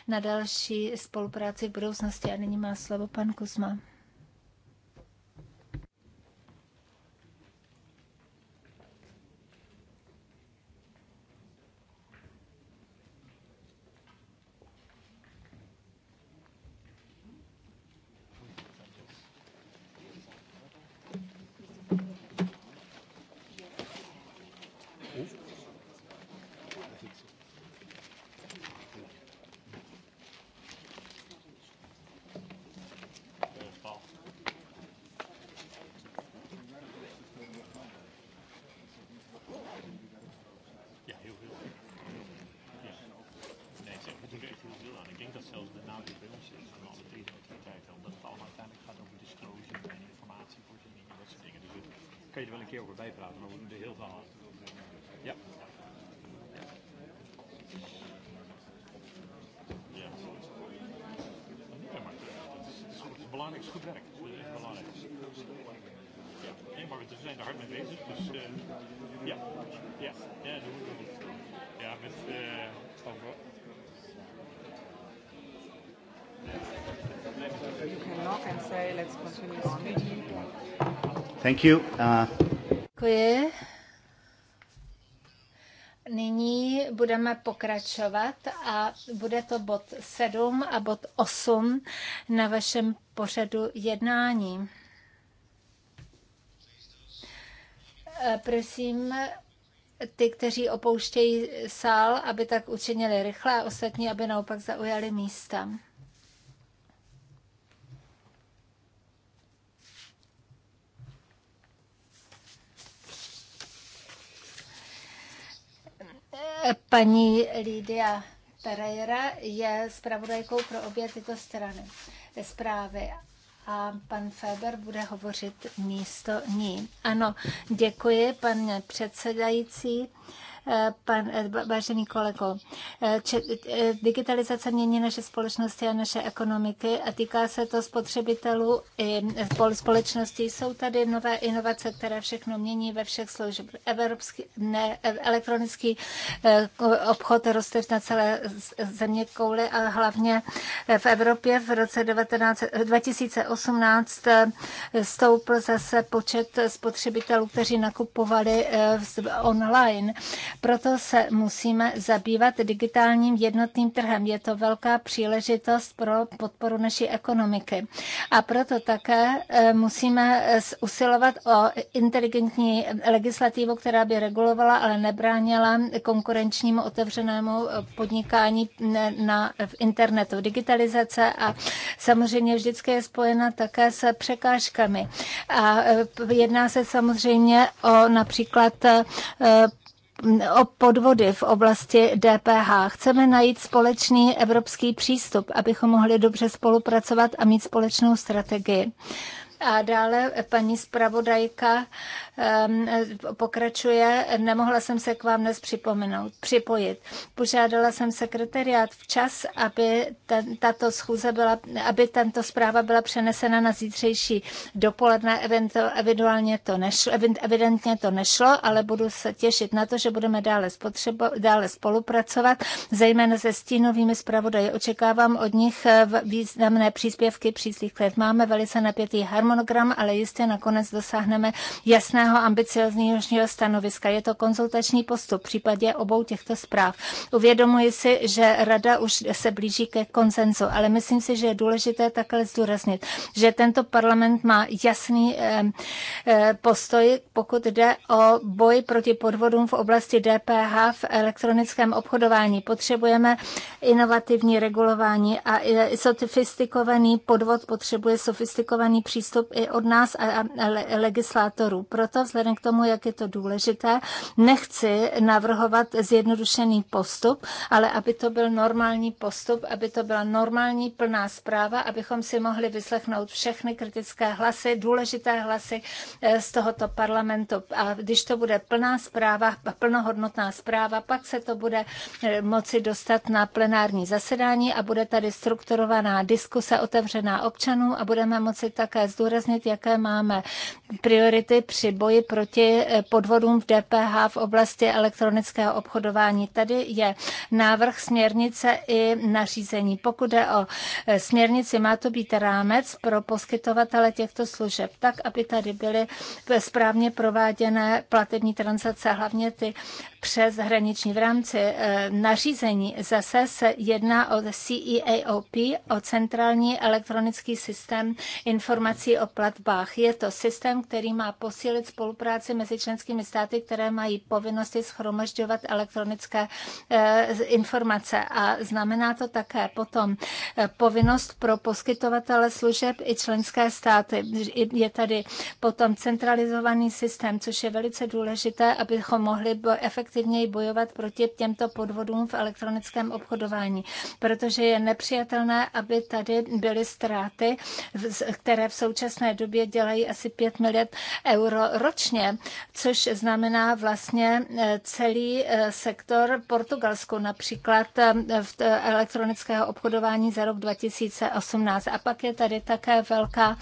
na další spolupráci v budoucnosti. A nyní má slovo pan Kuzma. Thank you. Uh... Děkuji. Nyní budeme pokračovat a bude to bod 7 a bod 8 na vašem pořadu jednání. Eh, prosím ty, kteří opouštějí sál, aby tak učinili rychle a ostatní, aby naopak zaujali místa. Paní Lídia Pereira je zpravodajkou pro obě tyto strany zprávy a pan Feber bude hovořit místo ní. Ano, děkuji, pane předsedající. Eh, pan, eh, vážený kolego. Eh, če, Digitalizace mění naše společnosti a naše ekonomiky a týká se to spotřebitelů i společností. Jsou tady nové inovace, které všechno mění ve všech službách. Evropský, ne, elektronický obchod roste na celé země kouly a hlavně v Evropě v roce 19, 2018 stoupl zase počet spotřebitelů, kteří nakupovali online. Proto se musíme zabývat digitálním jednotným trhem. Je to velká příležitost pro podporu naší ekonomiky. A proto také eh, musíme eh, usilovat o inteligentní legislativu, která by regulovala, ale nebránila konkurenčnímu otevřenému eh, podnikání mm, na, v internetu. Digitalizace a samozřejmě vždycky je spojena také s překážkami. A jedná se samozřejmě o například O podvody v oblasti DPH. Chceme najít společný evropský přístup, abychom mohli dobře spolupracovat a mít společnou strategii. A dále paní zpravodajka pokračuje, nemohla jsem se k vám dnes připomenout, připojit. Požádala jsem sekretariát včas, aby tato schůze byla, aby tento zpráva byla přenesena na zítřejší dopoledne, eventuálně to nešlo, evidentně to nešlo, ale budu se těšit na to, že budeme dále, spotřebo, dále spolupracovat, zejména se stínovými zpravodaji. Očekávám od nich eh, významné příspěvky příštích let. Máme velice napětý harmon harmonogram, ale jistě nakonec dosáhneme jasného ambiciozního stanoviska. Je to konzultační postup v případě obou těchto zpráv. Uvědomuji si, že rada už se blíží ke konsenzu, ale myslím si, že je důležité takhle zdůraznit, že tento parlament má jasný eh, eh, postoj, pokud jde o boj proti podvodům v oblasti DPH v elektronickém obchodování. Potřebujeme inovativní regulování a eh, sofistikovaný podvod potřebuje sofistikovaný přístup postup i od nás a legislátorů. Proto vzhledem k tomu, jak je to důležité, nechci navrhovat zjednodušený postup, ale aby to byl normální postup, aby to byla normální plná zpráva, abychom si mohli vyslechnout všechny kritické hlasy, důležité hlasy eh, z tohoto parlamentu. A když to bude plná zpráva, plnohodnotná zpráva, pak se to bude eh, moci dostat na plenární zasedání a bude tady strukturovaná diskuse otevřená občanů a budeme moci také zdůraznit, zdůraznit, jaké máme priority při boji proti eh, podvodům v DPH v oblasti elektronického obchodování. Tady je návrh směrnice i nařízení. Pokud je o eh, směrnici, má to být rámec pro poskytovatele těchto služeb, tak aby tady byly eh, správně prováděné platební transakce, hlavně ty přes hraniční v rámci eh, nařízení. Zase se jedná o CEAOP, o centrální elektronický systém informací o platbách. Je to systém, který má posílit spolupráci mezi členskými státy, které mají povinnosti schromažďovat elektronické eh, informace. A znamená to také potom eh, povinnost pro poskytovatele služeb i členské státy. Je tady potom centralizovaný systém, což je velice důležité, abychom mohli efektivně efektivněji bojovat proti těmto podvodům v elektronickém obchodování, protože je nepřijatelné, aby tady byly ztráty, které v současné době dělají asi 5 miliard euro ročně, což znamená vlastně eh, celý eh, sektor Portugalsku, například eh, v elektronického obchodování za rok 2018. A pak je tady také velká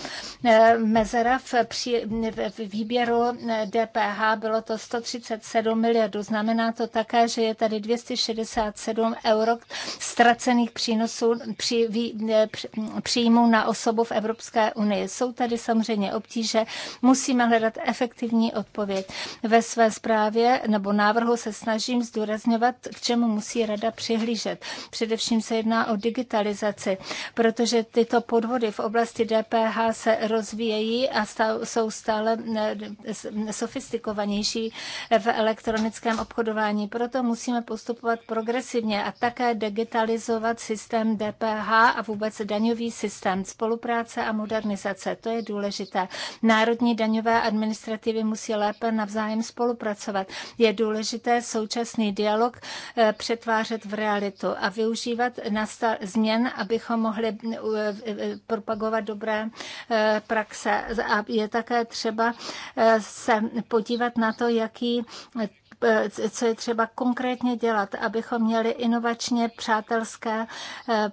mezera v, při, v výběru DPH, bylo to 137 miliardů Znamená to také, že je tady 267 euro ztracených přínosů při, eh, při, mm, příjmů na osobu v Evropské unii. Jsou tady samozřejmě obtíže, musíme hledat efektivní odpověď. Ve své zprávě nebo návrhu se snažím zdůrazňovat, k čemu musí rada přihlížet. Především se jedná o digitalizaci, protože tyto podvody v oblasti DPH se rozvíjejí a stav, jsou stále eh, sofistikovanější v elektronickém obchodování. Proto musíme postupovat progresivně a také digitalizovat systém DPH a vůbec daňový systém spolupráce a modernizace. To je důležité. Národní daňové administrativy musí lépe navzájem spolupracovat. Je důležité současný dialog eh, přetvářet v realitu a využívat změn, abychom mohli eh, eh, propagovat dobré praxe. A je také třeba se podívat na to, jaký Eh, co je třeba konkrétně dělat, abychom měli inovačně přátelské eh,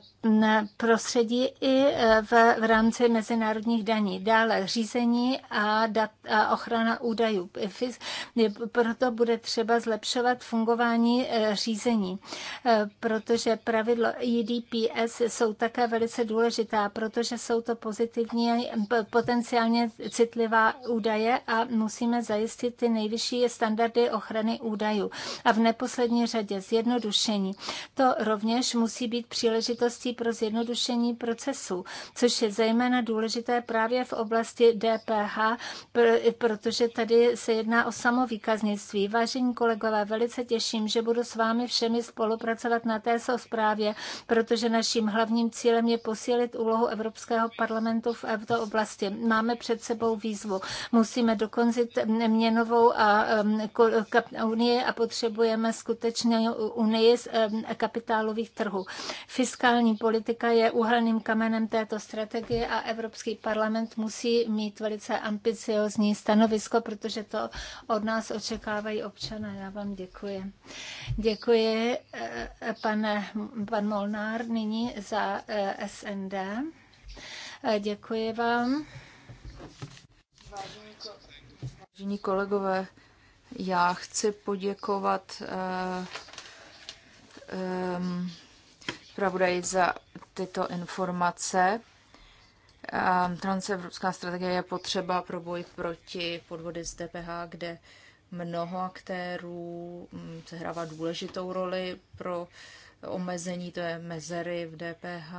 prostředí i eh, v, v rámci mezinárodních daní. Dále řízení a, dat, a ochrana údajů. Proto bude třeba zlepšovat fungování řízení, protože pravidlo EDPS jsou také velice důležitá, protože jsou to pozitivní, potenciálně citlivá údaje a musíme zajistit ty nejvyšší standardy ochrany ochrany údajů a v neposlední řadě zjednodušení. To rovněž musí být příležitostí pro zjednodušení procesu, což je zejména důležité právě v oblasti DPH, protože tady se jedná o samovýkaznictví. Vážení kolegové, velice těším, že budu s vámi všemi spolupracovat na této zprávě, protože naším hlavním cílem je posílit úlohu Evropského parlamentu v této oblasti. Máme před sebou výzvu. Musíme dokončit měnovou a um, unii a potřebujeme skutečně unii z kapitálových trhů. Fiskální politika je uhelným kamenem této strategie a Evropský parlament musí mít velice ambiciozní stanovisko, protože to od nás očekávají občané. Já vám děkuji. Děkuji, eh, pane, pan Molnár, nyní za eh, SND. Eh, děkuji vám. Vážení kolegové, já chci poděkovat um, eh, ehm, pravodaji za tyto informace. Ehm, transevropská strategie je potřeba pro boj proti podvody z DPH, kde mnoho aktérů mm, sehrává důležitou roli pro omezení té mezery v DPH,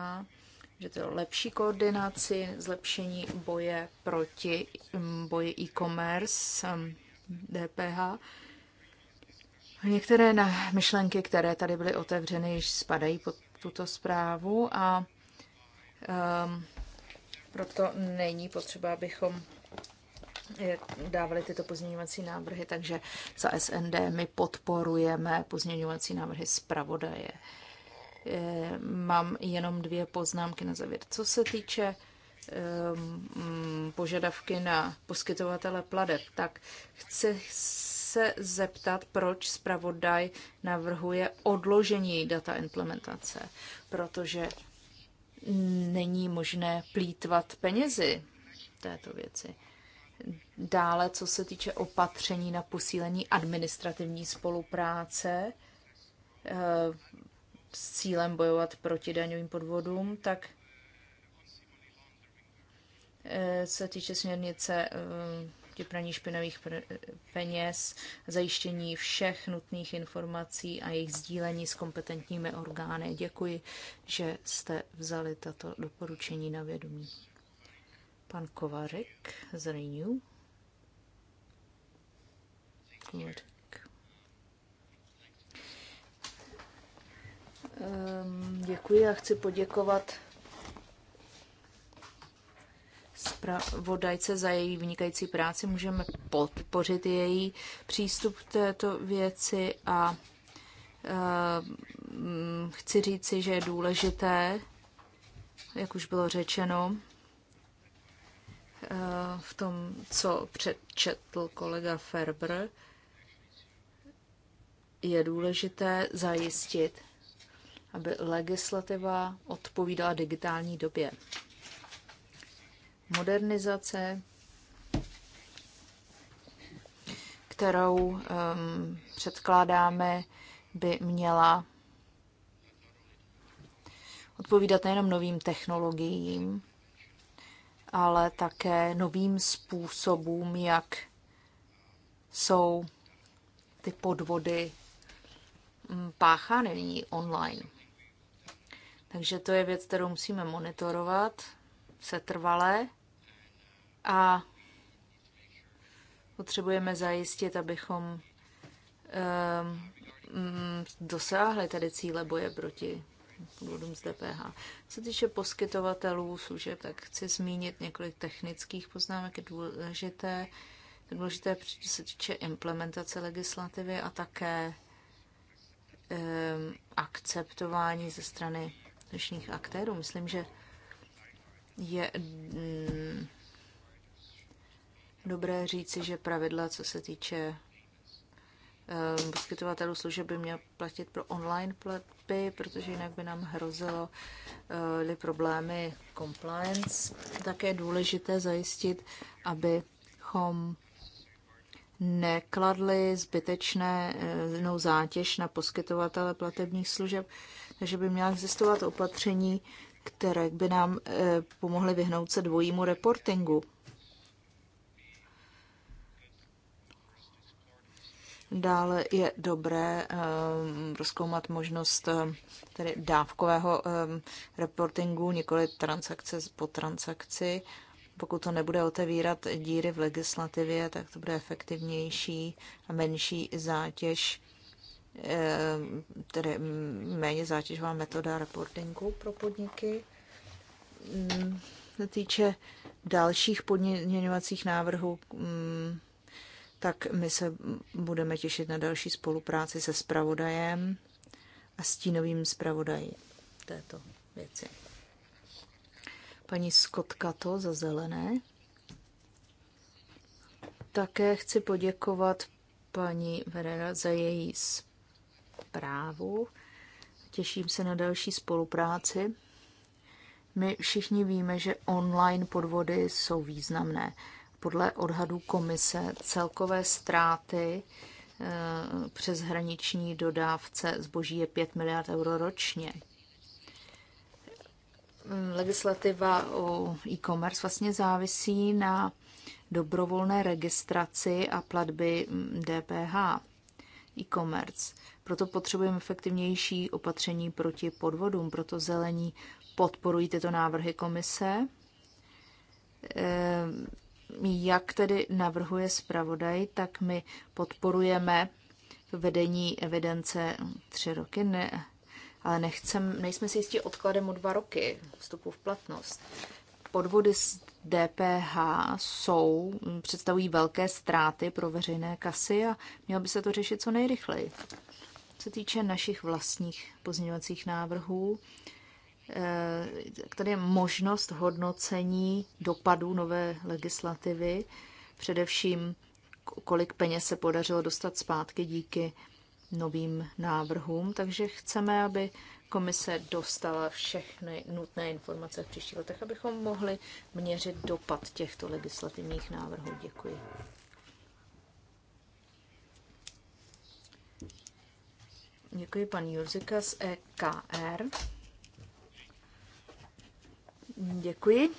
že to je lepší koordinaci, zlepšení boje proti mm, boji e-commerce, ehm, DPH. Některé myšlenky, které tady byly otevřeny, již spadají pod tuto zprávu a um, proto není potřeba, abychom dávali tyto pozměňovací návrhy, takže za SND my podporujeme pozměňovací návrhy zpravodaje. Ehm, mám jenom dvě poznámky na závěr. Co se týče Ehm, mm, požadavky na poskytovatele pladeb, tak chci se zeptat, proč zpravodaj navrhuje odložení data implementace, protože není možné plítvat penězi této věci. Dále, co se týče opatření na posílení administrativní spolupráce ehm, s cílem bojovat proti daňovým podvodům, tak Eh, se týče směrnice proti eh, praní špinavých peněz, zajištění všech nutných informací a jejich sdílení s kompetentními orgány. Děkuji, že jste vzali tato doporučení na vědomí. Pan Kovarek z Renew. Um, děkuji a chci poděkovat zpravodajce za její vynikající práci. Můžeme podpořit její přístup k této věci a eh, chci říci, že je důležité, jak už bylo řečeno, eh, v tom, co předčetl kolega Ferber, je důležité zajistit, aby legislativa odpovídala digitální době modernizace, kterou um, předkládáme, by měla odpovídat nejenom novým technologiím, ale také novým způsobům, jak jsou ty podvody um, páchány nyní online. Takže to je věc, kterou musíme monitorovat setrvalé a potřebujeme zajistit, abychom um, dosáhli tady cíle boje proti podvodům z DPH. Co týče poskytovatelů služeb, tak chci zmínit několik technických poznámek. Je důležité, je důležité se týče implementace legislativy a také um, akceptování ze strany dnešních aktérů. Myslím, že je um, dobré říci, že pravidla, co se týče eh, poskytovatelů služeb by měl platit pro online platby, protože jinak by nám hrozilo uh, problémy compliance. Také je důležité zajistit, abychom nekladli zbytečné uh, zátěž na poskytovatele platebních služeb, takže by měla existovat opatření, které by nám uh, pomohly vyhnout se dvojímu reportingu Dále je dobré ehm, rozkoumat možnost ehm, tedy dávkového ehm, reportingu, nikoli transakce po transakci. Pokud to nebude otevírat díry v legislativě, tak to bude efektivnější a menší zátěž, tedy méně zátěžová metoda reportingu pro podniky. Mm, se týče dalších podměňovacích návrhů, mm, tak my se budeme těšit na další spolupráci se spravodajem a stínovým spravodají této věci. Paní Skotka to za zelené. Také chci poděkovat paní Verera za její zprávu. Těším se na další spolupráci. My všichni víme, že online podvody jsou významné. Podle odhadů komise celkové ztráty eh, přes hraniční dodávce zboží je 5 miliard euro ročně. Legislativa o e-commerce vlastně závisí na dobrovolné registraci a platby mm, DPH e-commerce. Proto potřebujeme efektivnější opatření proti podvodům. Proto zelení podporují tyto návrhy komise eh, jak tedy navrhuje zpravodaj, tak my podporujeme vedení evidence tři roky, ne, ale nechcem, nejsme si jistí odkladem o dva roky vstupu v platnost. Podvody s DPH jsou, představují velké ztráty pro veřejné kasy a mělo by se to řešit co nejrychleji. Co týče našich vlastních pozměňovacích návrhů, Eh, tady je možnost hodnocení dopadů nové legislativy, především kolik peněz se podařilo dostat zpátky díky novým návrhům, takže chceme, aby komise dostala všechny nutné informace v příštích letech, abychom mohli měřit dopad těchto legislativních návrhů. Děkuji. Děkuji pan Jurzika z EKR. Děkuji.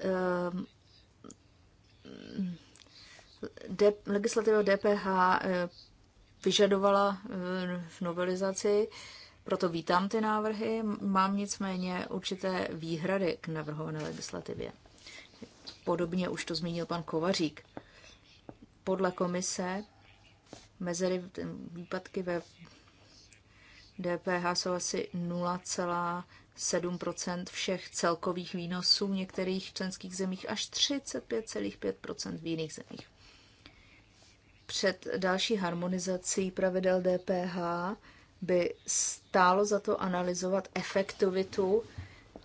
Ehm, De- legislativa DPH eh, vyžadovala eh, novelizaci, proto vítám ty návrhy. Mám nicméně určité výhrady k navrhované legislativě. Podobně už to zmínil pan Kovařík. Podle komise mezery výpadky ve DPH jsou asi 7 všech celkových výnosů v některých členských zemích, až 35,5 v jiných zemích. Před další harmonizací pravidel DPH by stálo za to analyzovat efektivitu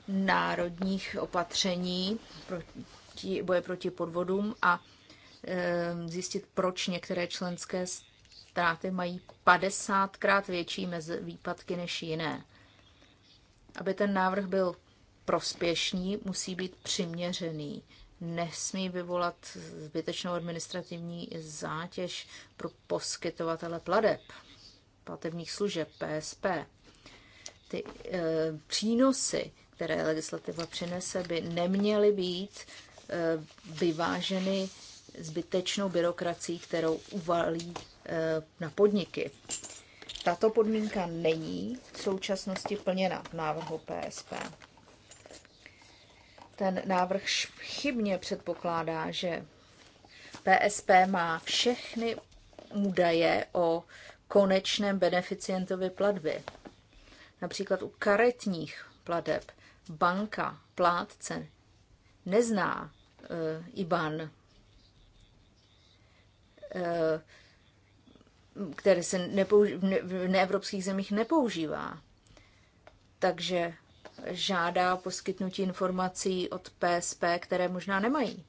národních opatření proti, boje proti podvodům a e, zjistit, proč některé členské státy mají 50krát větší mezi výpadky než jiné aby ten návrh byl prospěšný, musí být přiměřený. Nesmí vyvolat zbytečnou administrativní zátěž pro poskytovatele pladeb, platebních služeb, PSP. Ty e, přínosy, které legislativa přinese, by neměly být e, vyváženy zbytečnou byrokracií, kterou uvalí e, na podniky. Tato podmínka není v současnosti plněna v návrhu PSP. Ten návrh chybně předpokládá, že PSP má všechny údaje o konečném beneficientovi platby. Například u karetních plateb banka plátce nezná e, IBAN. E, které se nepouži- v neevropských zemích nepoužívá. Takže žádá poskytnutí informací od PSP, které možná nemají.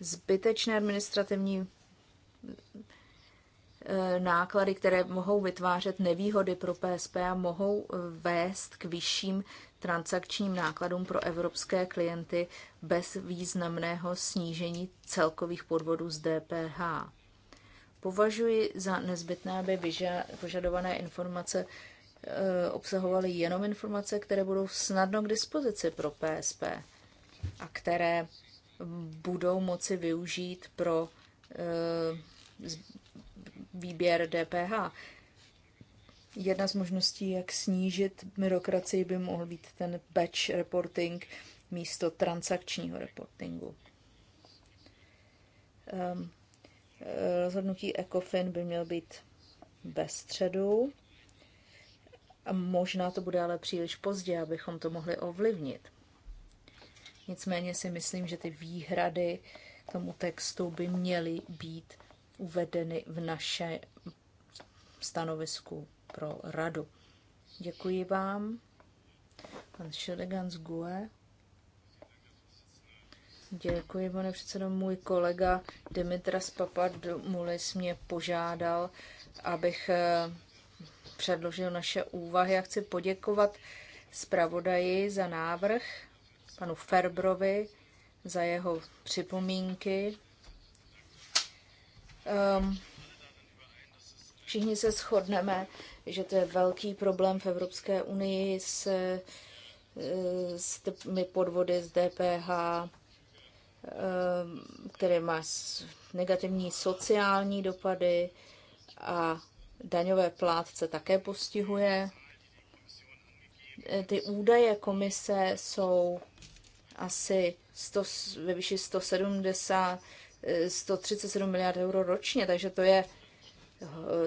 Zbytečné administrativní eh, náklady, které mohou vytvářet nevýhody pro PSP a mohou eh, vést k vyšším transakčním nákladům pro evropské klienty bez významného snížení celkových podvodů z DPH. Považuji za nezbytné, aby požadované informace eh, obsahovaly jenom informace, které budou snadno k dispozici pro PSP a které budou moci využít pro eh, výběr DPH. Jedna z možností, jak snížit byrokracii, by mohl být ten batch reporting místo transakčního reportingu. Ehm, Eh, rozhodnutí ECOFIN by měl být ve středu. A možná to bude ale příliš pozdě, abychom to mohli ovlivnit. Nicméně si myslím, že ty výhrady k tomu textu by měly být uvedeny v naše stanovisku pro radu. Děkuji vám. Pan Šiligan z GUE. Děkuji, pane předsedo. Můj kolega Dimitras Papadumulis mě požádal, abych eh, předložil naše úvahy. Já chci poděkovat zpravodaji za návrh, panu Ferbrovi za jeho připomínky. Um, všichni se shodneme, že to je velký problém v Evropské unii s, eh, s těmi podvody z DPH, Eh, které má negativní sociální dopady a daňové plátce také postihuje. Eh, ty údaje komise jsou asi 100, ve výši 170, 137 eh, miliard euro ročně, takže to je,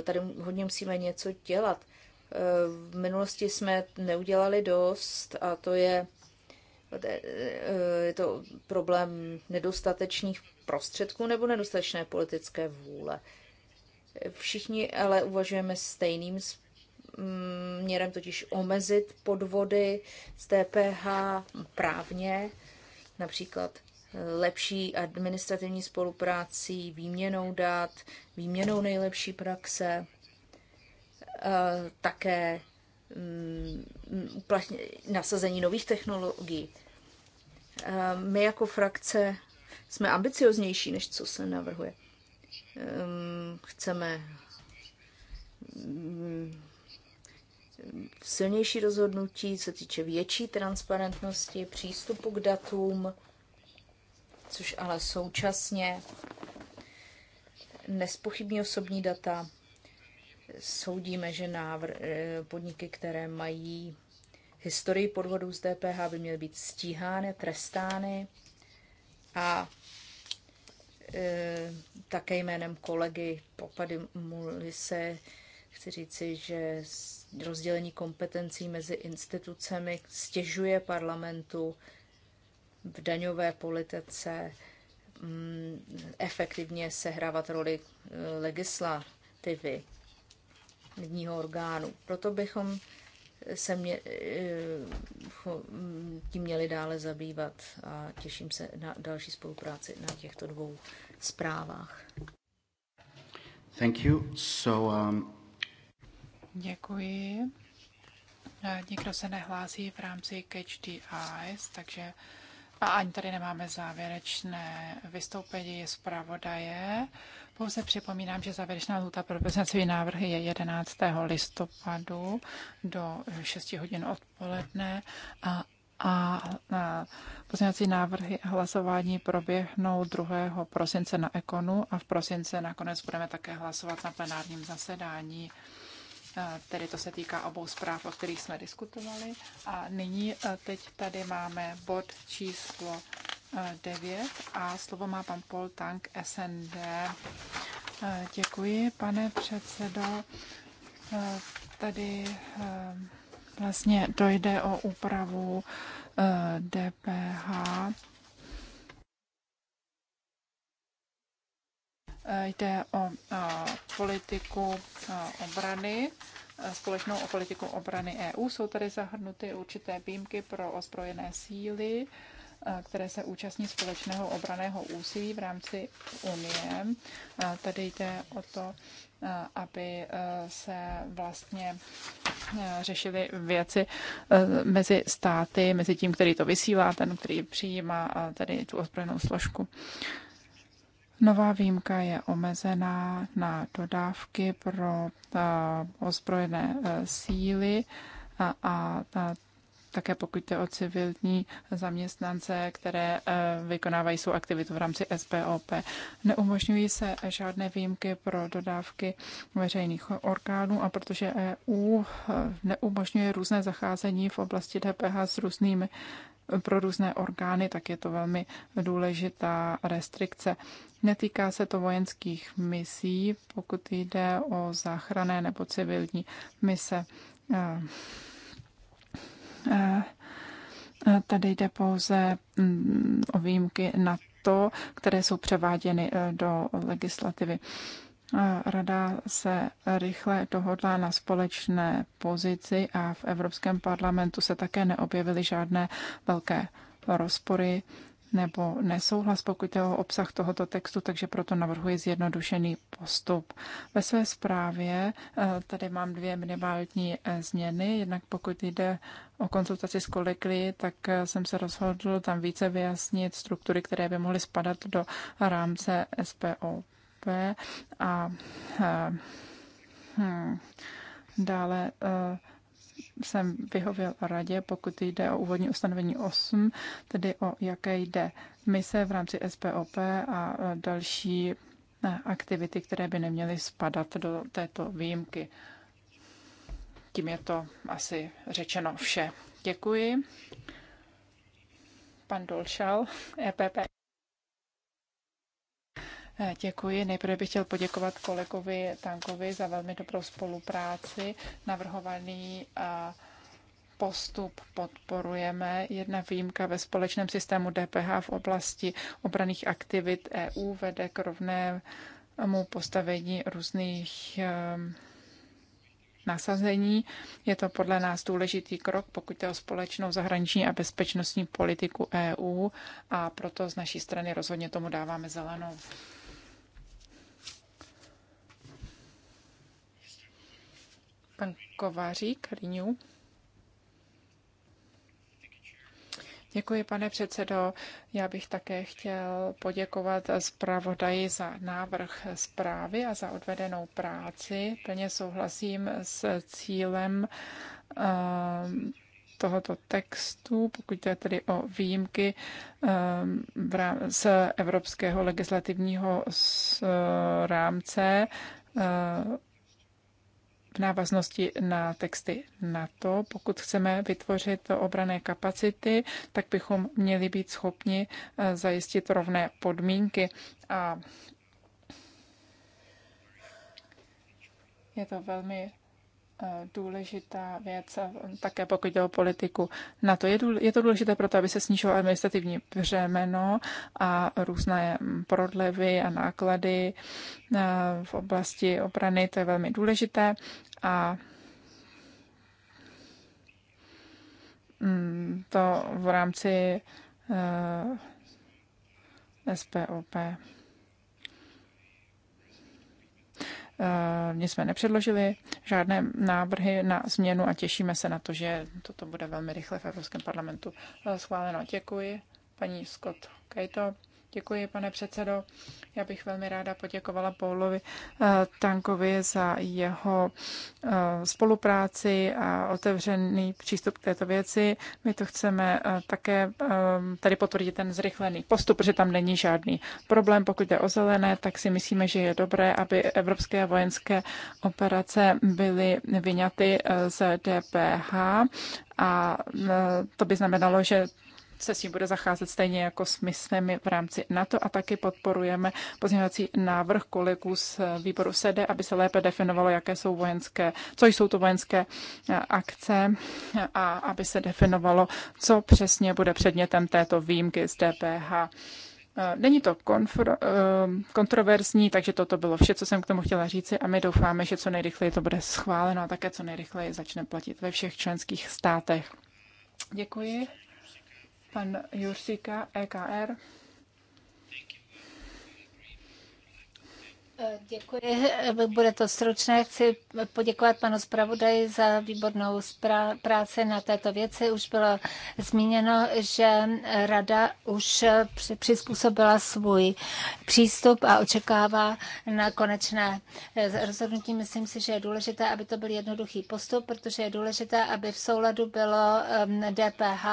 tady hodně musíme něco dělat. V minulosti jsme neudělali dost a to je E, e, je to problém nedostatečných prostředků nebo nedostatečné politické vůle. Všichni ale uvažujeme stejným mm, měrem, totiž omezit podvody z DPH právně, například e, lepší administrativní spoluprácí, výměnou dat, výměnou nejlepší praxe, také mm, nasazení nových technologií. Ehm, my jako frakce jsme ambicioznější, než co se navrhuje. Ehm, chceme mm, silnější rozhodnutí, co týče větší transparentnosti, přístupu k datům, což ale současně nespochybní osobní data. Soudíme, že návr- eh, podniky, které mají historii podvodů z DPH by měly být stíhány, trestány a e, také jménem kolegy Popady Mulise chci říci, že rozdělení kompetencí mezi institucemi stěžuje parlamentu v daňové politice mm, efektivně sehrávat roli e, legislativy jedního orgánu. Proto bychom se mě, eh, hm, tím měli dále zabývat a těším se na další spolupráci na těchto dvou zprávách. Thank you. So, um... Děkuji. Eh, nikdo se nehlásí v rámci Catch the Eyes, takže a ani tady nemáme závěrečné vystoupení zpravodaje. Pouze připomínám, že závěrečná lhuta pro pozměňovací návrhy je 11. listopadu do 6 hodin odpoledne a a pozměňovací návrhy hlasování proběhnou 2. prosince na Ekonu a v prosince nakonec budeme také hlasovat na plenárním zasedání. Eh, tedy to se týká obou zpráv, o kterých jsme diskutovali. A nyní eh, teď tady máme bod číslo 9 eh, a slovo má pan Paul Tank SND. Děkuji, pane předsedo. Tady vlastně dojde o úpravu DPH Jde o politiku obrany, společnou o politiku obrany EU. Jsou tady zahrnuty určité výjimky pro ozbrojené síly, které se účastní společného obraného úsilí v rámci Unie. Tady jde o to, aby se vlastně řešily věci mezi státy, mezi tím, který to vysílá, ten, který přijímá tady tu ozbrojenou složku. Nová výjimka je omezená na dodávky pro eh, ozbrojené eh, síly a, a, a také pokud jde o civilní zaměstnance, které eh, vykonávají svou aktivitu v rámci SPOP. Neumožňují se žádné výjimky pro dodávky veřejných orgánů a protože EU neumožňuje různé zacházení v oblasti DPH s různými pro různé orgány, tak je to velmi důležitá restrikce. Netýká se to vojenských misí, pokud jde o záchrané nebo civilní mise. Eh, eh, eh, tady jde pouze mm, o výjimky na to, které jsou převáděny do legislativy. Rada se rychle dohodla na společné pozici a v Evropském parlamentu se také neobjevily žádné velké rozpory nebo nesouhlas, pokud je o obsah tohoto textu, takže proto navrhuji zjednodušený postup. Ve své zprávě eh, tady mám dvě minimální eh, změny. Jednak pokud jde o konzultaci s kolegy, tak eh, jsem se rozhodl tam více vyjasnit struktury, které by mohly spadat do rámce SPO. HDP a eh, hm, dále eh, jsem vyhověl radě, pokud jde o úvodní ustanovení 8, tedy o jaké jde mise v rámci SPOP a eh, další aktivity, které by neměly spadat do této výjimky. Tím je to asi řečeno vše. Děkuji. Pan Dolšal, EPP. Děkuji. Nejprve bych chtěl poděkovat kolegovi Tankovi za velmi dobrou spolupráci. Navrhovaný postup podporujeme. Jedna výjimka ve společném systému DPH v oblasti obraných aktivit EU vede k rovnému postavení různých nasazení. Je to podle nás důležitý krok, pokud je o společnou zahraniční a bezpečnostní politiku EU a proto z naší strany rozhodně tomu dáváme zelenou. Kovářík, Renew. Děkuji, pane předsedo. Já bych také chtěl poděkovat zpravodaji za návrh zprávy a za odvedenou práci. Plně souhlasím s cílem ehm, tohoto textu, pokud jde tedy o výjimky ehm, z evropského legislativního rámce eh, v návaznosti na texty NATO. Pokud chceme vytvořit obrané kapacity, tak bychom měli být schopni eh, zajistit rovné podmínky. A je to velmi Eh, důležitá věc, také pokud jde o politiku na to. Je, to důležité proto, aby se snížilo administrativní břemeno a různé mm, prodlevy a náklady eh, v oblasti obrany, to je velmi důležité. A mm, to v rámci eh, SPOP. My eh, jsme nepředložili, žádné návrhy na změnu a těšíme se na to, že toto bude velmi rychle v Evropském parlamentu eh, schváleno. Děkuji, paní Scott kajto. Děkuji, pane předsedo. Já bych velmi ráda poděkovala Paulovi eh, Tankovi za jeho eh, spolupráci a otevřený přístup k této věci. My to chceme eh, také tady potvrdit ten zrychlený postup, protože tam není žádný problém. Pokud jde o zelené, tak si myslíme, že je dobré, aby evropské vojenské operace byly vyňaty z DPH a to by znamenalo, že se s ním bude zacházet stejně jako s myslemi v rámci NATO a taky podporujeme pozměňovací návrh kolegů z výboru SEDE, aby se lépe definovalo, jaké jsou vojenské, co jsou to vojenské eh, akce a aby se definovalo, co přesně bude předmětem této výjimky z DPH. Eh, není to eh, kontroverzní, takže toto bylo vše, co jsem k tomu chtěla říci a my doufáme, že co nejrychleji to bude schváleno a také co nejrychleji začne platit ve všech členských státech. Děkuji. Pan Jursika, EKR. Děkuji, eh, bude to stručné. Chci poděkovat panu zpravodaji za výbornou práci na této věci. Už bylo zmíněno, že rada už přizpůsobila svůj přístup a očekává na konečné eh, rozhodnutí. Myslím si, že je důležité, aby to byl jednoduchý postup, protože je důležité, aby v souladu bylo DPH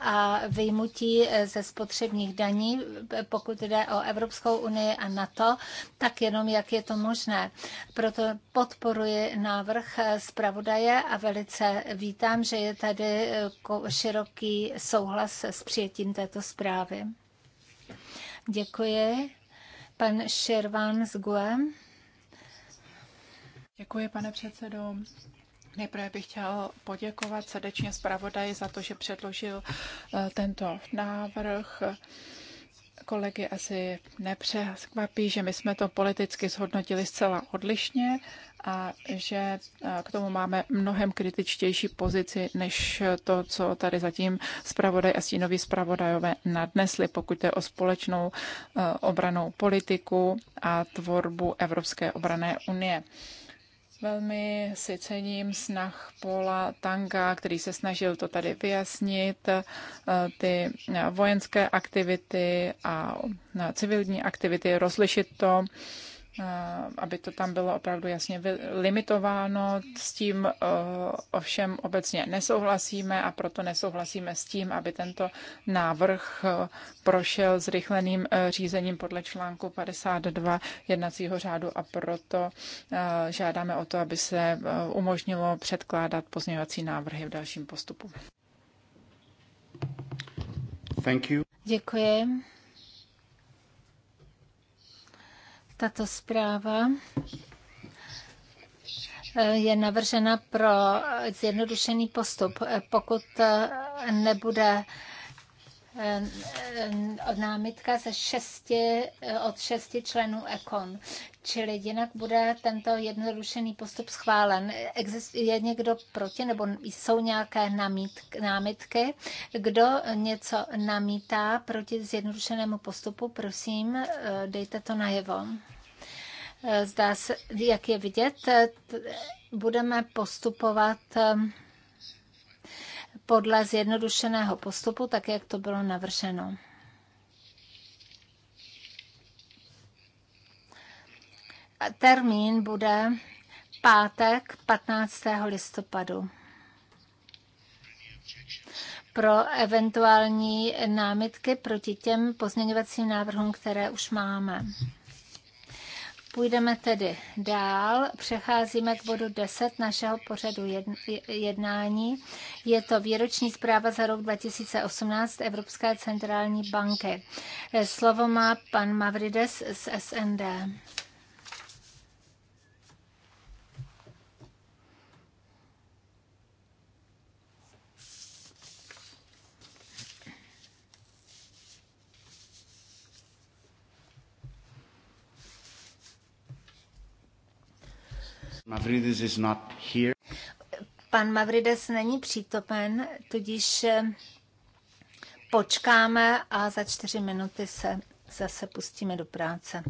a vyjmutí eh, ze spotřebních daní, pokud jde o Evropskou unii a NATO, tak jenom je jak je to možné. Proto podporuji návrh zpravodaje a velice vítám, že je tady eh, široký souhlas s přijetím této zprávy. Děkuji. Pan Šervan z GUE. Děkuji, pane předsedo. Nejprve bych chtěl poděkovat srdečně zpravodaji za to, že předložil eh, tento návrh kolegy asi nepřekvapí, že my jsme to politicky zhodnotili zcela odlišně a že k tomu máme mnohem kritičtější pozici, než to, co tady zatím zpravodaj a stínoví zpravodajové nadnesli, pokud je o společnou e, obranou politiku a tvorbu Evropské obrané unie. Velmi si cením snah Pola Tanga, který se snažil to tady vyjasnit, eh, ty eh, vojenské aktivity a eh, civilní aktivity, rozlišit to Eh, aby to tam bylo opravdu jasně limitováno. S tím eh, ovšem obecně nesouhlasíme a proto nesouhlasíme s tím, aby tento návrh eh, prošel zrychleným řízením podle článku 52 jednacího řádu a proto žádáme o to, aby se umožnilo předkládat pozměňovací návrhy v dalším postupu. Thank you. Děkuji. Tato zpráva eh, je navržena pro zjednodušený postup. Pokud eh, nebude eh, námitka ze šesti, od šesti členů EKON. Čili jinak bude tento jednodušený postup schválen. Je někdo proti, nebo jsou nějaké námitky? Kdo něco namítá proti zjednodušenému postupu, prosím, eh, dejte to najevo. Eh, zdá se, jak je vidět, eh, budeme postupovat podle zjednodušeného postupu, tak jak to bylo navrženo. termín bude pátek 15. listopadu. Pro eventuální námitky proti těm pozměňovacím návrhům, které už máme. Půjdeme tedy dál. Přecházíme k bodu 10 našeho pořadu jednání. Je to výroční zpráva za rok 2018 Evropské centrální banky. Slovo má pan Mavrides z SND. Mavridis is not here. Pan Mavrides není přítopen, tudíž eh, počkáme a za čtyři minuty se zase pustíme do práce.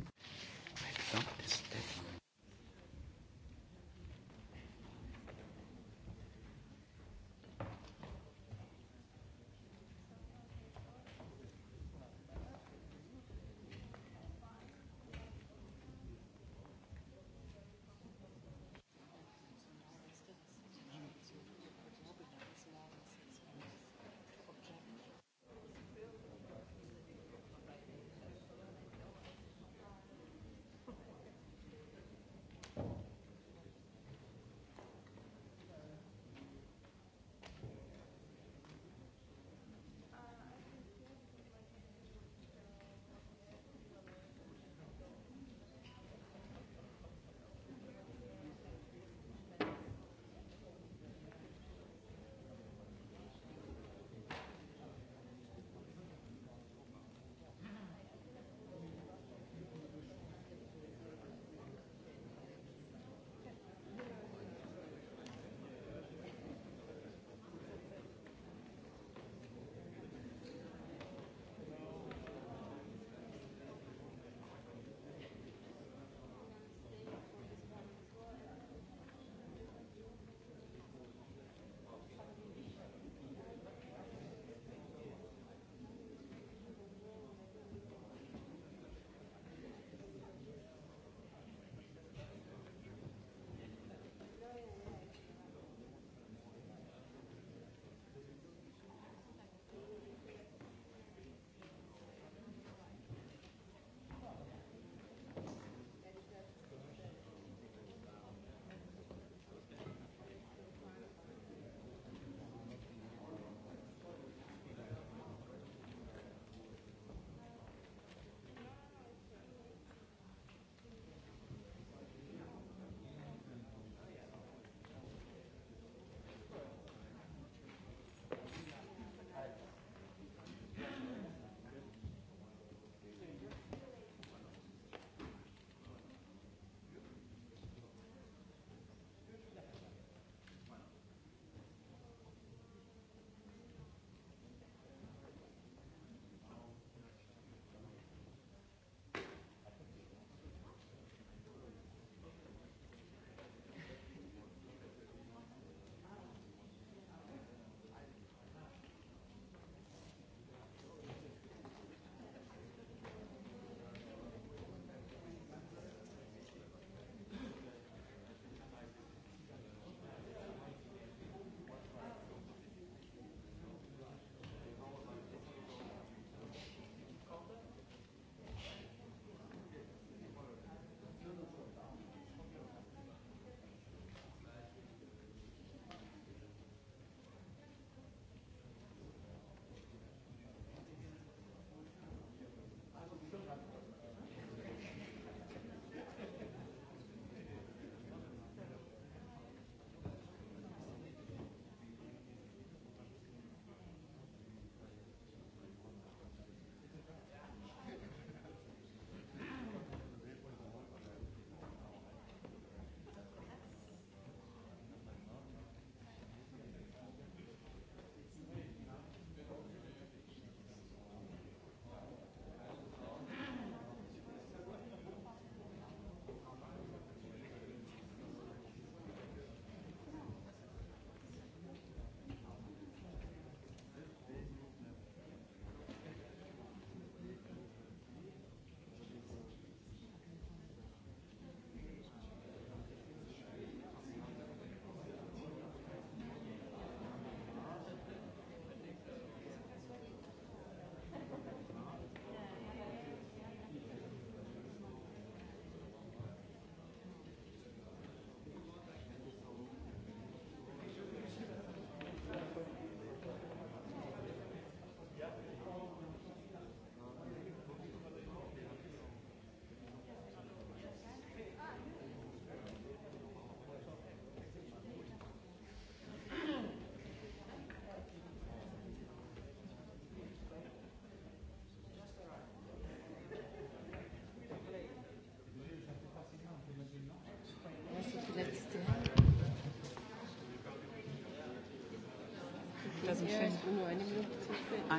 Ja, nur eine Minute zu spät.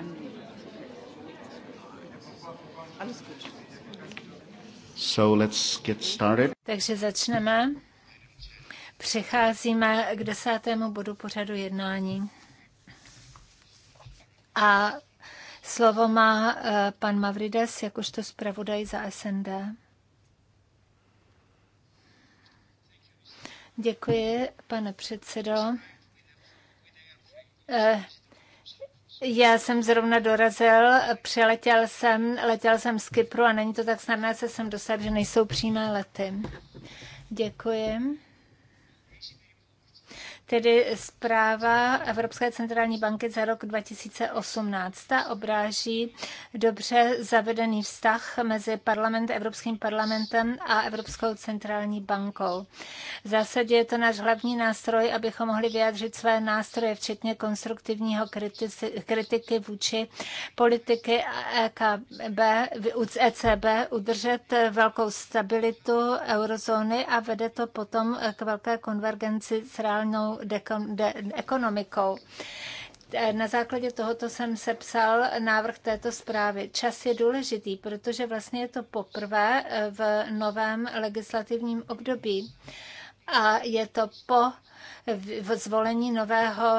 Alles gut. So let's get started. Takže začneme. Přecházíme k desátému bodu pořadu jednání. A slovo má eh, pan Mavrides jakožto zpravodaj za SND. Děkuji, pane předsedo. Eh, já jsem zrovna dorazil, přiletěl jsem, letěl jsem z Kypru a není to tak snadné se sem dostat, že nejsou přímé lety. Děkuji tedy zpráva Evropské centrální banky za rok 2018. Ta obráží dobře zavedený vztah mezi parlament, Evropským parlamentem a Evropskou centrální bankou. V zásadě je to náš hlavní nástroj, abychom mohli vyjádřit své nástroje, včetně konstruktivního kritici, kritiky vůči politiky EKB, ECB, udržet velkou stabilitu eurozóny a vede to potom k velké konvergenci s reálnou ekonomikou. Na základě tohoto jsem sepsal návrh této zprávy. Čas je důležitý, protože vlastně je to poprvé v novém legislativním období a je to po zvolení nového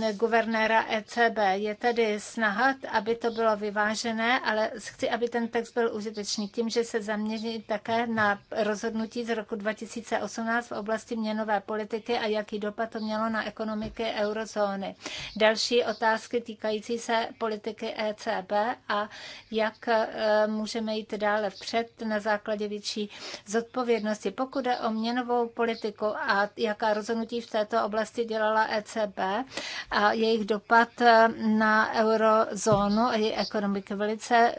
eh, guvernéra ECB. Je tedy snaha, aby to bylo vyvážené, ale chci, aby ten text byl užitečný tím, že se zaměří také na rozhodnutí z roku 2018 v oblasti měnové politiky a jaký dopad to mělo na ekonomiky eurozóny. Další otázky týkající se politiky ECB a jak eh, můžeme jít dále vpřed na základě větší zodpovědnosti. Pokud je o měnovou politiku a jaká rozhodnutí rozhodnutí v této oblasti dělala ECB a jejich dopad eh, na eurozónu a její ekonomiky Velice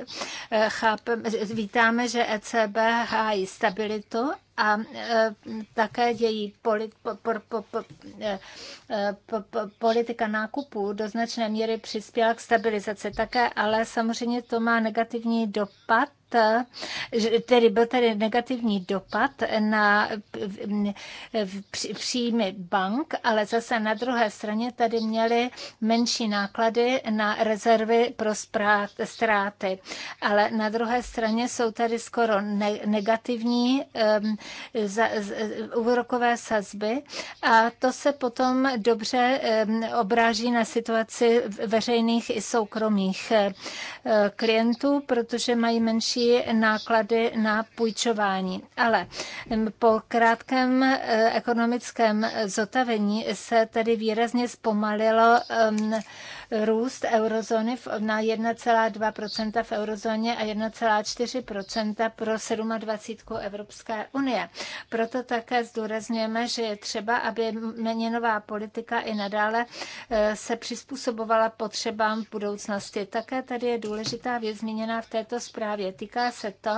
eh, chápeme, vítáme, že ECB hájí stabilitu a e, také její e, e, politika nákupů do značné míry přispěla k stabilizaci také, ale samozřejmě to má negativní dopad tedy byl tady negativní dopad na příjmy bank, ale zase na druhé straně tady měly menší náklady na rezervy pro ztráty. Ale na druhé straně jsou tady skoro negativní za, z, úrokové sazby a to se potom dobře obráží na situaci veřejných i soukromých eh, klientů, protože mají menší náklady na půjčování. Ale po krátkém eh, ekonomickém zotavení se tedy výrazně zpomalilo růst eurozóny na 1,2% v eurozóně a 1,4% pro 27 Evropské unie. Proto také zdůrazňujeme, že je třeba, aby měnová politika i nadále eh, se přizpůsobovala potřebám v budoucnosti. Také tady je důležitá věc zmíněná v této zprávě. Týká se to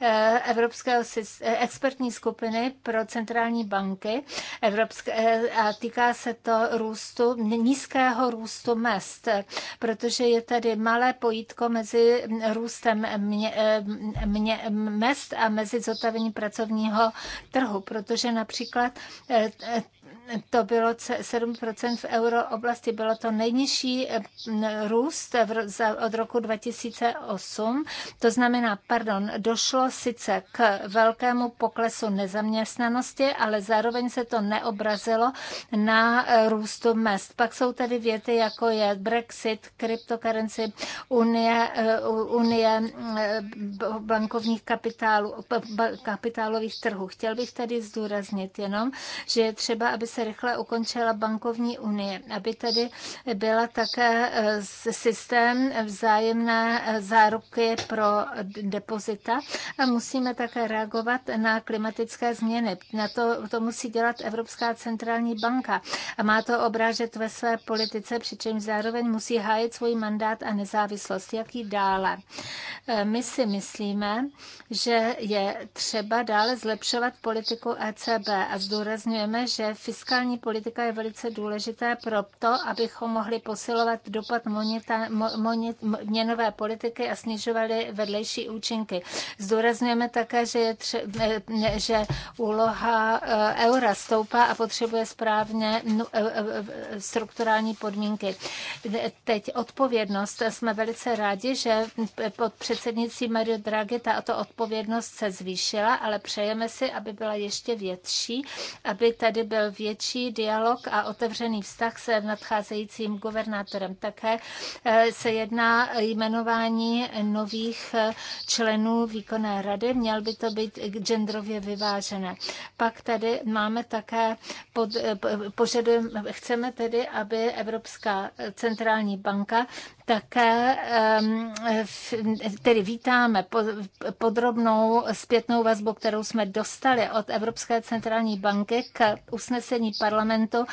eh, Evropského eh, expertní skupiny pro centrální banky Evropské, a týká se to růstu, nízkého růstu mest oblast, protože je tady malé pojítko mezi růstem mě, eh, mě, mest a mezi zotavení pracovního trhu, protože například eh, to bylo 7% v eurooblasti. Bylo to nejnižší eh, růst od roku 2008. To znamená, pardon, došlo sice k velkému poklesu nezaměstnanosti, ale zároveň se to neobrazilo na eh, růstu mest. Pak jsou tady věty, jako je Brexit, cryptocurrency, unie, eh, unie bankovních kapitálů, kapitálových trhů. Chtěl bych tady zdůraznit jenom, že je třeba, aby se se rychle ukončila bankovní unie, aby tedy byla také eh, systém vzájemné eh, záruky pro depozita a musíme také reagovat na klimatické změny. Na to, to musí dělat Evropská centrální banka a má to obrážet ve své politice, přičemž zároveň musí hájit svůj mandát a nezávislost. Jaký dále? Eh, my si myslíme, že je třeba dále zlepšovat politiku ECB a zdůrazňujeme, že fiskální fiskální politika je velice důležité pro to, abychom mohli posilovat dopad moneta mo, měnové politiky a snižovali vedlejší účinky. Zdůrazňujeme také, že, je tře, že úloha eh, eura stoupá a potřebuje správně eh, eh, strukturální podmínky. Teď odpovědnost. Jsme velice rádi, že pod předsednicí Mario Draghi tato odpovědnost se zvýšila, ale přejeme si, aby byla ještě větší, aby tady byl větší větší dialog a otevřený vztah se nadcházejícím guvernátorem. Také eh, se jedná jmenování nových eh, členů výkonné rady. Měl by to být genderově vyvážené. Pak tady máme také, pod, eh, požadujeme, chceme tedy, aby Evropská centrální banka také tedy vítáme podrobnou zpětnou vazbu, kterou jsme dostali od Evropské centrální banky k usnesení parlamentu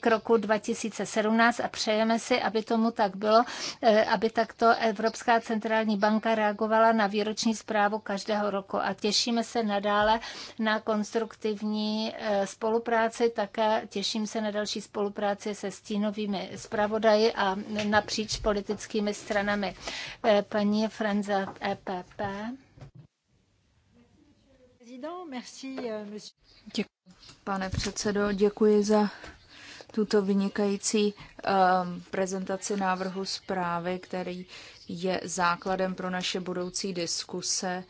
k roku 2017 a přejeme si, aby tomu tak bylo, e, aby takto Evropská centrální banka reagovala na výroční zprávu každého roku a těšíme se nadále na konstruktivní e, spolupráci, také těším se na další spolupráci se stínovými zpravodaji a napříč politickými politickými stranami. Eh, paní Franza EPP. Eh, děkuji, pane předsedo, děkuji za tuto vynikající um, prezentaci návrhu zprávy, který je základem pro naše budoucí diskuse,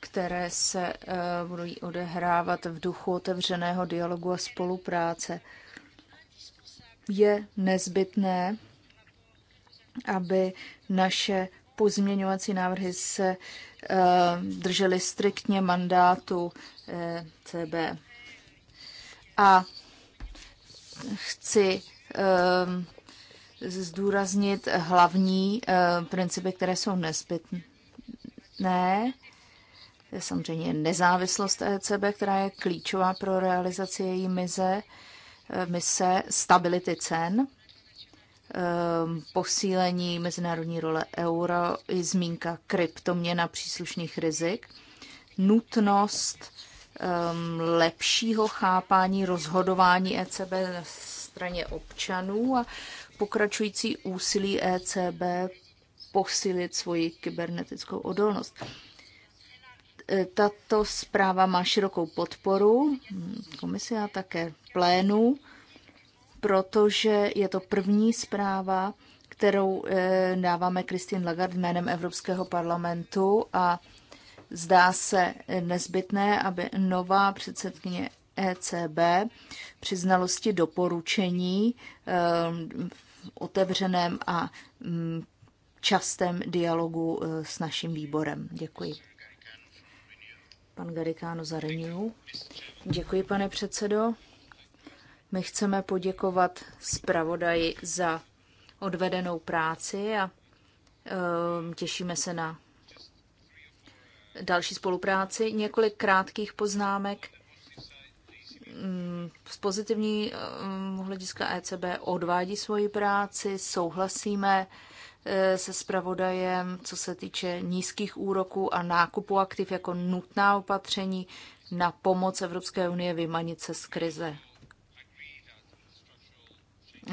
které se uh, budou odehrávat v duchu otevřeného dialogu a spolupráce. Je nezbytné aby naše pozměňovací návrhy se eh, držely striktně mandátu eh, CB. A chci eh, zdůraznit hlavní principy, které jsou nezbytné. Samozřejmě nezávislost ECB, která je klíčová pro realizaci její mize, mise stability cen Ehm, posílení mezinárodní role euro i zmínka kryptoměna příslušných rizik, nutnost ehm, lepšího chápání rozhodování ECB na straně občanů a pokračující úsilí ECB posílit svoji kybernetickou odolnost. E, tato zpráva má širokou podporu hm, komise a také plénu protože je to první zpráva, kterou eh, dáváme Kristin Lagarde jménem Evropského parlamentu a zdá se nezbytné, aby nová předsedkyně ECB při znalosti doporučení v eh, otevřeném a mm, častém dialogu eh, s naším výborem. Děkuji. Pan Garikáno za Děkuji, pane předsedo. My chceme poděkovat zpravodaji za odvedenou práci a ehm, těšíme se na další spolupráci. Několik krátkých poznámek mm, z um, hlediska ECB odvádí svoji práci, souhlasíme eh, se spravodajem, co se týče nízkých úroků a nákupu aktiv jako nutná opatření na pomoc Evropské unie vymanit se z krize.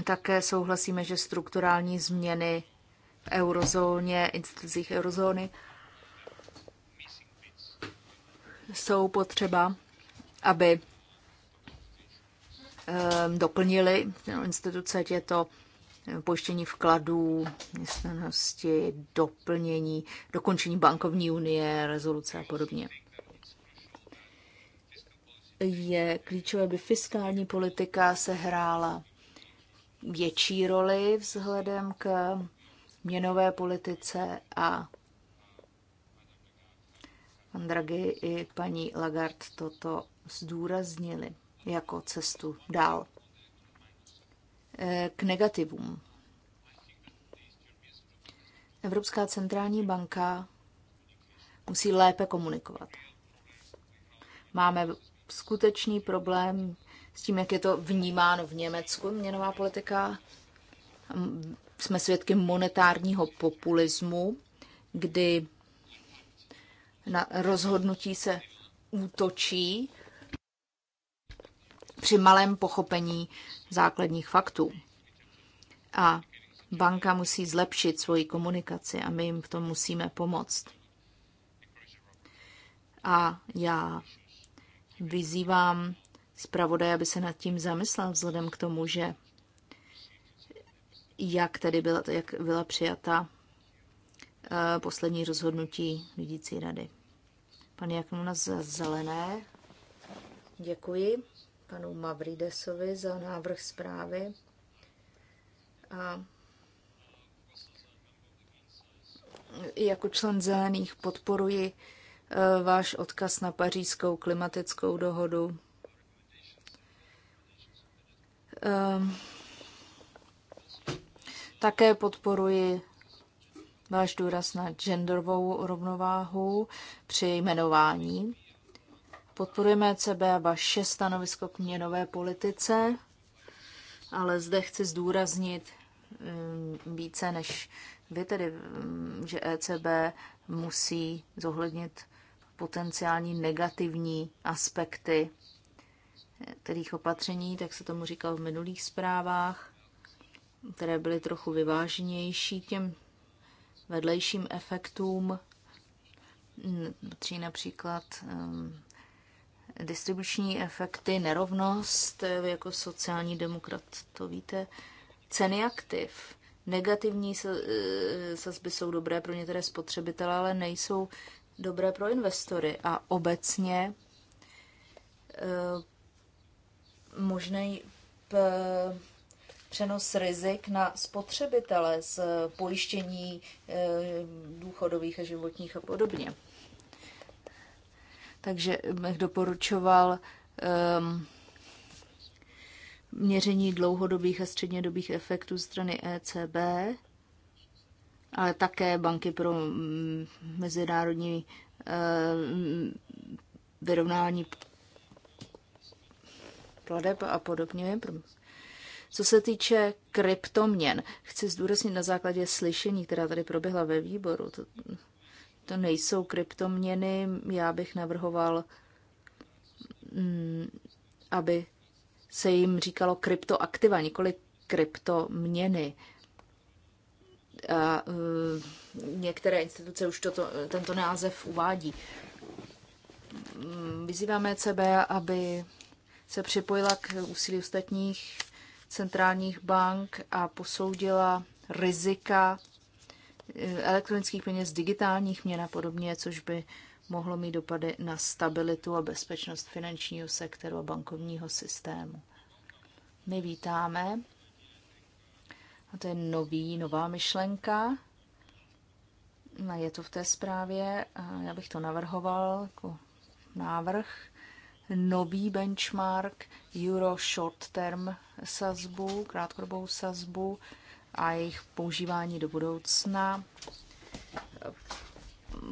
Také souhlasíme, že strukturální změny v eurozóně, institucích eurozóny jsou potřeba, aby ehm, doplnili instituce těto pojištění vkladů, městnanosti, doplnění, dokončení bankovní unie, rezoluce a podobně. Je klíčové, aby fiskální politika se hrála větší roli vzhledem k měnové politice a pan Draghi i paní Lagarde toto zdůraznili jako cestu dál e, k negativům. Evropská centrální banka musí lépe komunikovat. Máme skutečný problém s tím, jak je to vnímáno v Německu, měnová politika. Jsme svědky monetárního populismu, kdy na rozhodnutí se útočí při malém pochopení základních faktů. A banka musí zlepšit svoji komunikaci a my jim v tom musíme pomoct. A já vyzývám zpravodaj, aby se nad tím zamyslel, vzhledem k tomu, že jak tedy byla, jak byla přijata eh, poslední rozhodnutí lidící rady. Pan Jaknuna za zelené. Děkuji panu Mavridesovi za návrh zprávy. A jako člen zelených podporuji eh, váš odkaz na pařížskou klimatickou dohodu Ehm, také podporuji váš důraz na genderovou rovnováhu při jmenování. Podporujeme CB a vaše stanovisko k měnové politice, ale zde chci zdůraznit ehm, více než vy, tedy, ehm, že ECB musí zohlednit potenciální negativní aspekty kterých opatření, tak se tomu říkal v minulých zprávách, které byly trochu vyváženější těm vedlejším efektům, Tří například um, distribuční efekty, nerovnost, jako sociální demokrat, to víte, ceny aktiv. Negativní uh, sazby jsou dobré pro některé spotřebitele, ale nejsou dobré pro investory. A obecně uh, možný přenos rizik na spotřebitele z pojištění e, důchodových a životních a podobně. Takže bych doporučoval um, měření dlouhodobých a střednědobých efektů strany ECB, ale také banky pro mm, mezinárodní um, vyrovnání pladeb a podobně. Co se týče kryptoměn, chci zdůraznit na základě slyšení, která tady proběhla ve výboru, to, to nejsou kryptoměny, já bych navrhoval, mm, aby se jim říkalo kryptoaktiva, nikoli kryptoměny. A, eh, některé instituce už toto, tento název uvádí. Mm, vyzýváme e CB, aby se připojila k úsilí ostatních centrálních bank a posoudila rizika eh, elektronických peněz, digitálních měn a podobně, což by mohlo mít dopady na stabilitu a bezpečnost finančního sektoru a bankovního systému. My vítáme, a to je nový, nová myšlenka, je to v té zprávě, já bych to navrhoval jako návrh, nový benchmark euro short term sazbu, krátkodobou sazbu a jejich používání do budoucna.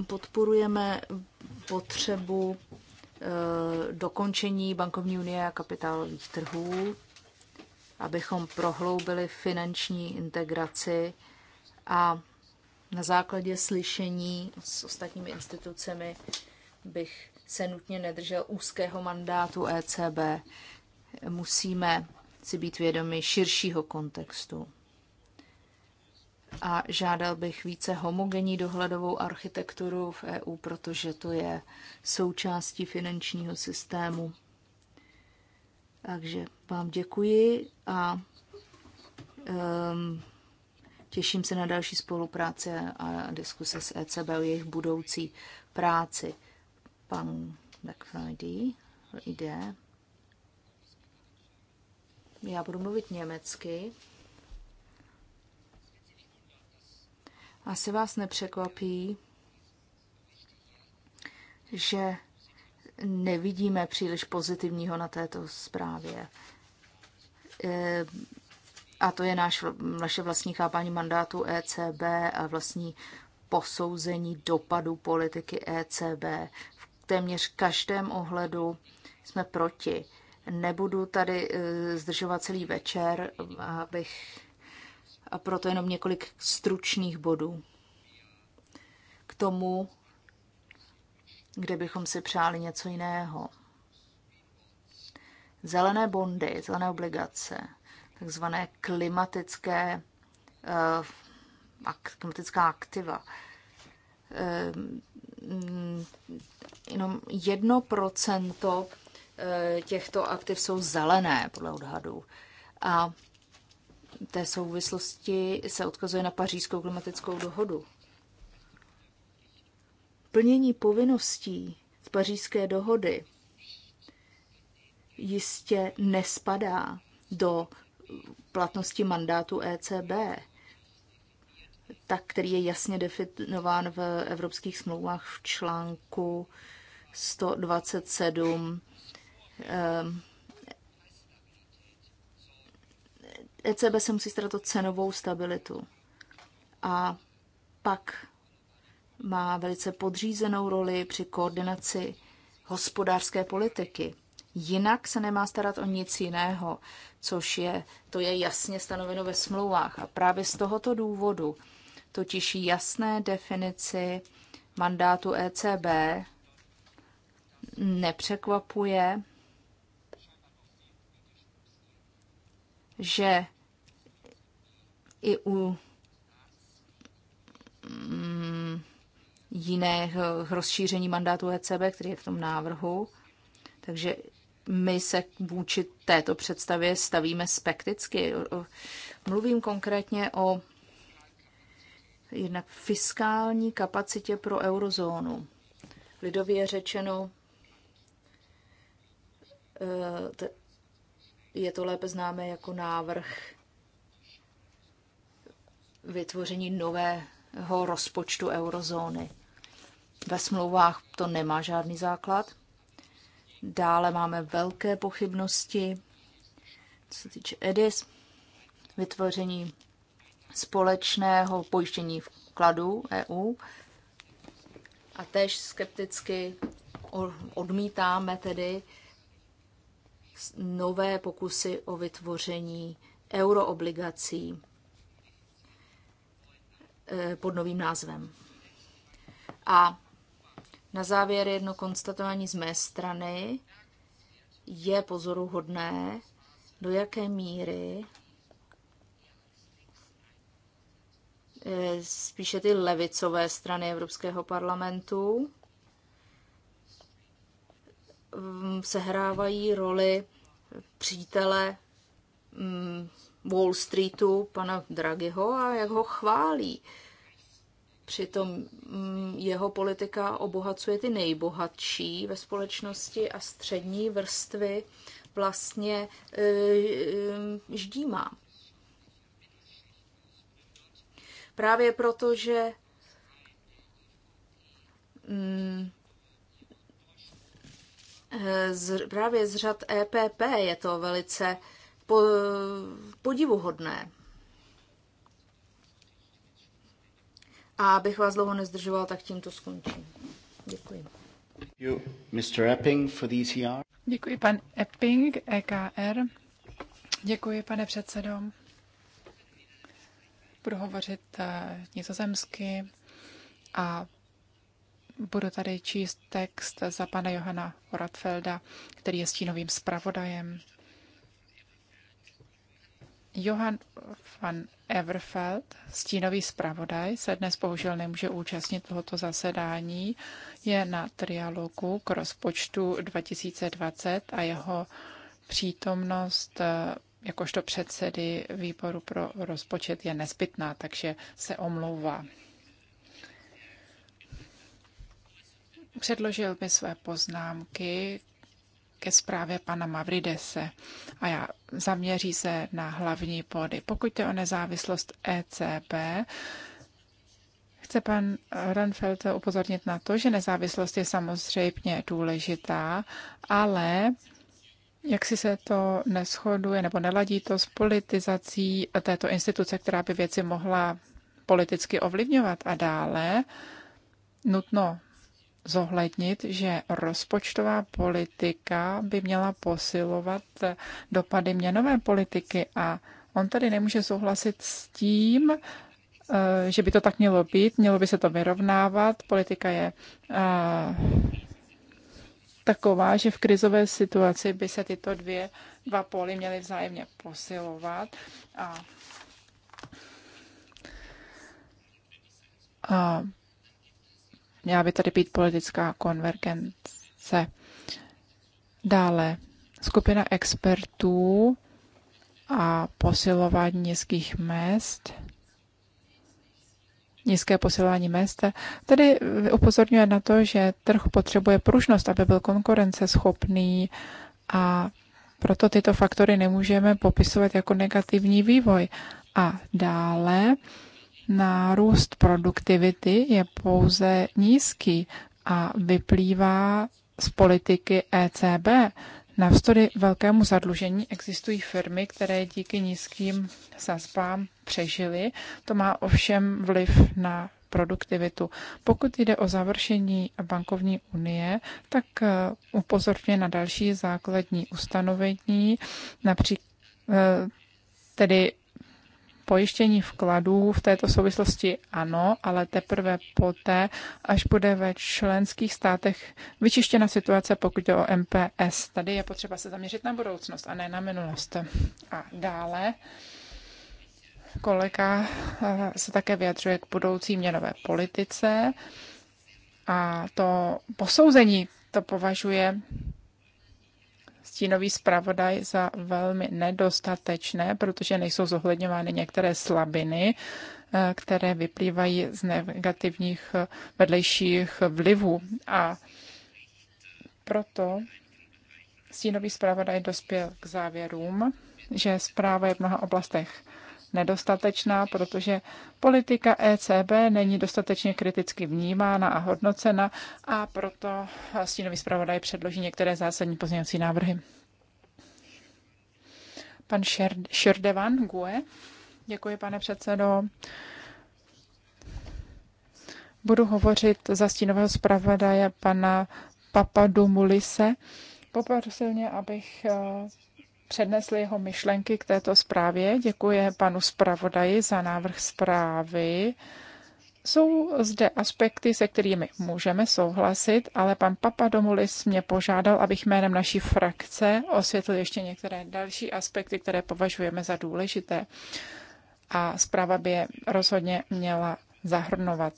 Podporujeme potřebu eh, dokončení bankovní unie a kapitálových trhů, abychom prohloubili finanční integraci a na základě slyšení s ostatními institucemi bych se nutně nedržel úzkého mandátu ECB. Musíme si být vědomi širšího kontextu. A žádal bych více homogenní dohledovou architekturu v EU, protože to je součástí finančního systému. Takže vám děkuji a um, těším se na další spolupráci a diskuse s ECB o jejich budoucí práci pan Black Friday jde. Já budu mluvit německy. Asi vás nepřekvapí, že nevidíme příliš pozitivního na této zprávě. E, a to je náš, naše vlastní chápání mandátu ECB a vlastní posouzení dopadu politiky ECB téměř každém ohledu jsme proti. Nebudu tady e, zdržovat celý večer, abych a proto jenom několik stručných bodů k tomu, kde bychom si přáli něco jiného. Zelené bondy, zelené obligace, takzvané klimatické, e, klimatická aktiva e, Mm, jenom procento eh, těchto aktiv jsou zelené, podle odhadů. A té souvislosti se odkazuje na pařížskou klimatickou dohodu. Plnění povinností z pařížské dohody jistě nespadá do platnosti mandátu ECB tak, který je jasně definován v evropských smlouvách v článku 127. ECB ehm, e se musí starat o cenovou stabilitu. A pak má velice podřízenou roli při koordinaci hospodářské politiky. Jinak se nemá starat o nic jiného, což je, to je jasně stanoveno ve smlouvách. A právě z tohoto důvodu totiž jasné definici mandátu ECB nepřekvapuje, že i u mm, jiných eh, rozšíření mandátu ECB, který je v tom návrhu. Takže my se vůči této představě stavíme spekticky. Mluvím konkrétně o jednak fiskální kapacitě pro eurozónu. Lidově je řečeno, eh, je to lépe známé jako návrh vytvoření nového rozpočtu eurozóny. Ve smlouvách to nemá žádný základ. Dále máme velké pochybnosti, co se týče EDIS, vytvoření společného pojištění vkladů EU a též skepticky odmítáme tedy nové pokusy o vytvoření euroobligací e, pod novým názvem. A na závěr jedno konstatování z mé strany je pozoruhodné, do jaké míry Eh, spíše ty levicové strany Evropského parlamentu mm, sehrávají roli přítele mm, Wall Streetu, pana Draghiho, a jak ho chválí. Přitom mm, jeho politika obohacuje ty nejbohatší ve společnosti a střední vrstvy vlastně eh, eh, ždímá. Právě proto, že mm, z, právě z řad EPP je to velice po, podivuhodné. A abych vás dlouho nezdržoval, tak tímto skončím. Děkuji. You, Mr. Epping for the ECR. Děkuji pan Epping, EKR. Děkuji, pane předsedo budu hovořit eh, nizozemsky a budu tady číst text za pana Johana Horatfelda, který je stínovým zpravodajem. Johan van Everfeld, stínový zpravodaj, se dnes bohužel nemůže účastnit tohoto zasedání. Je na trialogu k rozpočtu 2020 a jeho přítomnost eh, jakožto předsedy výboru pro rozpočet je nezbytná, takže se omlouvá. Předložil mi své poznámky ke zprávě pana Mavridese a já zaměří se na hlavní body. Pokud je o nezávislost ECB, chce pan Renfeld upozornit na to, že nezávislost je samozřejmě důležitá, ale jak si se to neschoduje nebo neladí to s politizací této instituce, která by věci mohla politicky ovlivňovat a dále nutno zohlednit, že rozpočtová politika by měla posilovat dopady měnové politiky a on tady nemůže souhlasit s tím, eh, že by to tak mělo být, mělo by se to vyrovnávat. Politika je eh, taková, že v krizové situaci by se tyto dvě, dva póly měly vzájemně posilovat a, a měla by tady být politická konvergence. Dále skupina expertů a posilování nízkých mest – nízké posilování mest, tedy upozorňuje na to, že trh potřebuje pružnost, aby byl konkurenceschopný a proto tyto faktory nemůžeme popisovat jako negativní vývoj. A dále nárůst produktivity je pouze nízký a vyplývá z politiky ECB. Navzdory velkému zadlužení existují firmy, které díky nízkým sazbám přežily. To má ovšem vliv na produktivitu. Pokud jde o završení bankovní unie, tak eh, upozorňuje na další základní ustanovení, například eh, tedy pojištění vkladů v této souvislosti ano, ale teprve poté, až bude ve členských státech vyčištěna situace, pokud je o MPS. Tady je potřeba se zaměřit na budoucnost a ne na minulost. A dále kolega eh, se také vyjadřuje k budoucí měnové politice a to posouzení to považuje stínový zpravodaj za velmi nedostatečné, protože nejsou zohledňovány některé slabiny, eh, které vyplývají z negativních eh, vedlejších vlivů. A proto stínový zpravodaj dospěl k závěrům, že zpráva je v mnoha oblastech nedostatečná, protože politika ECB není dostatečně kriticky vnímána a hodnocena a proto stínový zpravodaj předloží některé zásadní pozměňovací návrhy. Pan Šerdevan Gue. Děkuji, pane předsedo. Budu hovořit za stínového zpravodaje pana Papadumulise. Poprosil mě, abych eh, přednesl jeho myšlenky k této zprávě. Děkuji panu zpravodaji za návrh zprávy. Jsou zde aspekty, se kterými můžeme souhlasit, ale pan Papadomulis mě požádal, abych jménem naší frakce osvětlil ještě některé další aspekty, které považujeme za důležité. A zpráva by je rozhodně měla zahrnovat.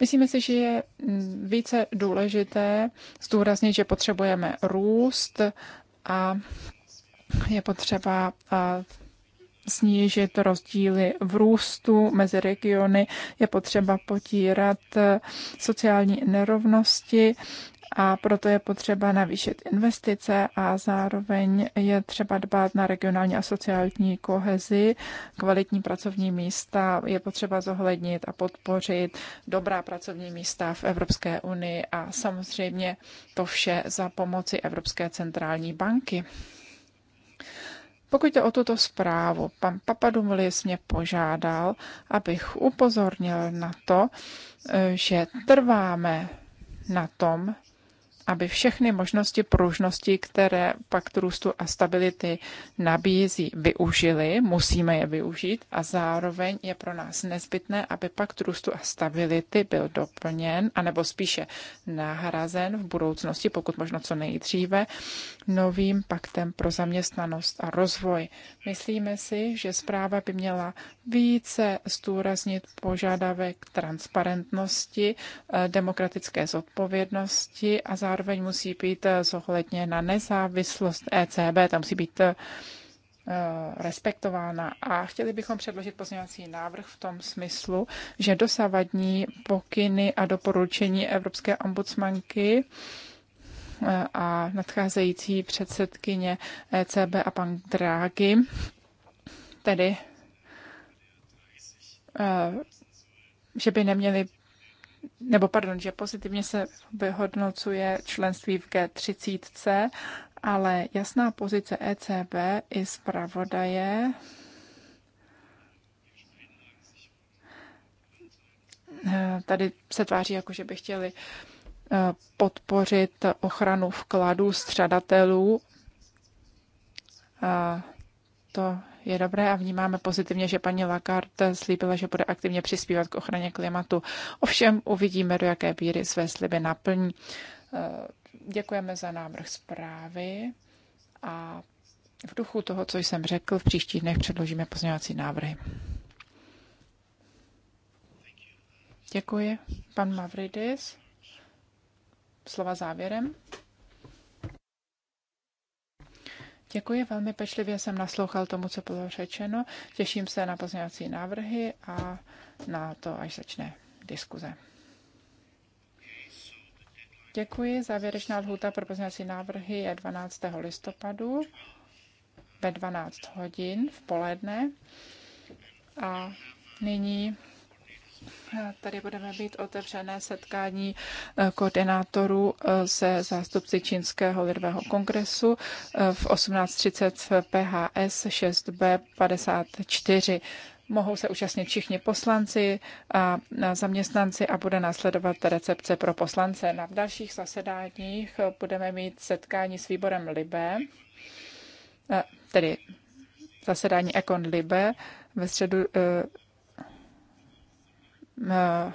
Myslíme si, že je více důležité zdůraznit, že potřebujeme růst a je potřeba eh, snížit rozdíly v růstu mezi regiony, je potřeba potírat eh, sociální nerovnosti a proto je potřeba navýšit investice a zároveň je třeba dbát na regionální a sociální kohezi, kvalitní pracovní místa je potřeba zohlednit a podpořit dobrá pracovní místa v Evropské unii a samozřejmě to vše za pomoci Evropské centrální banky. Pokud jde o tuto zprávu, pan Papadumlis mě požádal, abych upozornil na to, eh, že trváme na tom, aby všechny možnosti pružnosti, které pakt růstu a stability nabízí, využili, musíme je využít a zároveň je pro nás nezbytné, aby pakt růstu a stability byl doplněn, anebo spíše nahrazen v budoucnosti, pokud možno co nejdříve, novým paktem pro zaměstnanost a rozvoj. Myslíme si, že zpráva by měla více zdůraznit požadavek transparentnosti, eh, demokratické zodpovědnosti a zároveň zároveň musí být eh, na nezávislost ECB, tam musí být eh, respektována. A chtěli bychom předložit pozměňovací návrh v tom smyslu, že dosavadní pokyny a doporučení Evropské ombudsmanky eh, a nadcházející předsedkyně ECB a pan Drágy, tedy že by neměly nebo pardon, že pozitivně se vyhodnocuje členství v G30, ale jasná pozice ECB i zpravodaje tady se tváří jako, že by chtěli eh, podpořit ochranu vkladů střadatelů. to je dobré a vnímáme pozitivně, že paní Lagarde slíbila, že bude aktivně přispívat k ochraně klimatu. Ovšem uvidíme, do jaké bíry své sliby naplní. Eh, děkujeme za návrh zprávy a v duchu toho, co jsem řekl, v příštích dnech předložíme pozměňovací návrhy. Děkuji. Pan Mavridis. Slova závěrem. Děkuji, velmi pečlivě jsem naslouchal tomu, co bylo řečeno. Těším se na pozměňovací návrhy a na to, až začne diskuze. Děkuji. Závěrečná lhůta pro pozměňovací návrhy je 12. listopadu ve 12 hodin v poledne. A nyní Tady budeme mít otevřené setkání eh, koordinátorů eh, se zástupci Čínského lidového kongresu eh, v 18.30 v PHS 6B54. Mohou se účastnit všichni poslanci a zaměstnanci a bude následovat recepce pro poslance. Na dalších zasedáních budeme mít setkání s výborem Libe, tedy zasedání Econ Libe ve středu Eh,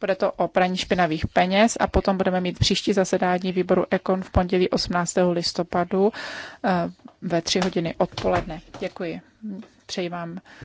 bude to o praní špinavých peněz a potom budeme mít příští zasedání výboru Ekon v pondělí 18. listopadu eh, ve 3 hodiny odpoledne. Děkuji. Přeji vám